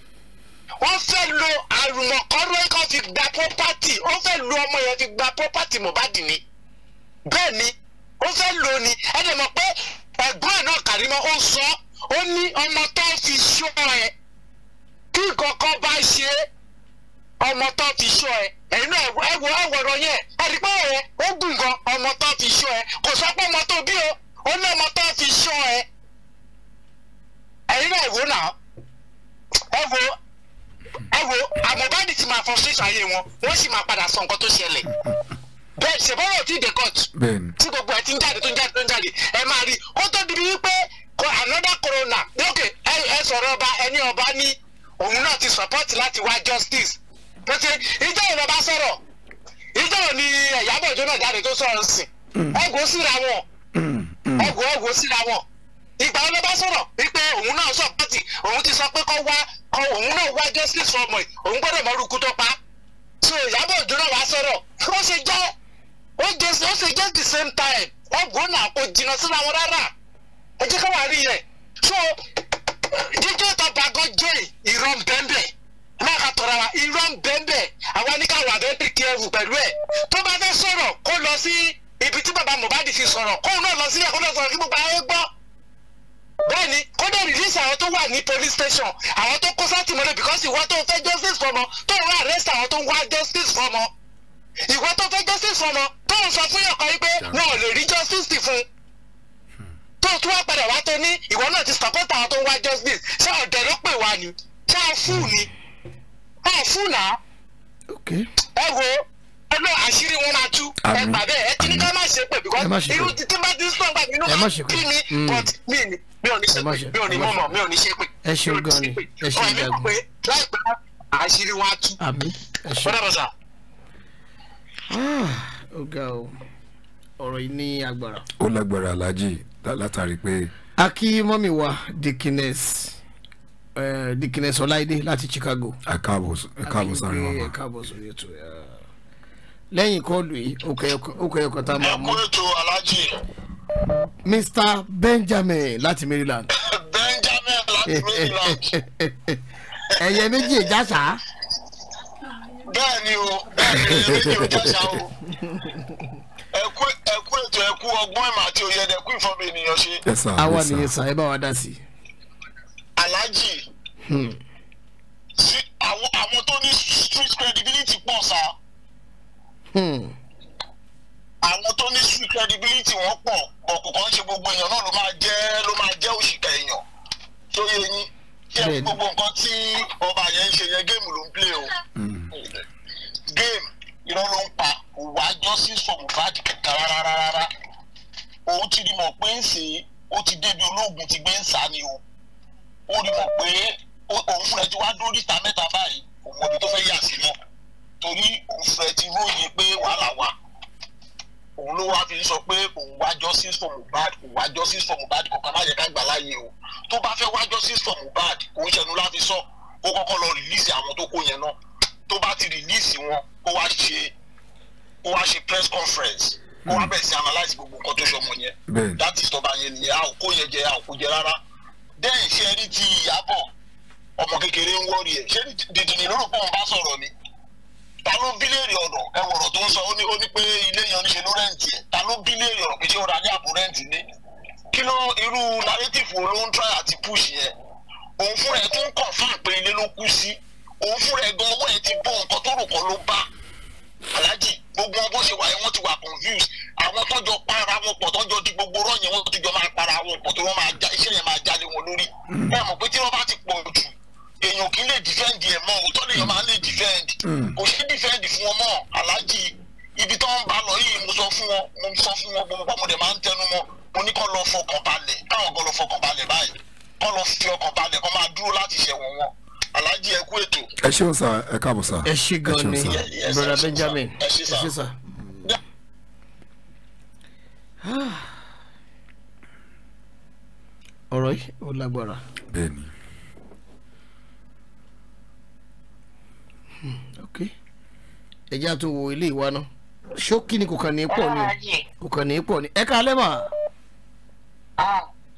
wọ́n fẹ́ lo àrùmọ̀kọ́rọ́ kan fi gba property wọ́n fẹ́ lo ọmọ yẹn fi gba property Mohbad ni bẹ́ẹ̀ ni wọ́n fẹ́ lo ni ẹni mọ̀ pé ẹ̀gbọ́n ẹ̀ náà Karimo ó sọ ó ní ọmọ tó fi ṣọ́ ẹ kí kankan bá ṣe ọmọ tó fi ṣọ́ ẹ ẹ̀yin náà ẹ̀wọ̀ ẹ̀wọ̀rọ̀ yẹn ẹ̀rí pé ẹ̀ ó gùn gan ọmọ tó fi ṣọ́ ẹ kò sọ pé ọmọ tó bí o ó ní ọmọ tó fi ṣọ́ ẹ ẹ̀yin náà ẹ̀wọ̀ náà ẹ̀wọ̀ Ewo! wo àmọ̀bádì ti máa ayé wọn wọ́n si máa pada sọ nǹkan tó ṣẹlẹ̀ bẹ́ẹ̀ ṣèbọ́rọ̀ tí gbogbo ẹ̀ ti tó ń tó ń ẹ ma di bíi pé another ok ẹ ọba eni ọba ní òun náà ti support lati wá justice pété ìjọ ìrọ̀ bá sọ̀rọ̀ ìjọ ni ẹ̀yábọ̀ ìjọ ìgbà wọn bá sọ̀rọ̀ wípé òun náà sọ pàtì òun ti sọ pé kọ́ wá kọ́ òun náà wá justice for ọmọ yìí òun gbọ́dọ̀ mọ orúkú tó pa so Ìyábọ̀ Òjó náà wá sọ̀rọ̀ ó ṣe jẹ́ ó jẹ́ ó ṣe jẹ́ the same time ọgbọ́n náà kò jìnnà síra wọn rárá ẹ jẹ́ ká wà rí yẹn so jíjẹ́ tọba gan jẹ́ ìrọ̀ bẹ́ẹ̀ máa ka tọ̀ra wa irọ́ ń bẹ́ẹ̀ àwa ní ká wà very careful pẹ̀lú ẹ̀ tó bá fẹ́ sọ̀rọ̀ kó lọ sí ibi tí bàbá Mohbad fi sọ̀rọ̀ kóun lọ sílẹ̀ kó lọ sọ̀rọ̀ kí gbogbo ayé gbọ́ bẹ́ẹ̀ni kódà release àwọn tó wà ní police station àwọn tó kó sátìmọ́lé because ìwọ tó fẹ́ justice fọ́mọ tó ń arrest àwọn tó ń wá justice fọ́mọ ìwọ tó fẹ́ justice fọ́mọ tó ń sọ fún yọkọ yìí pé wọn ò lè rí justice fún tó tún wá padà wá tó ní ìwọ náà ti support àwọn tó ń wá justice ṣé ọ̀dẹ̀ ló pè wá ni ṣé a fún ni a fún là ẹ wo ẹ lọ àṣírí wọn máa tú ẹ gbà bẹ́ẹ̀ ẹ ti ní ká má ṣe pé because irú títí bá ti sọ̀gbà nínú àbí mi hmm. but mi ni mi ò ní ṣépè mi ò ní mọ̀mọ̀ mi ò ní ṣépè. ẹ ṣe o gan ni ẹ ṣe ìdàgbọ́. ọ̀rẹ́ mi pé láìpẹ́ àṣírí wa tú. àbí ẹ ṣe. bọ́dà bọ́sà. Ah, ó ga o ọ̀rọ̀ yìí ní agbára. ó lágbára aláàjì látàrí pé. a kí mọ́mì wa dikines dikines ọláìdé láti Chicago. ẹ káàbọ̀ ẹ káàbọ̀ sáré wọn. ẹ káàbọ̀ sórí ètò lẹ́yìn kọ́ọ̀lù yìí ó kẹ́yọ̀kan tá a máa mú. ẹ kú ètò aláàjì. Mr. Benjamin láti Maryland. Benjamin láti Maryland. ẹyẹ méjì ìjà sá. bẹ́ẹ̀ni o bẹ́ẹ̀ni ẹyẹ méjì ìjà sá o ẹkú ẹkú ètò ẹkú ọgbọ́n ìmọ̀ àti òye ẹ̀dẹ̀kú ìfọ̀mù ènìyàn ṣe. àwa nìyẹn sá ẹ bá wa dá sí. Alhaji hmm. àwọn tó ní street credibility pọ̀ sá. Hmm àwọn tó ní sùn credibility wọn pọ̀ ọ̀pọ̀ kan ṣe gbogbo èèyàn náà ló máa jẹ́ ló máa jẹ́ òṣìkà èèyàn tó yẹ yín kí ẹ gbogbo nǹkan tí ọba yẹn ń ṣe yẹn géèmù ló ń play o hmm. géèmù irọ́ ló ń pa òwò àjọ sí sọ̀mùfàdì kẹta rárá rárá òun ti rí mọ̀ pé ń sè é ó ti débi olóògùn ti gbé ń sá ni o ó rí mọ̀ pé òun fúnra ti wá dórí ìta mẹ́ta báyìí òun ọdún tó fẹ́ yà sí náà torí òun fúnra ti róye pé wàhálà wà òun ló wá fi sọ pé òun wá justice for Mohbad òun wá justice for Mohbad kọ̀ọ̀kan má yẹ ká gbà láàyè o tó bá fẹ́ wá justice for Mohbad kò ń ṣẹnu láfi sọ kó kọ́kọ́ lọ release àwọn tó kó yẹn náà tó bá ti release wọn kó wá ṣe kó wá ṣe press conference kó wá hmm. bẹ̀rẹ̀ sí analyse gbogbo nǹkan tó ṣọmọ yẹn that is tọ́ba yẹn nìyẹn a ò kó yẹn jẹ a ò kó jẹ rárá then ṣe rí ti Ìyábọ̀ ọmọ kékeré ń wọ́ọ̀rì ẹ̀ ṣé dìdìní lórúkọ òun ta ló bí ẹ wọ̀rọ̀ tó ń sọ ó ní pé ilé yan níṣe ló rẹ́ǹtì ẹ̀ ta ló bí léèrè ọ̀rọ̀ pé ṣé ó àbò rẹ́ǹtì ní kí ló irú narrative wo àti push yẹn òun fúnra ẹ̀ tó ń kọ̀ fún àpè ilé ló kú sí òun fúnra ẹ̀ gan ọwọ́ ẹ̀ ti bọ́ nǹkan tó rò kọ́ ló bá aláàjì gbogbo wọn ṣe wà wọ́n ti wà confused àwọn tọ́jọ́ para wọn pọ̀ tọ́jọ́ di gbogbo rọ́ọ̀yẹn wọ́n ti máa para wọn pọ̀ tó wọ́n máa já iṣẹ́ yẹn máa jáde wọn lórí ẹ mọ̀ pé tí wọ́n bá ti pọ̀ jù èèyàn kì í lè defend ẹ̀ mọ́ òótọ́ lèèyàn máa lè defend hmm. kò sí defend fún wọn mọ́ aláàjì ibi tó ń bá lọ yìí mo sọ fún wọn mo sọ fún wọn gbogbo àmọ́ dẹ̀ máa ń tẹnu mọ́ mo ní kọ́ lọ fọkàn balẹ̀ káwọn kọ́ lọ fọkàn balẹ̀ báyìí kọ́ lọ fi ọkàn balẹ̀ kọ́ máa dúró láti ṣẹ̀wọ̀n wọn aláàjì ẹ kú ètò. ẹ ṣeun sá ẹ káàbọ̀ sá. ẹ ṣe gan ni broda benjamin ẹ ṣe sá. ọ̀rọ̀ yìí ó lágbára. bẹ́ẹ̀ ni. ẹjẹ́ àtún wo ilé ìwà náà ṣókí ni kò kàn ní pọ̀ ni kò kàn ní pọ̀ ni ẹ ká lẹ́ mà.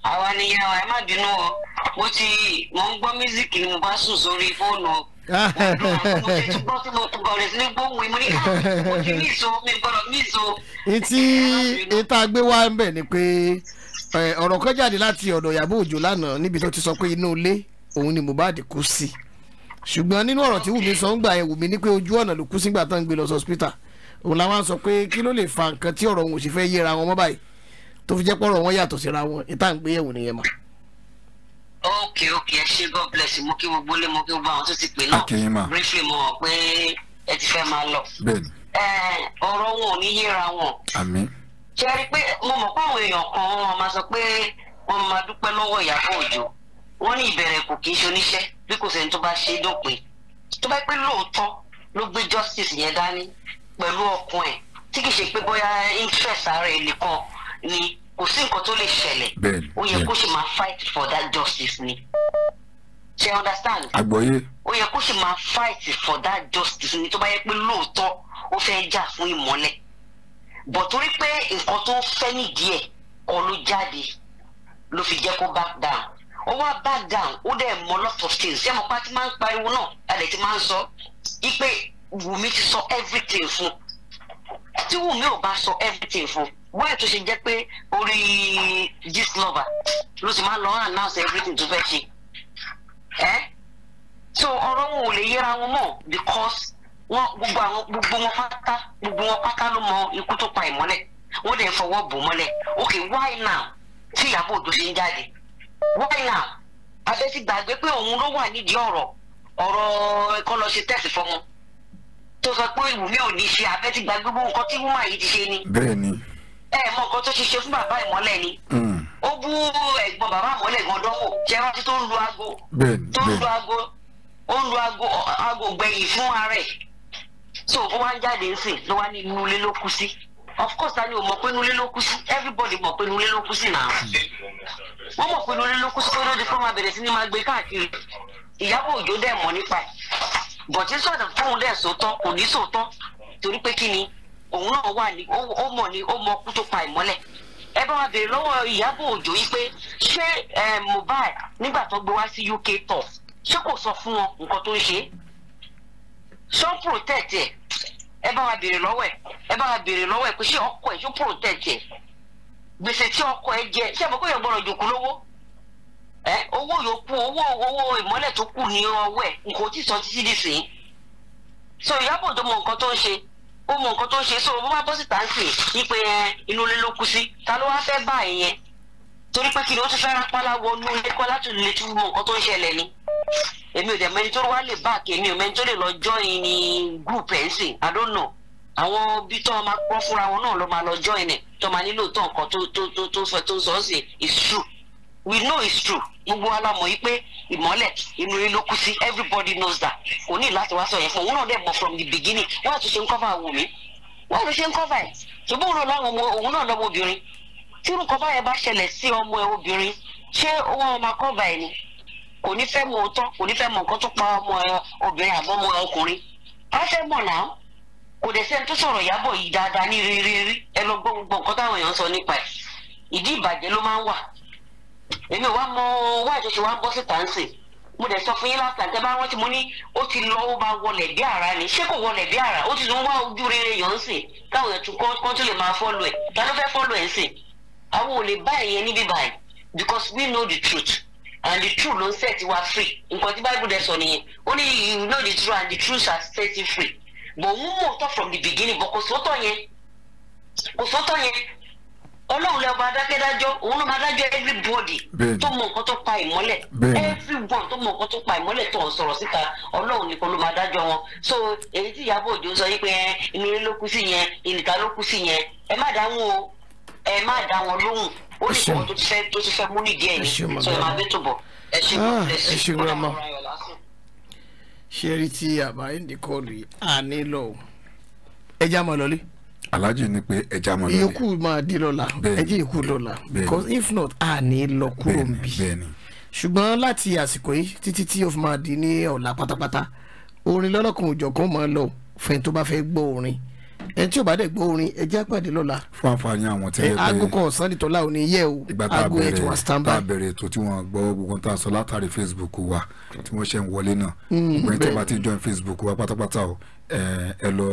àwa ni yàrá ẹ má bínú o mo ti mo ń gbọ́ mísíkì ni mo bá sùn sórí fóònù o ìtì ìta gbé wá ń bẹ̀ ni pé ọ̀rọ̀ kan jáde láti ọ̀dọ̀ Ìyábọ̀ Òjó lánàá níbi tó ti sọ pé inú ilé òun ni Mohbad kú sí ṣùgbọ́n nínú ọ̀rọ̀ tí Wùmí sọ ń gbà yẹn Wùmí ní pé ojú ọ̀nà ló kú sígbà tán ń gbé lọ sọ́spítà òun làwọn sọ pé kí ló lè fa nǹkan tí ọ̀rọ̀ òun ò sì fẹ́ yéra wọn mọ́ báyìí tó fi jẹ́ pọ̀rọ̀ wọn yàtọ̀ síra wọn ìta ń gbé yẹ̀wò nìyẹn mà. ok ok ẹ ṣe god bless you mo kí mo gbólé mo kí mo bá àwọn tó ti pè náà briefly mo hàn pé ẹ ti fẹ́ máa lọ ọ̀rọ̀ wọn ò ní yéra wọn. àmín. ṣe rí pé mo mọ̀ pé àwọn èèyàn kan wọn máa sọ pé wọn máa dúpẹ́ lọ́wọ́ Ìyábọ̀ Òjó wọn ní ìbẹ̀rẹ̀ kò kì í ṣoníṣẹ́ bí kò sẹ́ni tó bá ṣe é dópin tó bá pẹ́ lóòótọ́ ló gbé justice yẹn dání pẹ̀lú ọkàn ẹ̀ tí kì í ṣe pé bóyá interest ara ẹ̀ nìkan ni kò sí nǹkan tó lè ṣẹlẹ̀ ó yẹ kó ṣe máa fight for that justice ni ṣe understand àgbọ́yé ó yẹ kó ṣe máa fight for that justice ni tó bá yẹ pé lóòótọ́ ó fẹ́ jà fún ìmọ́lẹ̀ bọ̀ torí pé nǹkan tó fẹ́ nìdí ẹ̀ kọ́ ló jáde ló fi jẹ́ kó back down ó wá back down ó dẹ̀ mọ lot of things ṣé mo pa ti máa ń pariwo náà alẹ́ ti máa ń sọ ipe Wùmí ti sọ everything fún tí Wùmí ò bá sọ everything fún wẹ́ẹ̀ tó ṣe jẹ́ pé orí Gistlover ló ti máa lọ announce everything tó fẹ́ ṣe ẹ́ so ọ̀rọ̀ wọn ò lè yẹra wọn mọ́ because wọn gbogbo àwọn gbogbo wọn pátá gbogbo wọn pátá ló mọ ikú tó pa ìmọ́lẹ̀ wọ́n dẹ̀ fọwọ́ bò mọ́lẹ̀ okay why now tí Ìyábọ̀ Òjó ṣe ń jáde wáyà àfẹ́sí gbàgbé pé òun ló wà nídìí ọ̀rọ̀ ọ̀rọ̀ ẹ̀kọ́ lọ ṣe tẹ̀sí fọmọ tó sọ pé ìwú mi ò ní ṣe àfẹ́sí gbàgbé gbogbo nǹkan tí wúmà yìí ti ṣe ni. bẹ́ẹ̀ni. ẹ mọ nǹkan tó ti ṣe fún bàbá ìmọ́lẹ̀ ni. Hmm. ó bú ẹ̀gbọ́n bàbá ìmọ́lẹ̀ gan dánwò ṣe é rántí tó ń lu aago. bẹ́ẹ̀ni tó ń lu aago ó ń lu aago aago gbẹ̀yìn fún ara ẹ̀ so ó wá ń jáde ń sìn ló wá ní inú ilé ló kú sí of course ta ni o mọ̀ pé nulẹ̀ ló kú sí everybody mọ̀ pé nulẹ̀ ló kú sí náà wọ́n mọ̀ pé nulẹ̀ ló kú sí kódó di fún wa bẹ̀rẹ̀ sí ni máa gbé káàkiri Ìyábọ̀ Òjó dẹ̀ mọ̀ nípa ẹ̀ bọ̀tí sọ̀rọ̀ fóun dẹ̀ sòótọ́ kò ní sòótọ́ torí pé kí ni òun náà wà ní ó mọ̀ ní ó mọ̀ kú tó pa ìmọ́lẹ̀ ẹ bá wa béèrè lọ́wọ́ Ìyábọ̀ Òjó yìí pé ṣé Mohbad nígbà tó gbé wá sí UK tọ̀ ṣé kò sọ fún wọn nǹkan tó ń ṣe ṣọ́ protect ẹ̀ Ebe a wa béèrè lọ́wọ́ ẹ̀ ẹ bá wa béèrè lọ́wọ́ ẹ̀ pé ṣé ọkọ ẹ̀ ṣó protect gbèsè tí ọkọ ẹ̀ jẹ ṣé àbúkọ́ yẹn gbọ́dọ̀ jòkó lówó ẹ owó owó owó so ya bụ mọ nǹkan tó so ikpe pé ebe a torí pé kí ni ó ti fẹ́ràn pálá wọnú ilé kọ́ láti lè tún mọ nǹkan tó ń ṣẹlẹ̀ ni èmi ò dẹ̀ mẹ́ni tó wá lè bá àkèmí e, ò mẹ́ni tó lè lọ join ní group ẹ̀ ń sìn I don't know àwọn bí tó máa kọ́ fúnra wọn náà ló máa lọ join ẹ̀ tó máa nílò tó nǹkan tó tó tó tó fẹ́ tó sọ ọ́ it's true we know it's true gbogbo wa yìí pé ìmọ́lẹ̀ inú yín ló kú sí everybody knows that kò ní láti wá sọ yẹn fún òun náà dẹ̀ mọ̀ from the beginning wọ́n á tún ṣe ń cover Wùmí wọ́n á tún ṣe ń cover ẹ̀ ṣùgbọ́n òun náà lọ́mọ obìnrin tí nǹkan báyẹn bá ṣẹlẹ̀ sí ọmọ ẹ obìnrin ṣé wọn máa kọ́ báyìí ni kò ní fẹ́ mọ òótọ́ kò ní fẹ́ mọ nǹkan tó pa ọmọ ẹ obìnrin àbọ̀ ọmọ ẹ ọkùnrin wọ́n fẹ́ mọ̀ náà kò dẹ̀ sẹ́ni tó sọ̀rọ̀ Ìyábọ̀ yìí dáadáa ní rírí rí ẹ lọ gbọ́ gbogbo nǹkan táwọn èèyàn sọ nípa ẹ̀ ìdí ìbàjẹ́ ló máa ń wà èmi ò wá mọ owó àjọṣe wa ń bọ́ síta ń sè mo dẹ̀ sọ fún yín láti àtẹ bá rántí mo ní ó ti lọ ó bá wọlé bí ara ni ṣé kò wọlé bí ara ó ti tún wá ojú rere yàn ń sè táwọn èèyàn tún kọ́ tó lè máa fọ́lù ẹ̀ ta ló fẹ́ fọ́lù ẹ̀ ń sè àwọn ò lè bá ẹ̀yẹn níbí because we know the truth and the truth ló set wa free nǹkan bible dẹ̀ sọ nìyẹn you know the truth and the truth shall set you free but òun mọ̀ from the beginning but kò sótọ́ yẹn kò sótọ́ yẹn everybody everyone tó mọ nǹkan tó so ẹ má dá wọn lóhùn ó ní ìfowó tó ti fẹ́ tó ti fẹ́ mú nídìí ẹ̀ yìí sọ ẹ máa tó bọ̀ ẹ ṣe ah, gbọ́dọ̀ ẹ ṣeré tí àbá ẹnì kọ rí àní lọ ẹja mọ lọlé. alájì ni pe ẹja mọ lọlé. ìyókù máa di lọ́la ẹjẹ ìkú lọ́la because if not àní lọ kúrò ń bì ṣùgbọ́n láti àsìkò yìí títí tí o fi máa di ní ọ̀la pátápátá orin lọ́lọ́kùnrin òjọ̀kan máa lọ fẹ́ni tó bá fẹ́ gbọ́ orin ẹ tí o bá dẹ̀ gbọ́ orin ẹ jẹ́ àpàdé lọ́la. fún àǹfààní àwọn tẹ́lẹ̀ bẹ́ẹ̀ aago kan ọ̀sán nìtọ́lá ò ní yẹ o aago ẹ̀ tí wọ́n stand tá a bẹ̀rẹ̀ ètò tí wọ́n gbọ́ gbogbo tá a sọ látàrí facebook wa tí wọ́n ṣe ń wọlé náà hmm, gbọ́n tí bá ti join facebook wa pátápátá o ẹ lọ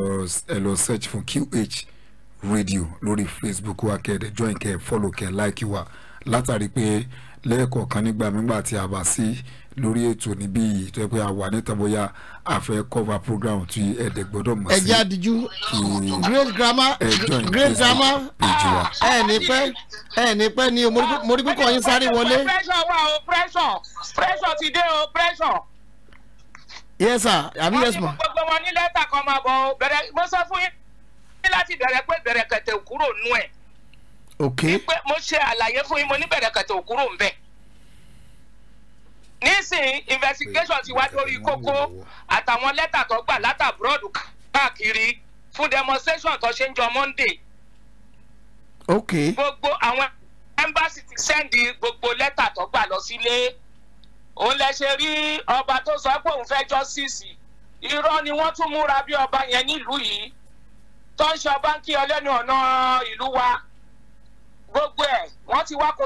ẹ lọ search fún qh radio lórí facebook wa kẹ́ ẹ join kẹ́ follow kẹ́ like wa látàrí pé lẹ́ẹ̀kọ̀ọ̀kan nígbà mígbà tí a bá sí lórí ètò níbí yìí tó pé a wà níta bóyá a fẹ́ cover program tí ẹ̀dẹ̀ gbọ́dọ̀ mọ̀ sí. ẹ̀jẹ̀ àdìjú great grammar great grammar ẹ̀ ní pẹ́ ẹ̀ ní pẹ́ ni mo rí púpọ̀ yín sáré wọlé. pressure wà o pressure pressure ti dé o pressure yes sir àbí yes ma. gbogbo wọn ní lẹ́tà kan máa bọ̀ bẹ̀rẹ̀ mo sọ fún yín láti bẹ̀rẹ̀ pé bẹ̀rẹ̀ kẹ̀tẹ̀ òkúrò nú ẹ̀. ok. mo ṣe àlàyé fún yín mo ní bẹ̀rẹ̀ kẹ̀tẹ̀ òkúrò ń bẹ̀ nísìnyí investigation ti wá lórí kókó àtàwọn lẹ́tà tó gbà látà búrọ́dù káàkiri fún demonstration tó ṣe ń jọ monday. ok gbogbo àwọn embassy ti sẹ́ndì gbogbo lẹ́tà tó gbà lọ sílé òun lè rí ọba tó sọ pé òun fẹ́ justice irọ́ ni wọ́n tún múra bí ọba yẹn nílùú yìí tó ń ṣe ọba ń kí ọlẹ́nu ọ̀nà ìlú wa gbogbo ẹ̀ wọ́n ti wá kó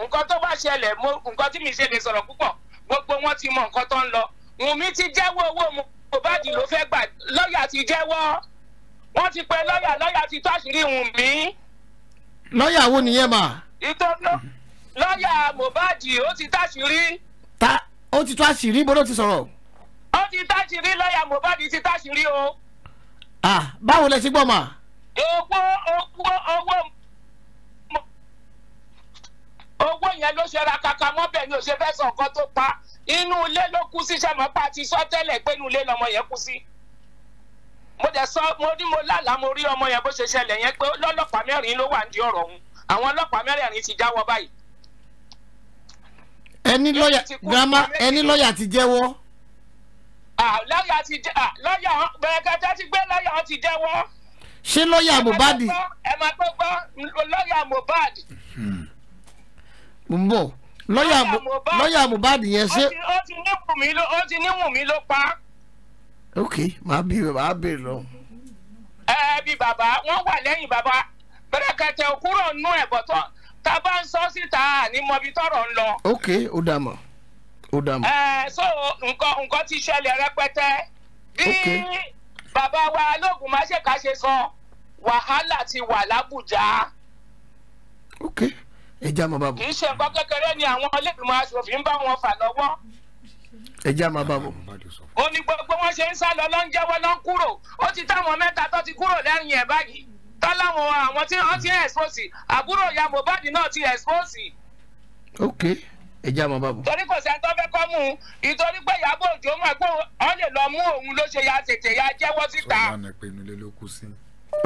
nǹkan tó bá ṣẹlẹ̀ nǹkan tí mi ṣe lè sọ̀rọ̀ púpọ̀ gbogbo wọn ti mọ nǹkan tó ń lọ Wùmí ti jẹ́wọ́ owó Mohbad ló fẹ́ gbà lọ́ọ̀yà ti jẹ́wọ́ wọ́n ti pe lọ́ọ̀yà lọ́ọ̀yà ti tó àṣírí Wùmí. lọ́ọ̀yà wo nìyẹn mà. ìtọ́jú lọ́ọ̀yà Mohbad ó ti táṣìírí. ta ó ti tó àṣírí bó ló ti sọ̀rọ̀. ó ti táṣìírí lọ́ọ̀yà Mohbad ti táṣìírí o. ah báwo lẹ ti gbọ́ mà. owó owó owó owó yẹn ló ṣe ra kaka mọ́bẹ̀ ni ò ṣe fẹ́ sọ nǹkan tó pa inú ilé ló kú sí sẹ́mọ́pá ti sọ tẹ́lẹ̀ pé inú ilé lọmọ yẹn kú sí. mo dẹ̀ sọ mo ní mo lálàá mo rí ọmọ yẹn bó ṣe ṣẹlẹ̀ yẹn pé lọ́lọ́pàá mẹ́rin ló wà ní ọ̀rọ̀ ọ̀hún àwọn ọlọ́pàá mẹ́rẹ̀ẹ̀rin ti jáwọ́ báyìí. ẹni lọ́yà grandma ẹni lọ́yà ti jẹ́wọ́. lọ́yà ti jẹ́ lọ́yà bẹ̀rẹ̀kẹ́tẹ́ ti gbé lọ́yà ti jẹ́wọ́. ṣé lọ́yà Mohbad. ẹ máa gbọ́ lọ́yà Mohbad. Hmm mo ń bọ̀ lọ́ọ̀yà Mohbad yẹn ṣe. ó ti ní Wùmí ló ó ti ní Wùmí ló pa. ok màá bí màá bèrè lọ. ẹ bí bàbá wọn wà lẹ́yìn bàbá pẹrẹkẹtẹ òkúrò nú ẹbọ tó tá bá ń sọ síta ní mọbi tọrọ ń lọ. ok ó dà mọ ó dà mọ. ẹ so nǹkan nǹkan ti ṣẹlẹ̀ rẹpẹtẹ bí bàbá wa lóògùn máṣèkà ṣe sọ wàhálà ti wà lábùjá. ok. okay ẹ já máa bá bọ̀. kì í ṣe nǹkan kékeré ni àwọn ọlẹ́gbẹ̀mọ aṣòfin bá wọn fà lọ́wọ́. ẹ já máa bá bọ̀. ó ní gbogbo wọn ṣe ń sá lọ ló ń jẹ́wọ́ ló ń kúrò ó ti táwọn mẹ́ta tó ti kúrò lẹ́yìn ẹ̀ báyìí tọ́láwọn àwọn tí wọ́n ti ń expose àbúrò ìyá Mohbad náà ti expose. ok ẹ já máa bá bọ̀. torí kò sẹ́ni tó fẹ́ kọ́ mú un ìtorí pé Ìyábọ̀ Òjó mọ̀ pé ọ lè lọ mú òun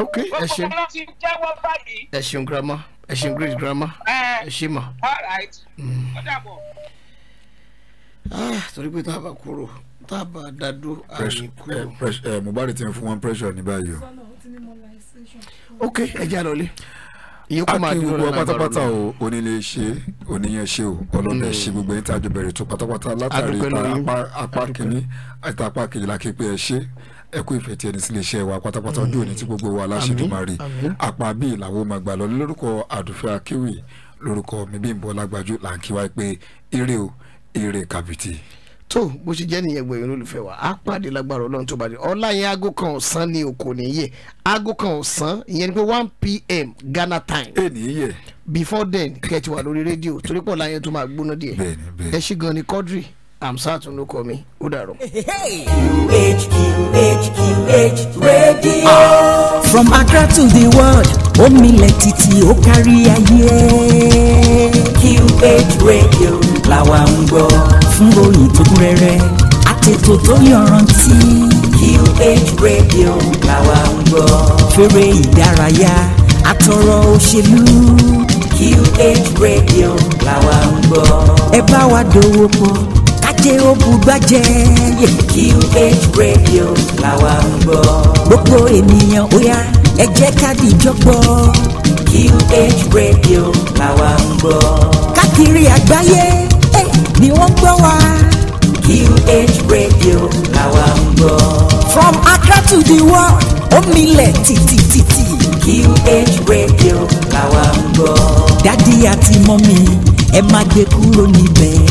ok ẹ ṣe gbogbo wọn ti jẹ́wọ́ ẹ ṣeun grandma ẹ ṣe great grandma ẹ ṣe ma. Mm. Ah, torí pé tá a bá kúrò tá a bá dádó àmì kúrò. Eh, eh, Mohbad ti ń fún wọn pressure ní báyìí o. ok ẹ já lọ lé. iye kó pátápátá o onílé ṣe oníyẹn ṣe o ọlọ́dẹ mm. ṣe gbogbo ẹni tí a jọ bẹ̀rẹ̀ tó pátápátá látàrí apá kìíní àti apá kejìlá kí pé ẹ ṣe ẹ kú ìfẹ́ tí ẹni sílé iṣẹ́ wa pátápátá ọjọ́ òní tí gbogbo wa aláṣẹdùmarè àpá bíi làwọn máa gbà lọ lórúkọ àdùfẹ́ akéwì lórúkọ mi Bímbọ́ Lágbájú là ń kí wa pé ire o ire kàbìtì tó bó ṣe jẹ́ nìyẹn gbẹ̀yìn olólùfẹ́ wa á pàdé lágbára ọlọ́run tó bá dé ọ̀la yẹn aago kan ọ̀sán ni o kò aago kan ọ̀sán ìyẹn ni pé one pm Ghana time. ẹ ní before then kẹ́ ẹ ti wà lórí rédíò torí pọ̀ láyẹn tó máa gbóná díẹ̀ ẹ ṣì gan ni Quadri Amsat orúkọ mi ó dàrọ. QH ah. QH QH radio. From Accra to the world ó milẹ̀ títí ó kárí QH radio làwa ń gbọ́ fún ròyìn tó kún rẹ́rẹ́ àtètò tó yọrantí. QH radio làwa ń gbọ́. fèrè ìdárayá àtọ̀rọ̀ òṣèlú. QH radio làwa ń gbọ́. ẹ bá wa dòwò pọ̀ jáde ó bugbájẹ́. QH radio làwa ń gbọ́. gbogbo ènìyàn ó yá ẹ jẹ́ ká dìjọ́ gbọ́. QH radio làwa ń gbọ́. káàkiri àgbáyé ni wọ́n gbọ́ wa. QH radio làwa ń gbọ́. from Accra to the world ó milẹ̀ tìtìtìtì. QH radio làwa ń gbọ́. dádì àti mọ́mí ẹ má gbé kúrò níbẹ̀